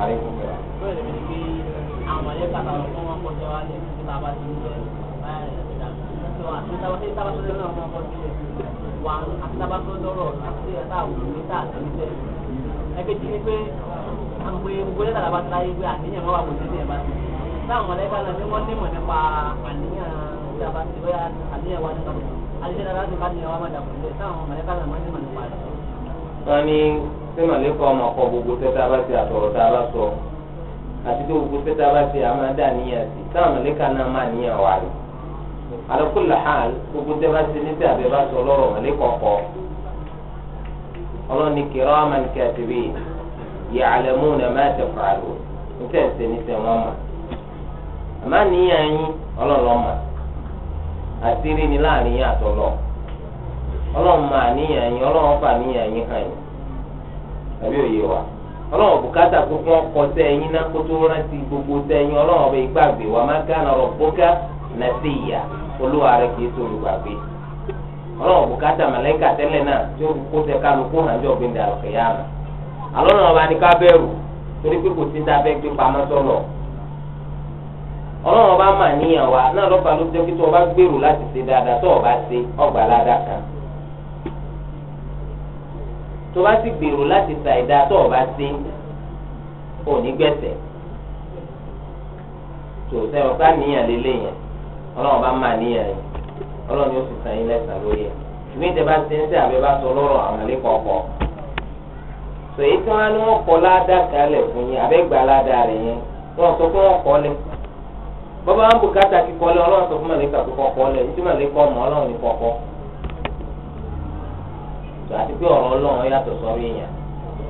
àrí gbogbo ẹ̀. bẹ́ẹ̀ ni mi ní kí àwọn ẹ̀yẹ́ kàtà lọ fún wọn kọjá wa lẹ́yìn tí bàbá ti ń jẹ́ báyìí rẹ̀ ṣẹ̀dá. tó àti tábà tó lọ́rọ̀ wọn kọ́ sílẹ̀ wà àti tábà tó lọ́rọ̀ àti ẹ̀ta òkú ní
tà àti ìṣẹ́. ẹgbẹ́ tí ni pé àgbẹ̀ gbọ́dọ̀ tàbá bá ti láyé pé àníyàn wọn wà kò sí táwọn ọlẹ́gbà náà ní wọ́n ní mọ̀ nípa àníyàn tí a bá ti bóyá
àníyàn wa nípa àdéhùn aláṣẹ ká ní ọmọ dàpọ̀ nílé táwọn ọmọ ẹ̀ka náà wọ́n ní mọ̀ nípa rẹ̀
wọn ní sẹ́màlẹ́kọ̀ ọmọ ọkọ̀ gbogbo tẹ́tà bá ti àtọ̀rọ̀ tá a bá sọ àti tó gbogbo tẹ́tà bá ti a máa dá níyà sí táwọn mọ̀lẹ́kà náà máa níyà wà rí alakula hàn gbogbo tẹ́ bá ti ní tí bá sọ lọ́rọ̀ mọ̀lẹ́kọ̀ kọ́ ọlọ́ni kiraman katibin ya'lamuna ma taf'alun níta ẹ̀sẹ̀ níta wọn mọ̀ àmà níyà yín ọlọ́run mọ̀ àti rí ni láàrin yín àtọ̀lọ́ọ̀ ọlọ́run máa níyàn yín ọlọ́run fà níyàn yín hàn yín àbí òye wa ọlọ́run bùkátà kó fún ọkọ náà kó tó rántí gbogbo sẹ́yìn ọlọ́run ọba ìgbàgbé wa máa gánà ọ̀rọ̀ bóká nàṣẹ ìyá olúwa rẹ olùgbàgbé ọlọ́run bùkátà màlẹ́kà tẹ́lẹ̀ náà tí ó kó tẹ kálukú hàn jọ gbẹ̀ndà ọ̀kẹ́yà ọba ká bẹ̀rù torí pé kò sí gbé pamọ́ ọlọ́run ọba níyàn wa náà lọ́pàá ló tó bá ti gbèrò láti ta ìdá tó o bá sí ò ní gbẹ̀sẹ̀ tó sẹ́wọ̀n ká níyàn lélẹ̀ yẹn ọlọ́run bá máa níyàn yẹn ọlọ́run yóò fi san yín lẹ́sàn lórí ẹ̀ ṣùgbọ́n ìjọba ti ń sẹ́ àbẹ́ bá sọ lọ́rọ̀ àwọn ẹlẹ́kọ̀ọ́ kọ̀ tó èyí tí wọ́n ní wọ́n kọ́ ládàá fún yín gbà ládàá rẹ̀ yẹn wọ́n sọ wọn bùkátà kíkọ́ lẹ̀ ọlọ́run sọ fún màlẹ́kà kíkọ́ kọ́ lẹ̀ ìtumàlẹ́kọ́ tó àti pé ọ̀rọ̀ ọlọ́run yàtọ̀ sọ́rọ̀ èèyàn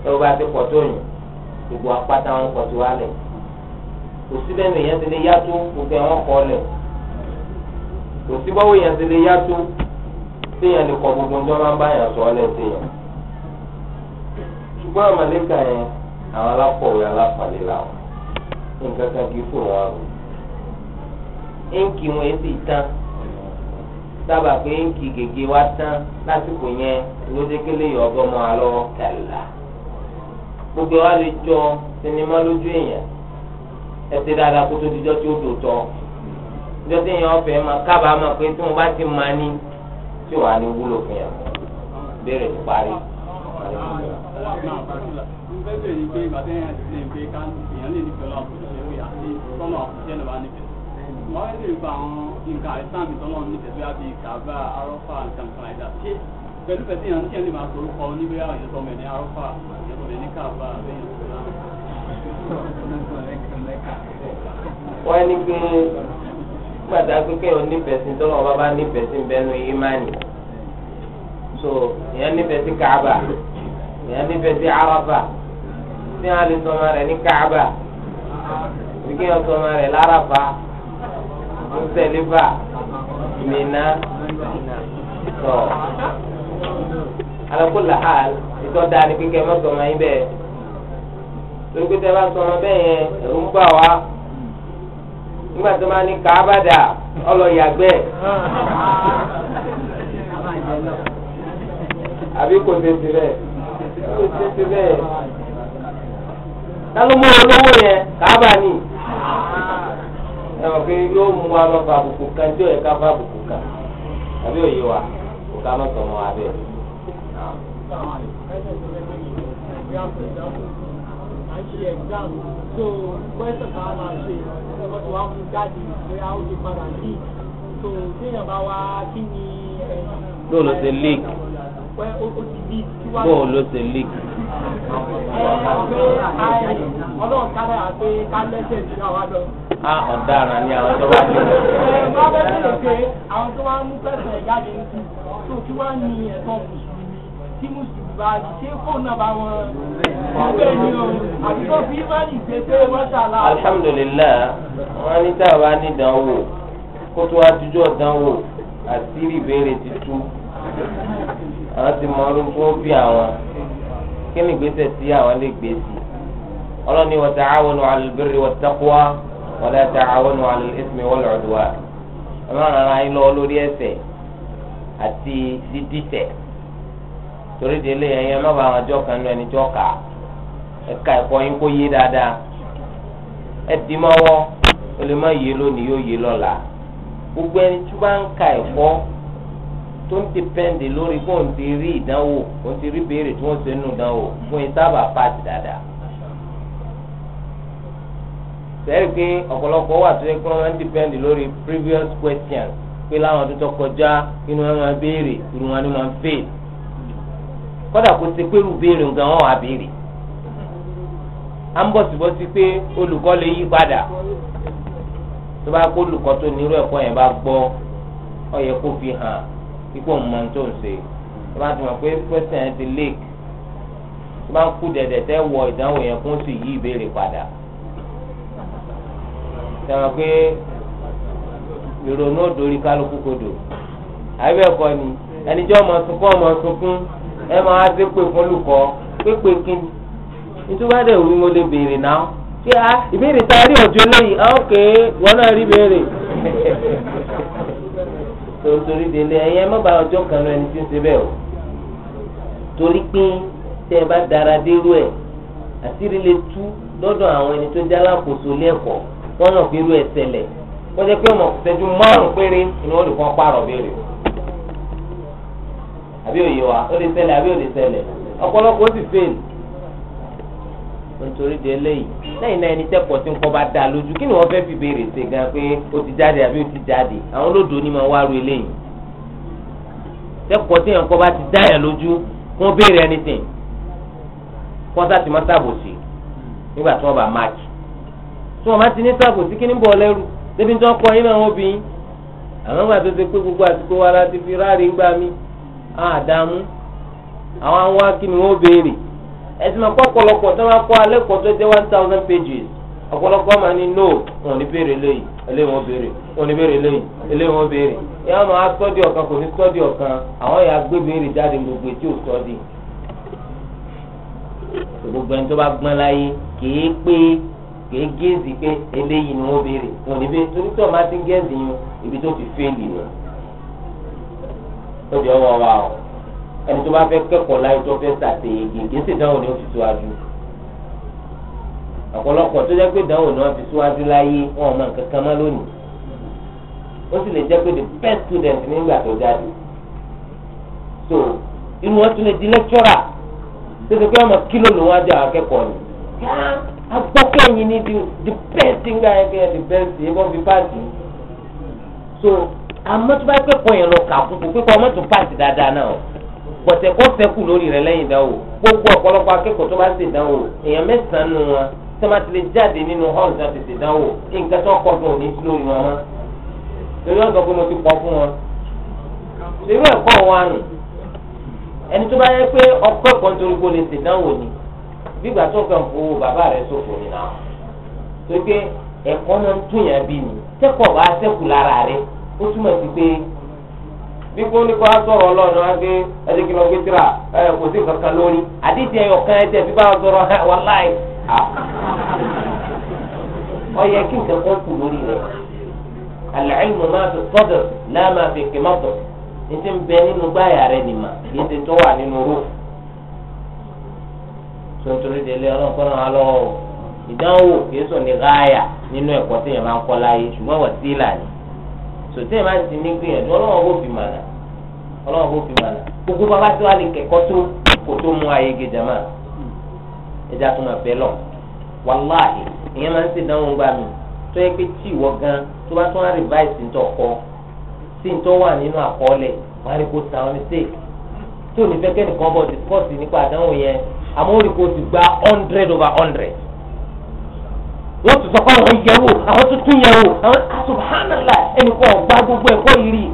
ẹ wọ́n bá ti pọ̀ tó yìn gbogbo apáta wọn pọ̀ tó wá lẹ̀ kò sí lẹ́nu èèyàn ti lè yàtọ̀ gbogbo ẹ̀wọ̀n kọ́ lẹ̀ kò sí bọ́wọ́ èèyàn ti lè yàtọ̀ téèyàn lè gbogbo ọjọ́ máa ń báyàn sọ ọ́ lẹ̀ téèyàn ṣùgbọ́n àmàlẹ́kà yẹn àwọn alápọ̀wé làwọn nǹkan kan kì í sábà pé ń kí gègé wa tán lásìkò yẹn lójékélé yọ ọgọmọ alọ kàlá gbogbo wa lè jọ sinimá lójú èèyàn ẹsẹ dáadáa kó tó dijọ́ tí ó dò tọ́ ìjọ tí èèyàn ọ̀fẹ́ máa kábàámọ̀ pé tí wọ́n bá ti máa ní tí wàá ní wúlò fún yàn béèrè tó parí.
ìgbésẹ̀ yìí pé ìgbà tí èèyàn ti ṣe ìgbé ká èèyàn lè nífẹ̀ẹ́ lọ́wọ́ àti tọ́nà àti jẹ́nìbá nífẹ̀ẹ́ mo rẹ́ lè gba àwọn nǹkan àìsàn mi tọ́lọ́ nífẹ̀ẹ́ bí abẹ́ kàbá arọ́fà nǹkan kan àìdá ṣé pẹ̀lú pẹ̀sí yẹn ní kí ẹ lè máa sọ̀rọ̀ kọ níbi àyẹ̀tọ́ sọmọ ẹ̀ ní arọ́fà àyẹ̀tọ́ sọmọ ẹ̀ ní kàbá abẹ́yẹn sọ̀rọ̀ wọ́n á ní kí
gbàdágbé kéèyàn nífẹ̀ẹ́ sí tọ́lọ́ bá bá nífẹ̀ẹ́ sí bẹ́nu ìmánì so èèyàn nífẹ̀ẹ́ sí káàbà èèyàn nífẹ̀ẹ́ sí àràfà tí wọ́n á lè sọmọ musẹliba mina tọ alakula hal ìtọ́ da ni kíkẹ́ má yín bẹ́ẹ̀ torí pé tẹ́ bá sọ̀rọ̀ bẹ́ẹ̀ yẹn ẹ̀rù ń bà wá nígbà tó máa ní káábàdà ọlọ́yàgbẹ́ àbí kò ẹ mọ̀ pé yóò mú wa lọ bá àbùkù kan tí òye ká bá àbùkù kan
àbí òye wa kò ká mọ̀ sọ̀mọ́ wa bẹ́ẹ̀. Àṣe ẹ̀gbáàmù tó wẹ́sẹ̀ bá máa ṣe ẹ̀gbọ́n tó wá fún jáde pé a ó ti padà ní tó téèyàn bá wá kí ni. Bó ló ṣe leak? Bó ló ṣe leak? Ọlọ́run kára àti ká lẹ́sẹ̀ sí àwa lọ á ọ̀daràn ni àwọn tó bá dé. wọ́n fẹ́ bẹ̀rẹ̀ pé àwọn tó wá mú pẹ̀sẹ̀ jáde ń kú tó kí wá ní ẹ̀tọ́ mùsùlùmí tí mùsùlùmí bá ṣe fóònù náà bá wọn ọgbẹ́ ni o àbí tó fi ìmọ̀lì ṣe pé wọ́n ṣàlà. alhamdulilayi
wọn ní tá a bá ní ìdánwò kó tó wá dúdú ọ̀dánwò àti ìbéèrè ti tú àwọn ti mọ ọdún tó bí àwọn kí ni ìgbésẹ̀ tí àwọn lè gbé sí ọlọ́ni wa ta'awanu 'alal birri wat taqwa. ولا تعاونوا على الإثم والعدوان أما أنا إلا أولو ريسي àti dídìtẹ̀ torí délé ẹ̀yin ẹ má bàa àwọn ọjọ́ kan nínú ẹni tí wọ́n kà ẹ̀ka ẹ̀kọ́ yín kó yé dáadáa ẹ dì í mọ́wọ́ ó lè má yé lónìí yóò yé lọ́la gbogbo ẹni tí wọ́n ń ka ẹ̀kọ́ tó ń dìpẹ́ǹdì lórí kó ń ti rí ìdánwò kó ń ti rí béèrè tí wọ́n ṣe nù ìdánwò fún yín sábà pàtì dáadáa sẹ́yìn pé ọ̀pọ̀lọpọ̀ wà tó yẹ kí wọ́n máa ń depend lórí previous questions pé láwọn ọdún tó kọjá inú wọn máa béèrè irú wọn ni wọ́n fail kódà kó ṣe pé irú béèrè nǹkan wọn wà béèrè à ń bọ̀sibọ́sí pé olùkọ́ lè yí padà tó bá kó olùkọ́ tó ní irú ẹ̀kọ́ yẹn bá gbọ́ ó yẹ kó fi hàn ipò mọ̀ tó ń ṣe tó bá ti mọ̀ pé question ti leak tó bá ń kú dẹ̀dẹ̀ tẹ́ wọ ìdánwò yẹn kó sì yí ìbéèrè padà. sọ̀rọ̀ pé ìrònú òdòrí kálukú kodò àbí ẹ̀kọ́ ni ẹnìjọ́ ọmọ sunkún ọmọ sunkún ẹ máa dé pè fún olùkọ́ pépè kíni nítorí dẹ̀ wí mo lè béèrè náà kí a ìbéèrè tá a rí ọjọ́ lẹ́yìn ọ̀kẹ́ ah, wọn náà rí béèrè torí délé ẹ̀yẹ má ba ọjọ́ kan lọ ẹni tí ń ṣe bẹ́ẹ̀ o torí tẹ́ ẹ bá dára dérú ẹ̀ lè tú lọ́dọ̀ àwọn ẹni tó jẹ́ alákòóso lẹ́kọ̀ọ́. wọ́n mọ̀ pé irú ẹ̀ ṣẹlẹ̀ wọ́n jẹ́ pé ọmọ ṣẹ́jú márùn-ún péré ni wọ́n lè kọ́ pààrọ̀ béèrè àbí òye wa ó lè ṣẹlẹ̀ àbí ò lè ṣẹlẹ̀ ọ̀pọ̀lọpọ̀ ó sì fail nítorí de eléyìí lẹ́yìn náà ẹni tẹ́pọ̀ tí ń kọ́ bá dáa lójú kí ni wọ́n fẹ́ fi béèrè ṣe gan pé o ti jáde àbí ó ti jáde àwọn olódò ni máa wá ru eléyìí tẹ́pọ̀ tí yẹn kọ́ bá ti dá yẹn lójú kí wọ́n béèrè anything kọ́ńtà tí wọ́n sábòsì nígbà tí wọ́n bá máàkì tí wọn bá ti ní sàkó sí kíní bọ̀ lẹ́rù débi tí wọn kọ yín náà wọn bí yín àwọn ìgbà tó ṣe pé gbogbo àsìkò wa la fi ráre ń gbà mí àdààmú àwọn àwọn akíni wọn béèrè ẹsìn máa kọ́ ọ̀pọ̀lọpọ̀ tí wọ́n kọ́ alẹ́ kọ́ tó jẹ́ one thousand pages ọ̀pọ̀lọpọ̀ máa ní no wọn ní béèrè léyìí eléyìí wọn béèrè wọn ní béèrè léyìí eléyìí wọn béèrè ìyá máa sọ́dí ọ̀kan kò ní sọ́dí ọ̀kan àwọn ìyá gbé béèrè jáde gbogbo tí ò sọ́dí gbogbo ẹni tó bá gbọ́n láyé kì í pé kèé géèzì pé eléyìí ni wọ́n béèrè wọ́n ní bẹ́ẹ̀ torí tí wọ́n bá ti ń géèzì yín ibi tó ti fẹ́ẹ̀lì nù. ó jẹ́ ọwọ́ wa o ẹni tó bá fẹ́ kẹ́kọ̀ọ́ láyé tó fẹ́ ṣàtẹ̀yẹ̀gì kìí ṣe ìdánwò ni ó fi síwájú. ọ̀pọ̀lọpọ̀ tó jẹ́ pé ìdánwò ni wọ́n fi síwájú láyé wọn ò mọ nǹkan kan mọ́ lónìí. ó sì lè jẹ́ pé the best student nígbà tó jáde. so irú wọn tún lè di lecturer tó ti pé ọmọ kílò lòun á jẹ́ akẹ́kọ̀ọ́
agbọ́kẹ́yìn ni the the best thing
I get the best yẹ kó fi pàṣẹ so àmọ́ tó bá pẹ́ pọ̀ yẹn lọ kà kúkú pípa ọmọ tó pàṣẹ dáadáa náà pọ̀tẹ́ kọ́ sẹ́kù lórí rẹ̀ lẹ́yìn ìdánwò gbogbo ọ̀pọ̀lọpọ̀ akẹ́kọ̀ọ́ tó bá ṣe ìdánwò èèyàn mẹ́sàn-án nù wọn tí wọ́n ti lè jáde nínú hall náà ti ṣe ìdánwò nǹkan tó kọ́ dùn ní lórí wọn mọ́ lórí ọ̀dọ́ pé mo ti pọ̀ fún wọn. irú ẹ̀kọ́ wa nù ẹni tó bá yẹ pé ọkọ̀ ẹ̀kọ́ nítorí gbó lè ṣèdánwò ni gbígbà tó kàn fowó bàbá rẹ̀ ṣòfò ní náà tó pé ẹ̀kọ́ náà ń tún yàn bí ni tẹ́kọ̀ọ́ bá sẹ́kù lára rẹ̀ ó túmọ̀ sí pé bí kò ní kó a sọ̀rọ̀ ọlọ́run wá pé ẹ̀jẹ̀ kí lọ gbé tíra kò sí kankan lórí kan a sọ̀rọ̀ ẹ̀ wà láì ọ yẹ kí nǹkan kan kù lórí ma fi fi ní nítorí délé ọlọ́nkọ́nà wa lọ́wọ́ o ìdánwò kìí sùn ní ráàyà nínú ẹ̀kọ́ téèyàn máa ń kọ́ láyé ṣùgbọ́n wọ̀ sí ìlànà sòtéèyàn máa ti ní gbìyànjú ọlọ́wọ́ bó fi mànà ọlọ́wọ́ bó fi mànà gbogbo bàbá tí wàá lè kẹ́kọ́ tó kò tó mú ayé gèjà máa ẹja tó máa bẹ́ lọ wàláhì ìyẹn máa ń ṣe ìdánwò gbà mí tó yẹ pé tí ìwọ gan tó bá tún wá rìváìsì ń tọkọ sí ń tọ́ wà nínú àkọọ́lẹ̀ wàá rí kó sàwọn mistake tó àmọ́ ó rí kó o ti gba hundred over hundred wọ́n ti sọ pé àwọn yẹ wò àwọn tuntun yẹ wò àwọn asubhanala ah, ẹnì kan ọ̀gbá gbogbo ẹ̀kọ́ yìí rí.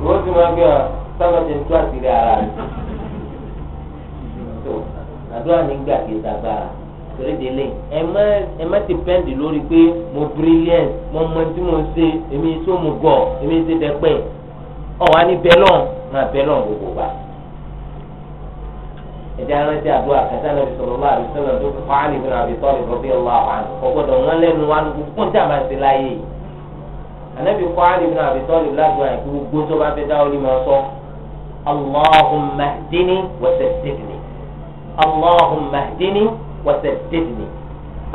ìwọ́n ti máa gbé wọn sábà ṣe ń tó àṣírí ara rẹ̀. àdúrà nígbà kì í sagbára torí délé ẹ má ti pẹ́ǹdì lórí pé mo brilliant mo mọ tí mo ṣe èmi tó mo gọ̀ èmi ṣe dẹ́pẹ́ ọ̀ wá ní bẹ́lọ̀ máa bẹ́lọ̀ gbogbo báyìí ẹ̀jẹ̀ arántí àdúrà kẹta náà fi sọ̀rọ̀ máa rí sọ́nà tó fún Ali bin Abi Talib radiyallahu anhu ọgbọ́dọ̀ wọn lẹ́nu wa nínú fún tí a máa ti láyé yìí ànábì fún Ali bin Abi Talib ládùn àìkú gbogbo tó bá fẹ́ dáwọ́ ní ma sọ Allahumma hdini wa saddidni Allahumma hdini wa saddidni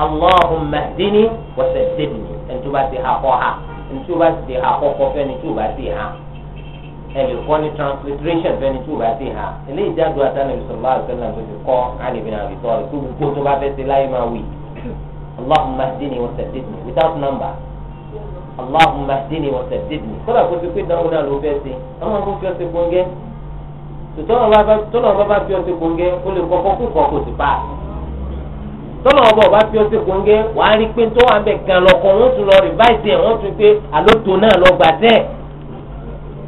Allahumma hdini wa saddidni ẹni tó bá ti ha kọ́ ha ẹni tó bá ti ha kọ́ kọ́ fẹ́ni tó bá ti ha ẹ lè kọ́ ní transliteration fẹ́ni tí o bá ti hàn eléyìí jáde àtàlẹ́ bisalòlá àtàlẹ́ tó ti kọ́ àlèbí náà bìtọ́ rẹ̀ kó gbogbo tó bá fẹ́ ṣe láyé máa wì allahumma hdini wa saddidni without number allahumma hdini wa saddidni kódà kó ti pé dáhùn náà ló fẹ́ ṣe ọmọ kó fi ọ̀sẹ̀ gbọ̀ngẹ́ tọ́lọ̀ bá fi ọ̀sẹ̀ gbọ̀ngẹ́ ó lè kọ́kọ́ kó kọ́ kó sì pa tọ́lọ̀ ọba ọba fi ọ̀sẹ̀ gbọ̀ngẹ́ wàá rí pé tó wà bẹ̀ gan lọ́kọ̀ wọ́n tún lọ rìváìsì ẹ̀ wọ́n tún pé àlótò náà lọ gbà tẹ́ẹ̀.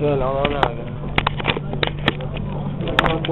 对，聊到哪个？刚